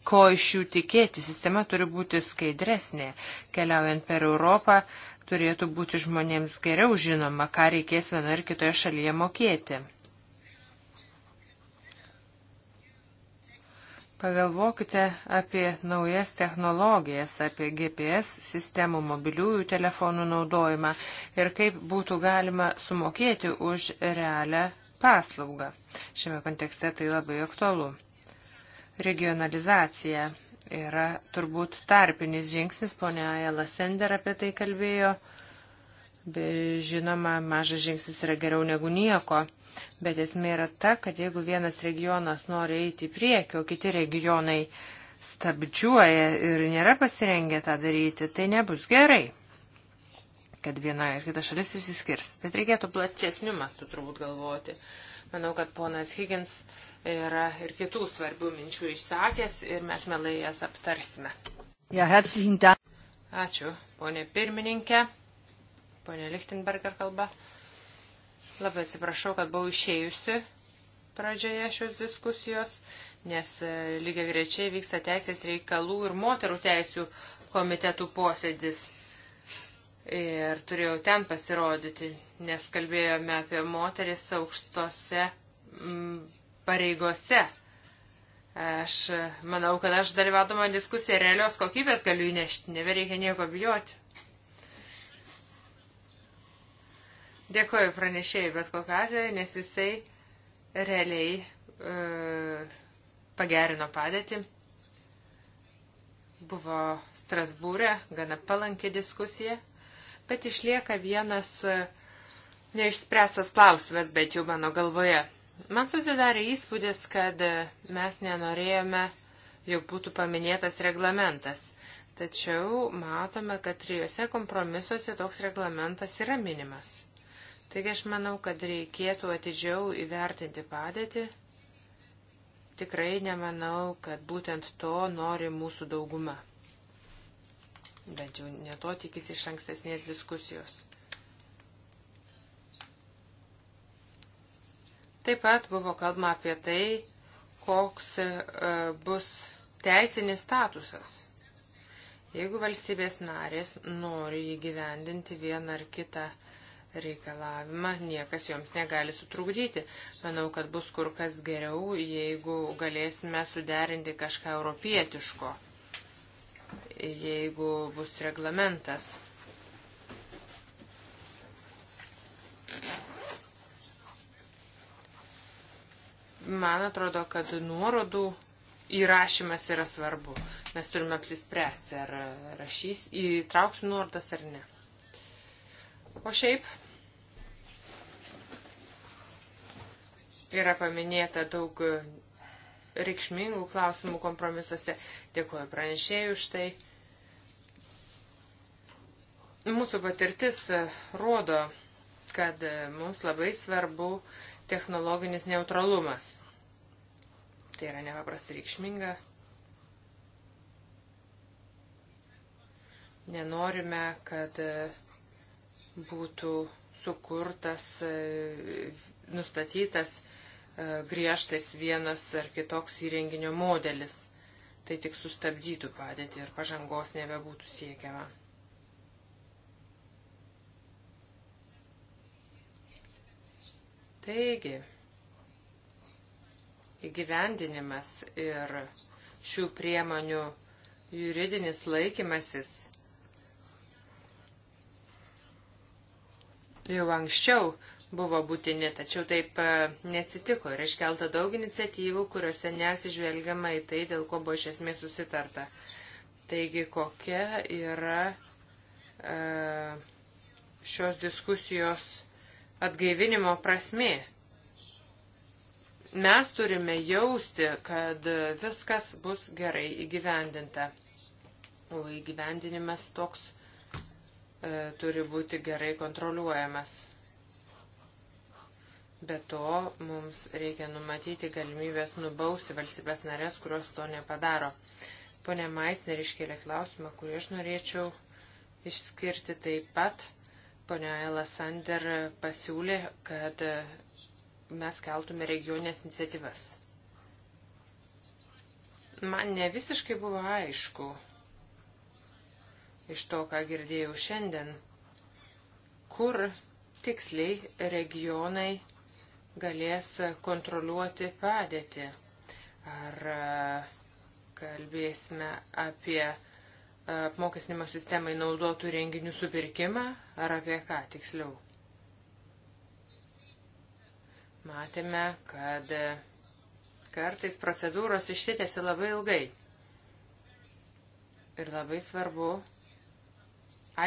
ko iš jų tikėti. Sistema turi būti skaidresnė. Keliaujant per Europą turėtų būti žmonėms geriau žinoma, ką reikės vienoje ir kitoje šalyje mokėti. Pagalvokite apie naujas technologijas, apie GPS sistemų mobiliųjų telefonų naudojimą ir kaip būtų galima sumokėti už realią paslaugą. Šiame kontekste tai labai aktualu. Regionalizacija yra turbūt tarpinis žingsnis, ponia Ela Sender apie tai kalbėjo. Be, žinoma, mažas žingsnis yra geriau negu nieko, bet esmė yra ta, kad jeigu vienas regionas nori eiti į priekį, o kiti regionai stabdžiuoja ir nėra pasirengę tą daryti, tai nebus gerai, kad viena ir kita šalis išsiskirs. Bet reikėtų plačesnių mastų turbūt galvoti. Manau, kad ponas Higgins uh, yra ir kitų svarbių minčių išsakęs ir mes melai jas aptarsime. Ja, Ačiū, ponė pirmininkė, ponė Lichtenberger kalba. Labai atsiprašau, kad buvau išėjusi pradžioje šios diskusijos, nes e, lygiai grečiai vyksta teisės reikalų ir moterų teisių komitetų posėdis. Ir turėjau ten pasirodyti, nes kalbėjome apie moteris aukštose pareigose. Aš manau, kad aš dalyvaudama diskusiją realios kokybės galiu įnešti, nebereikia nieko bijoti. Dėkoju pranešėjai bet kokią atveju, nes jisai realiai e, pagerino padėtį. Buvo Strasbūrė, gana palankė diskusija, bet išlieka vienas e, neišspręstas klausimas, bet jau mano galvoje. Man susidarė įspūdis, kad mes nenorėjome, jog būtų paminėtas reglamentas. Tačiau matome, kad trijose kompromisuose toks reglamentas yra minimas. Taigi aš manau, kad reikėtų atidžiau įvertinti padėtį. Tikrai nemanau, kad būtent to nori mūsų dauguma. Bent jau neto tikisi iš ankstesnės diskusijos. Taip pat buvo kalbama apie tai, koks e, bus teisinis statusas. Jeigu valstybės narės nori įgyvendinti vieną ar kitą reikalavimą, niekas joms negali sutrukdyti. Manau, kad bus kur kas geriau, jeigu galėsime suderinti kažką europietiško, jeigu bus reglamentas. Man atrodo, kad nuorodų įrašymas yra svarbu. Mes turime apsispręsti, ar rašys, įtrauksiu nuorodas ar ne. O šiaip yra paminėta daug reikšmingų klausimų kompromisuose. Dėkuoju pranešėjų už tai. Mūsų patirtis rodo, kad mums labai svarbu technologinis neutralumas. Tai yra nepaprastai reikšminga. Nenorime, kad e, būtų sukurtas, e, nustatytas e, griežtais vienas ar kitoks įrenginio modelis. Tai tik sustabdytų padėtį ir pažangos nebebūtų siekiama. Taigi, įgyvendinimas ir šių priemonių juridinis laikymasis jau anksčiau buvo būtini, tačiau taip e, neatsitiko ir iškelta daug iniciatyvų, kuriuose nesižvelgiama į tai, dėl ko buvo iš esmės susitarta. Taigi, kokia yra e, šios diskusijos atgaivinimo prasmė. Mes turime jausti, kad viskas bus gerai įgyvendinta. O įgyvendinimas toks e, turi būti gerai kontroliuojamas. Be to, mums reikia numatyti galimybės nubausti valstybės narės, kurios to nepadaro. Pone Maisner iškėlė klausimą, kurį aš norėčiau išskirti taip pat Pone Elasander pasiūlė, kad mes keltume regionės iniciatyvas. Man ne visiškai buvo aišku iš to, ką girdėjau šiandien, kur tiksliai regionai galės kontroliuoti padėtį. Ar e, kalbėsime apie uh, apmokestinimo sistemai naudotų renginių supirkimą ar apie ką tiksliau? Matėme, kad kartais procedūros išsitėsi labai ilgai. Ir labai svarbu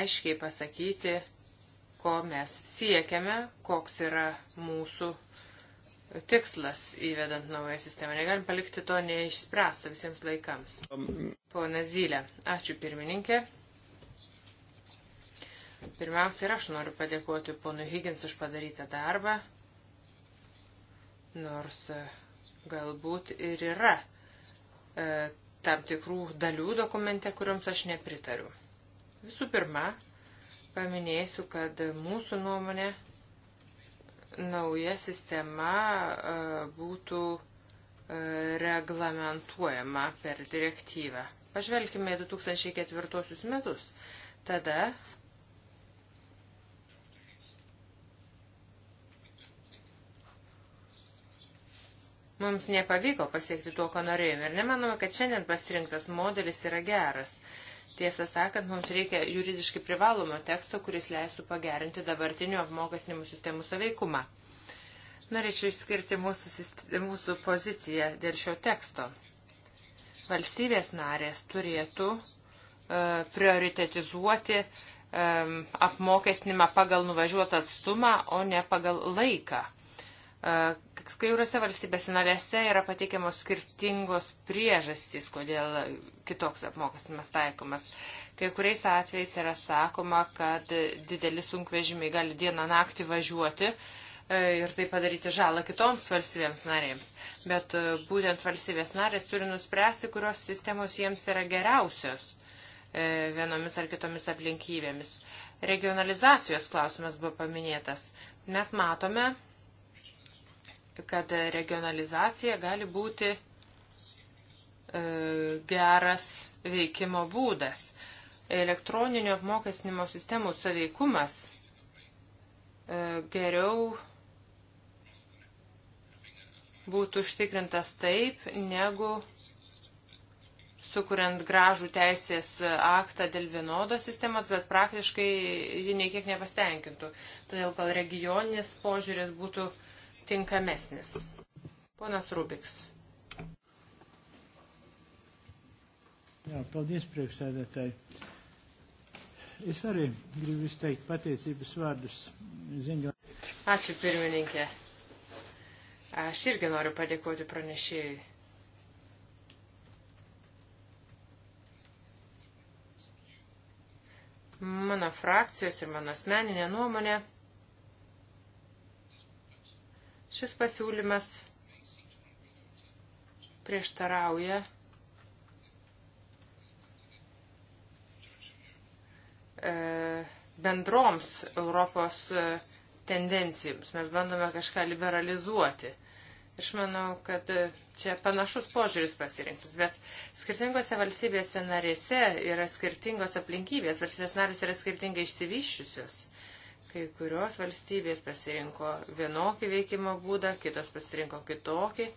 aiškiai pasakyti, ko mes siekiame, koks yra mūsų tikslas įvedant naują sistemą. Negalim palikti to neišspręsto visiems laikams. Um, Pona Zylė, ačiū pirmininkė. Pirmiausia, ir aš noriu padėkoti ponui Higgins už padarytą darbą, nors e, galbūt ir yra e, tam tikrų dalių dokumente, kuriuoms aš nepritariu. Visų pirma, paminėsiu, kad mūsų nuomonė nauja sistema e, būtų e, reglamentuojama per direktyvą. Pažvelkime į 2004 metus. Tada mums nepavyko pasiekti to, ko norėjome. Ir nemanome, kad šiandien pasirinktas modelis yra geras. Tiesą sakant, mums reikia juridiškai privalomo teksto, kuris leistų pagerinti dabartinių apmokestinimų sistemų saveikumą. Norėčiau išskirti mūsų, mūsų poziciją dėl šio teksto. Valstybės narės turėtų uh, prioritetizuoti um, apmokestinimą pagal nuvažiuotą atstumą, o ne pagal laiką. Uh, Kai kuriuose valstybės narėse yra pateikiamos skirtingos priežastys, kodėl kitoks apmokestinimas taikomas. Kai kuriais atvejais yra sakoma, kad dideli sunkvežimiai gali dieną naktį važiuoti e, ir tai padaryti žalą kitoms valstybėms narėms. Bet e, būtent valstybės narės turi nuspręsti, kurios sistemos jiems yra geriausios e, vienomis ar kitomis aplinkybėmis. Regionalizacijos klausimas buvo paminėtas. Mes matome, kad regionalizacija gali būti e, geras veikimo būdas. Elektroninio apmokestinimo sistemų saveikumas e, geriau būtų užtikrintas taip, negu sukuriant gražų teisės aktą dėl vienodos sistemos, bet praktiškai ji niekiek nepastenkintų. Todėl gal regioninis požiūris būtų uh, tinkamesnis. Ponas Rubiks. Jā, paldies priekšsēdētāji. Es arī gribu izteikt pateicības vārdus ziņo. Ačiū pirmininkė. Aš irgi noriu padėkoti pranešėjui. Mano frakcijos ir mano asmeninė nuomonė Šis pasiūlymas prieštarauja e, bendroms Europos e, tendencijoms. Mes bandome kažką liberalizuoti. Aš manau, kad e, čia panašus požiūris pasirinktas, bet skirtingose valstybėse narėse yra skirtingos aplinkybės, valstybės narės yra skirtingai išsivyščiusios. Kai kurios valstybės pasirinko vienokį veikimo būdą, kitos pasirinko kitokį.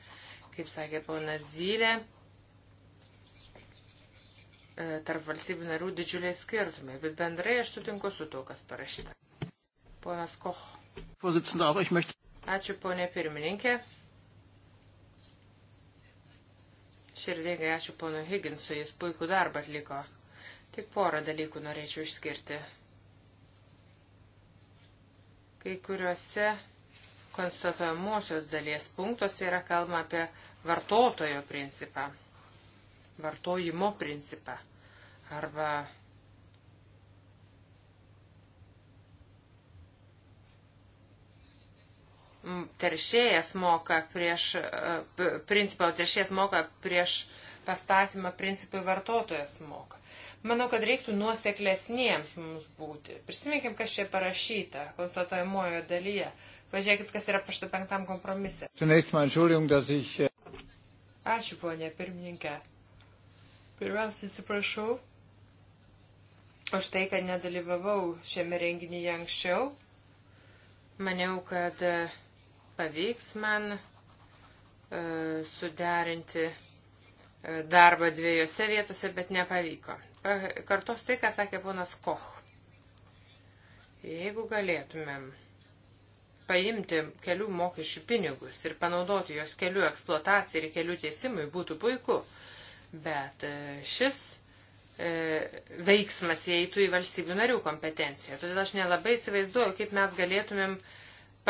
Kaip sakė ponas Zylė, e, tarp valstybių narių didžiuliai skirtumai, bet bendrai aš sutinku su to, kas parašyta. Ponas Koch. Ačiū, ponė pirmininkė. Širdingai ačiū ponui Higginsui, jis puikų darbą atliko. Tik porą dalykų norėčiau išskirti. Kai kuriuose konstatuojamosios dalies punktuose yra kalbama apie vartotojo principą, vartojimo principą arba teršėjas moka prieš, e, principą teršėjas moka prieš pastatymą principui vartotojas moka. Manau, kad reiktų nuoseklesniems mums būti. Prisiminkim, kas čia parašyta konstatuojamojo dalyje. Pažiūrėkit, kas yra pašto penktam kompromise. Äh, Ačiū, ponė pirmininkė. Pirmiausia, atsiprašau už tai, kad nedalyvavau šiame renginyje anksčiau. Maniau, kad e, pavyks man e, suderinti e, darbą dviejose vietose, bet nepavyko. Eh, kartos tai, ką sakė ponas Koch. Jeigu galėtumėm paimti kelių mokesčių pinigus ir panaudoti jos kelių eksploatacijai ir kelių tiesimui, būtų puiku. Bet eh, šis e, veiksmas įeitų į valstybių narių kompetenciją. Todėl aš nelabai įsivaizduoju, kaip mes galėtumėm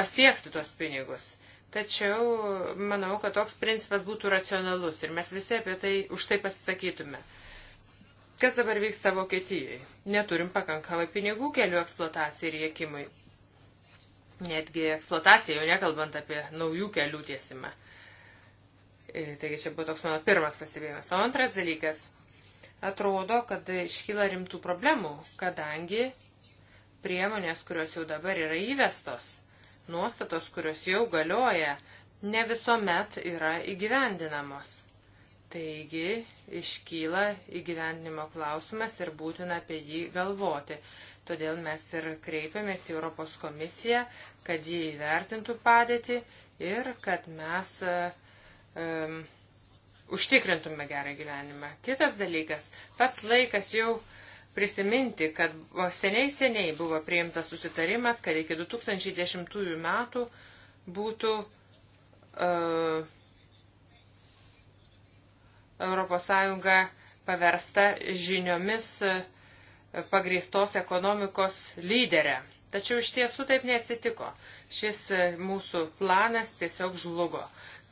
pasiekti tuos pinigus. Tačiau manau, kad toks principas būtų racionalus ir mes visi apie tai už tai pasisakytume. Kas dabar vyksta Vokietijai? Neturim pakankamai pinigų kelių eksploatacijai ir jėkimui. Netgi eksploatacija, jau nekalbant apie naujų kelių tiesimą. E, taigi čia buvo toks mano pirmas pasibėjimas. O antras dalykas. Atrodo, kad iškyla rimtų problemų, kadangi priemonės, kurios jau dabar yra įvestos, nuostatos, kurios jau galioja, ne visuomet yra įgyvendinamos. Taigi iškyla įgyvendinimo klausimas ir būtina apie jį galvoti. Todėl mes ir kreipiamės į Europos komisiją, kad jį įvertintų padėtį ir kad mes um, užtikrintume gerą gyvenimą. Kitas dalykas, pats laikas jau prisiminti, kad seniai seniai buvo priimtas susitarimas, kad iki 2010 metų būtų. Uh, um, ES paversta žiniomis e, pagrįstos ekonomikos lyderė. Tačiau iš tiesų taip neatsitiko. Šis e, mūsų planas tiesiog žlugo.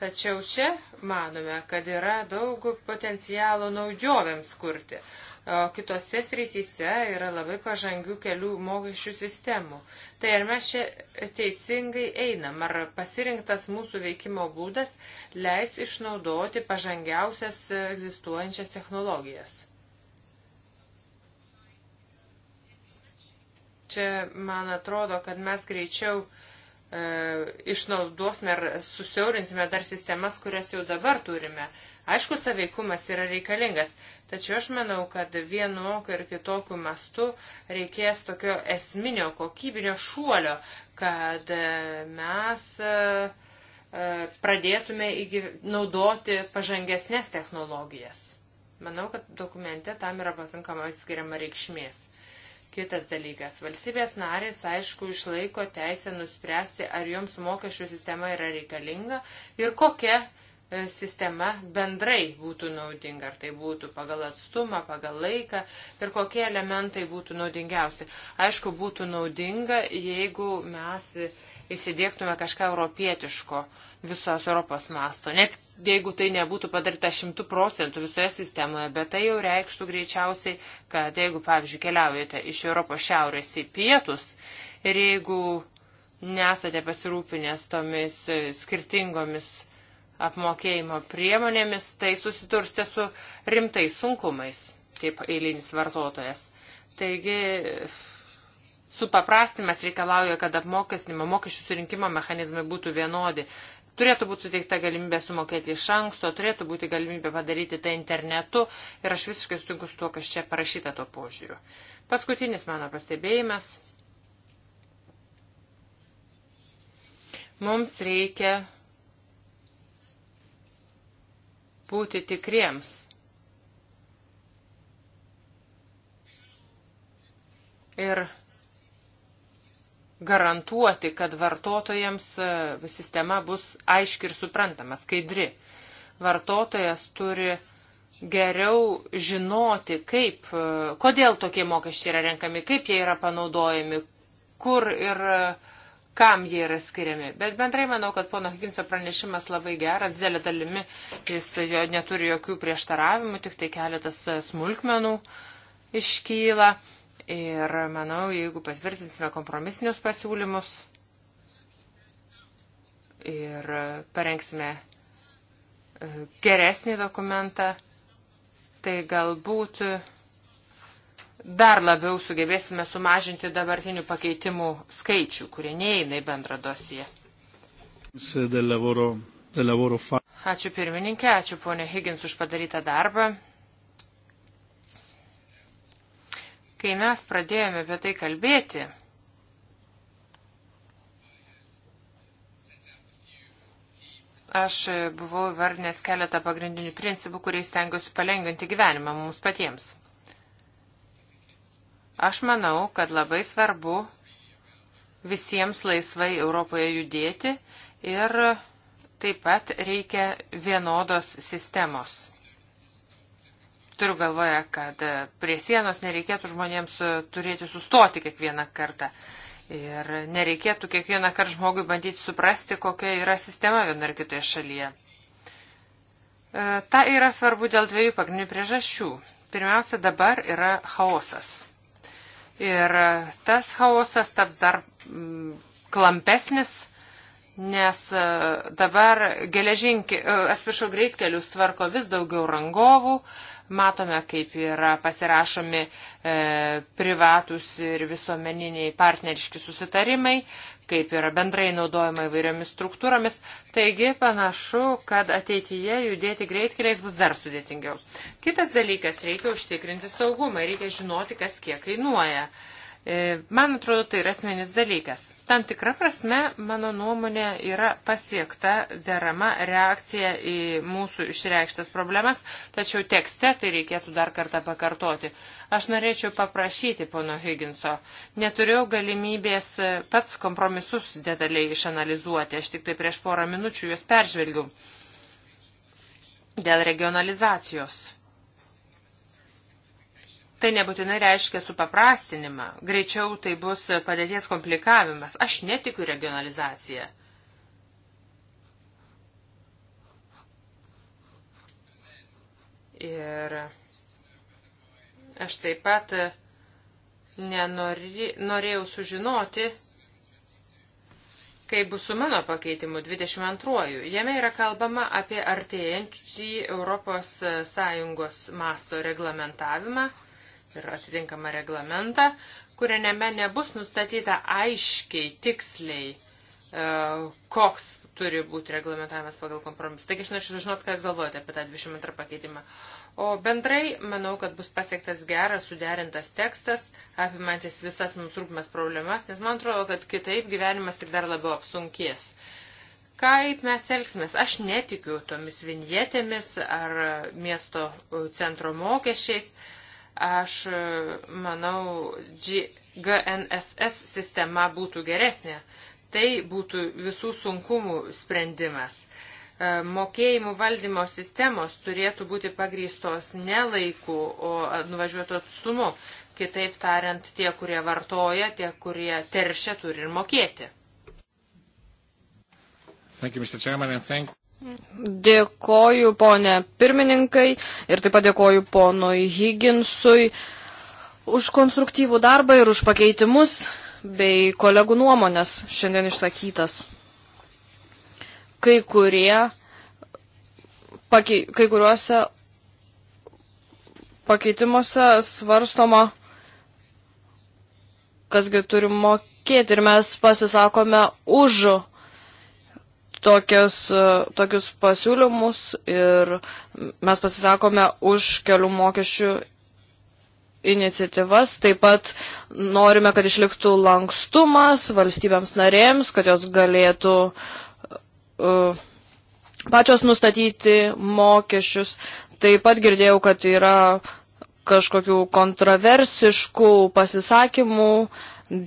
Tačiau čia manome, kad yra daug potencialo naudžiovėms kurti. O kitose srityse yra labai pažangių kelių mokesčių sistemų. Tai ar mes čia teisingai einam, ar pasirinktas mūsų veikimo būdas leis išnaudoti pažangiausias egzistuojančias technologijas? Čia man atrodo, kad mes greičiau e, išnaudosime ir susiaurinsime dar sistemas, kurias jau dabar turime. E, Aišku, saveikumas yra reikalingas, tačiau aš manau, kad vienokiu ir kitokiu mastu reikės tokio esminio, kokybinio šuolio, kad e, mes e, e, pradėtume naudoti pažangesnės technologijas. Manau, kad dokumente tam yra pakankamai skiriama reikšmės. Kitas dalykas. Valstybės narės, aišku, išlaiko teisę nuspręsti, ar joms mokesčių sistema yra reikalinga ir kokia E, sistema bendrai būtų naudinga, ar tai būtų pagal atstumą, pagal laiką ir kokie elementai būtų naudingiausi. Aišku, būtų naudinga, jeigu mes įsidėktume kažką europietiško visos Europos masto. Net jeigu tai nebūtų padaryta šimtų procentų visoje sistemoje, bet tai jau reikštų greičiausiai, kad jeigu, pavyzdžiui, keliaujate iš Europos šiaurės į pietus ir jeigu nesate pasirūpinęs tomis e, skirtingomis apmokėjimo priemonėmis, tai susitursite su rimtais sunkumais, kaip eilinis vartotojas. Taigi, supaprastimas reikalauja, kad apmokestinimo mokesčių surinkimo mechanizmai būtų vienodi. Turėtų būti suteikta galimybė sumokėti iš anksto, turėtų būti galimybė padaryti tai internetu ir aš visiškai sutinku su tuo, kas čia parašyta to požiūriu. Paskutinis mano pastebėjimas. Mums reikia būti tikriems. Ir garantuoti, kad vartotojams e, sistema bus aiški ir suprantama, skaidri. Vartotojas turi geriau žinoti, kaip, e, kodėl tokie mokesčiai yra renkami, kaip jie yra panaudojami, kur ir uh, kam jie yra skiriami. Bet bendrai manau, kad pono Higginso pranešimas labai geras, dėlė dalimi jis jo neturi jokių prieštaravimų, tik tai keletas e, smulkmenų iškyla. Ir manau, jeigu patvirtinsime kompromisinius pasiūlymus ir e, parengsime e, geresnį dokumentą, tai galbūt dar labiau sugebėsime sumažinti dabartinių pakeitimų skaičių, kurie neįeina į bendrą dosiją. Ačiū pirmininkė, ačiū ponė Higgins už padarytą darbą. Kai mes pradėjome apie tai kalbėti, aš buvau įvardinęs keletą pagrindinių principų, kuriais tengiuosi palengvinti gyvenimą mums patiems. Aš manau, kad labai svarbu visiems laisvai Europoje judėti ir taip pat reikia vienodos sistemos. Turiu galvoje, kad prie sienos nereikėtų žmonėms turėti sustoti kiekvieną kartą. Ir nereikėtų kiekvieną kartą žmogui bandyti suprasti, kokia yra sistema vienoje ar kitoje šalyje. E, Ta yra svarbu dėl dviejų pagrindinių priežasčių. Pirmiausia, dabar yra chaosas. Ir tas chaosas taps dar mm, klampesnis, nes e, dabar geležinkį, e, aš prašau, greitkelius tvarko vis daugiau rangovų, Matome, kaip yra pasirašomi e, privatus ir visuomeniniai partneriški susitarimai, kaip yra bendrai naudojama įvairiomis struktūromis. Taigi panašu, kad ateityje judėti greitkeliais bus dar sudėtingiau. Kitas dalykas, reikia užtikrinti saugumą, reikia žinoti, kas kiek kainuoja. E, E, man atrodo, tai yra asmenis dalykas. Tam tikra prasme, mano nuomonė, yra pasiekta derama reakcija į mūsų išreikštas problemas, tačiau tekste tai reikėtų dar kartą pakartoti. Aš norėčiau paprašyti pono Higginso. Neturėjau galimybės pats kompromisus detaliai išanalizuoti, aš tik tai prieš porą minučių juos peržvelgiau. Dėl regionalizacijos Tai nebūtinai reiškia supaprastinimą, greičiau tai bus padėties komplikavimas. Aš netikiu regionalizaciją. Ir aš taip pat nenori, norėjau sužinoti, kaip bus su mano pakeitimu 22. Jame yra kalbama apie artėjantį Europos Sąjungos masto reglamentavimą ir atitinkamą reglamentą, kuriame nebus nustatyta aiškiai, tiksliai, e, koks turi būti reglamentavimas pagal kompromisą. Taigi aš norėčiau žinoti, ką jūs galvojate apie tą 22 pakeitimą. O bendrai, manau, kad bus pasiektas geras, suderintas tekstas, apimantis visas mums rūpimas problemas, nes man atrodo, kad kitaip gyvenimas tik dar labiau apsunkės. Kaip mes elgsimės? Aš netikiu tomis vinjetėmis ar miesto centro mokesčiais. Aš e, manau, GNSS sistema būtų geresnė. Tai būtų visų sunkumų sprendimas e, mokėjimų valdymo sistemos turėtų būti pagrystos ne laiku, o e, nuvažiuotų atstumu. Kitaip tariant, tie, kurie vartoja, tie, kurie teršia, turi ir mokėti. Thank you, Mr. Chairman, and thank... Dėkoju ponė pirmininkai ir taip pat dėkoju ponui Higginsui už konstruktyvų darbą ir už pakeitimus bei kolegų nuomonės šiandien išsakytas. Kai, kurie, pakei, kai kuriuose pakeitimuose svarstoma, kasgi turi mokėti ir mes pasisakome už tokias, e, tokius pasiūlymus ir mes pasisakome už kelių mokesčių iniciatyvas. Taip pat norime, kad išliktų lankstumas valstybėms narėms, kad jos galėtų uh, pačios nustatyti mokesčius. Taip pat girdėjau, kad yra kažkokių kontroversiškų pasisakymų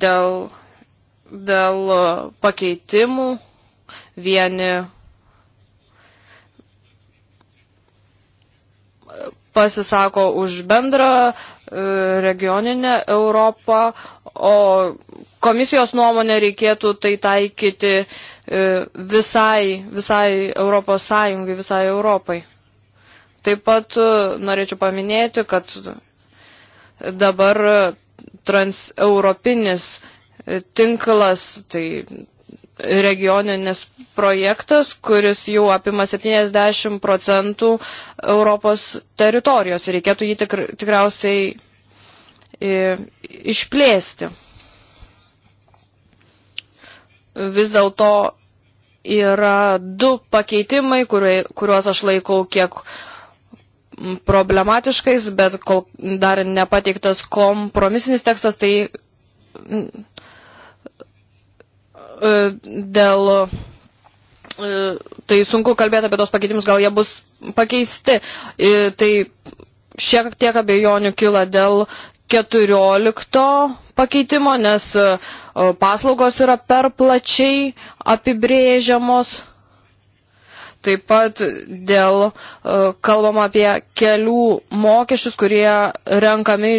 dėl, dėl pakeitimų vieni pasisako už bendrą e, regioninę Europą, o komisijos nuomonė reikėtų tai taikyti e, visai, visai Europos Sąjungai, visai Europai. Taip pat e, norėčiau paminėti, kad dabar transeuropinis tinklas, tai regioninis projektas, kuris jau apima 70 procentų Europos teritorijos ir reikėtų jį tikr tikriausiai e, išplėsti. Vis dėlto yra du pakeitimai, kuriuos aš laikau kiek problematiškais, bet kol dar nepateiktas kompromisinis tekstas, tai E, dėl e, tai sunku kalbėti apie tos pakeitimus, gal jie bus pakeisti. E, tai šiek tiek abejonių kyla dėl 14 pakeitimo, nes paslaugos yra per plačiai apibrėžiamos. Taip pat dėl kalbam apie kelių mokesčius, kurie renkami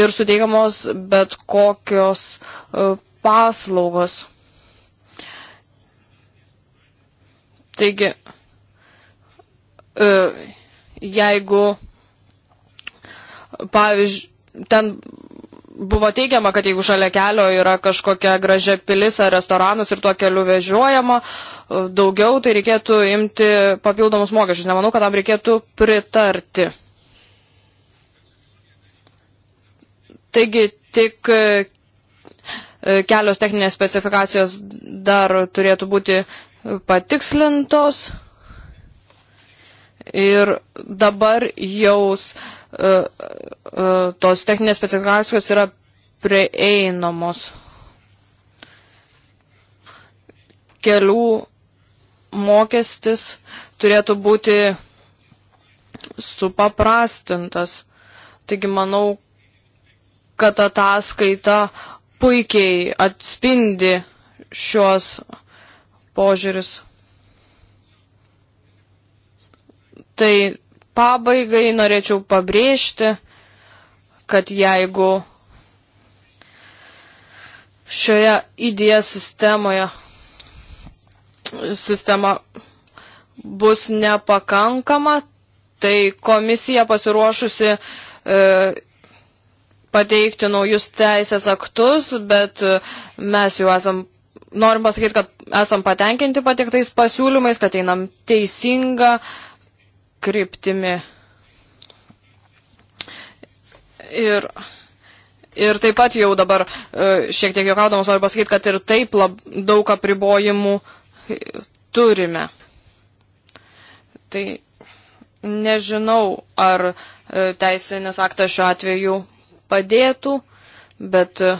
ir suteikiamos bet kokios paslaugos. Taigi, e, jeigu, pavyzdžiui, ten buvo teigiama, kad jeigu šalia kelio yra kažkokia gražia pilis ar restoranas ir tuo keliu vežiojama e, daugiau, tai reikėtų imti papildomus mokesčius. Nemanau, kad tam reikėtų pritarti. Taigi tik E, kelios techninės specifikacijos dar turėtų būti patikslintos. Ir dabar jaus e, e, tos techninės specifikacijos yra prieinamos kelių mokestis turėtų būti supaprastintas. Taigi manau, kad ataskaita puikiai atspindi šios požiūris. Tai pabaigai norėčiau pabrėžti, kad jeigu šioje idėjas sistemoje sistema bus nepakankama, tai komisija pasiruošusi e, pateikti naujus teisės aktus, bet e, mes jau esam, norim pasakyti, kad esam patenkinti pateiktais pasiūlymais, kad einam teisinga kryptimi. Ir, ir taip pat jau dabar e, šiek tiek juokaudamas noriu pasakyti, kad ir taip lab, daug apribojimų turime. Tai nežinau, ar e, teisinės aktas šiuo atveju padėtų, bet e,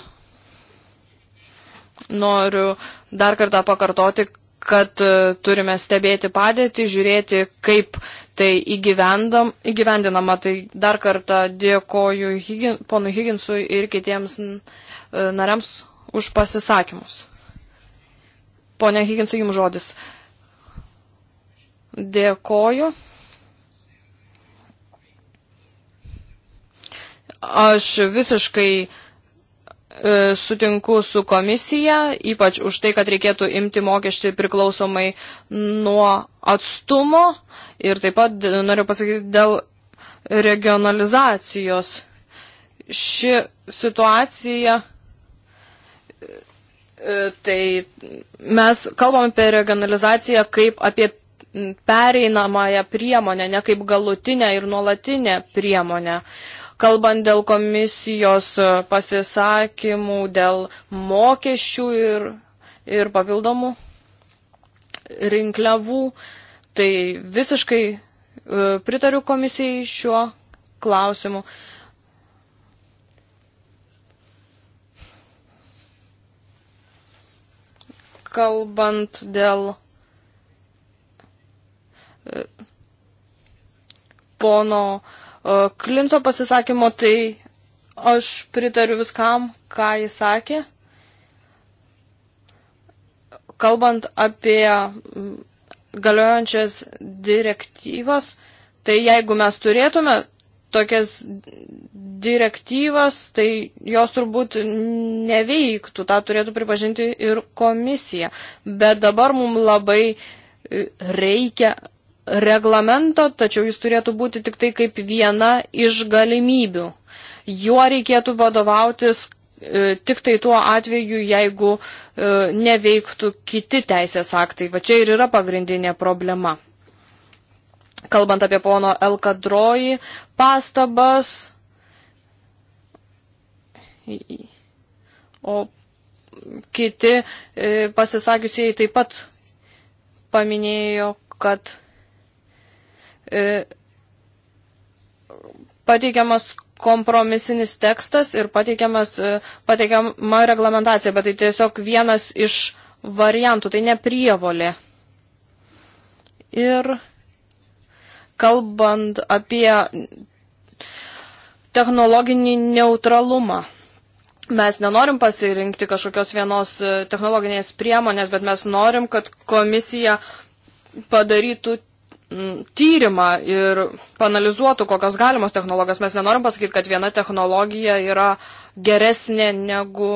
noriu dar kartą pakartoti, kad e, turime stebėti padėtį, žiūrėti, kaip tai įgyvendinama. Tai dar kartą dėkoju Higin, ponui Higginsui ir kitiems e, nariams už pasisakymus. Pone Higginsai, jums žodis. Dėkoju. Aš visiškai e, sutinku su komisija, ypač už tai, kad reikėtų imti mokesčiai priklausomai nuo atstumo ir taip pat noriu pasakyti dėl regionalizacijos. Ši situacija, e, tai mes kalbam apie regionalizaciją kaip apie pereinamąją priemonę, ne kaip galutinę ir nuolatinę priemonę. Uh, kalbant dėl komisijos e, pasisakymų, dėl mokesčių ir, ir papildomų rinkliavų, tai visiškai e, pritariu komisijai šiuo klausimu. Kalbant dėl e, pono uh, Klinco pasisakymo, tai aš pritariu viskam, ką jis sakė. Kalbant apie galiojančias direktyvas, tai jeigu mes turėtume tokias direktyvas, tai jos turbūt neveiktų, tą turėtų pripažinti ir komisija. Bet dabar mums labai reikia reglamento, tačiau jis turėtų būti tik tai kaip viena iš galimybių. Juo reikėtų vadovautis e, tik tai tuo atveju, jeigu e, neveiktų kiti teisės aktai. Va čia ir yra pagrindinė problema. Kalbant apie pono Elkadroji pastabas, o kiti e, pasisakiusieji taip pat paminėjo, kad E, pateikiamas kompromisinis tekstas ir pateikiamas, e, pateikiama reglamentacija, bet tai tiesiog vienas iš variantų, tai ne prievolė. Ir kalbant apie technologinį neutralumą. Mes nenorim pasirinkti kažkokios vienos e, technologinės priemonės, bet mes norim, kad komisija padarytų Mm, tyrimą ir panalizuotų, kokios galimos technologijos. Mes nenorim pasakyti, kad viena technologija yra geresnė negu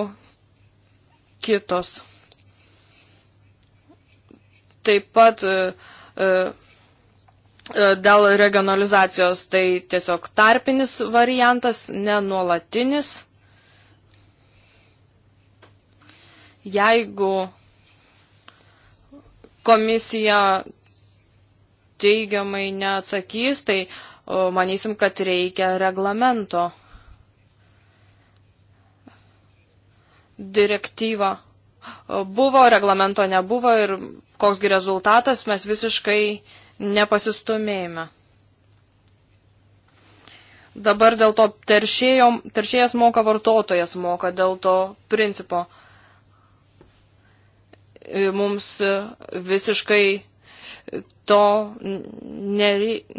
kitos. Taip pat e, e, e, dėl regionalizacijos tai tiesiog tarpinis variantas, nenuolatinis. Jeigu komisija teigiamai neatsakys, tai manysim, kad reikia reglamento. Direktyva buvo, reglamento nebuvo ir koksgi rezultatas mes visiškai nepasistumėjome. Dabar dėl to teršėjo, teršėjas moka, vartotojas moka, dėl to principo mums visiškai to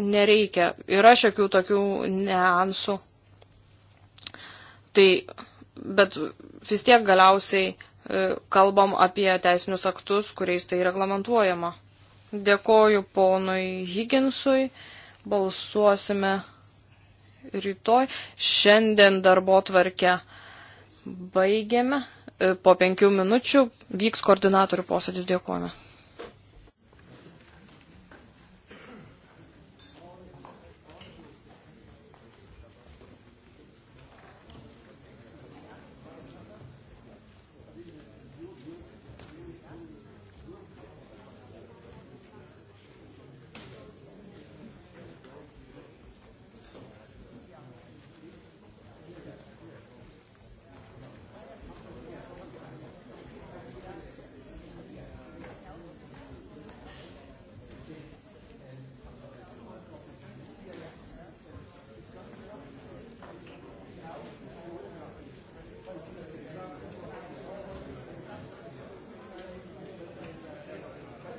nereikia. Yra šiokių tokių niansų. Tai, bet vis tiek galiausiai e, kalbam apie teisinius aktus, kuriais tai reglamentuojama. Dėkoju ponui Higginsui, balsuosime rytoj. Šiandien darbo tvarkę baigiame. E, po penkių minučių vyks koordinatorių posėdis. Dėkojame.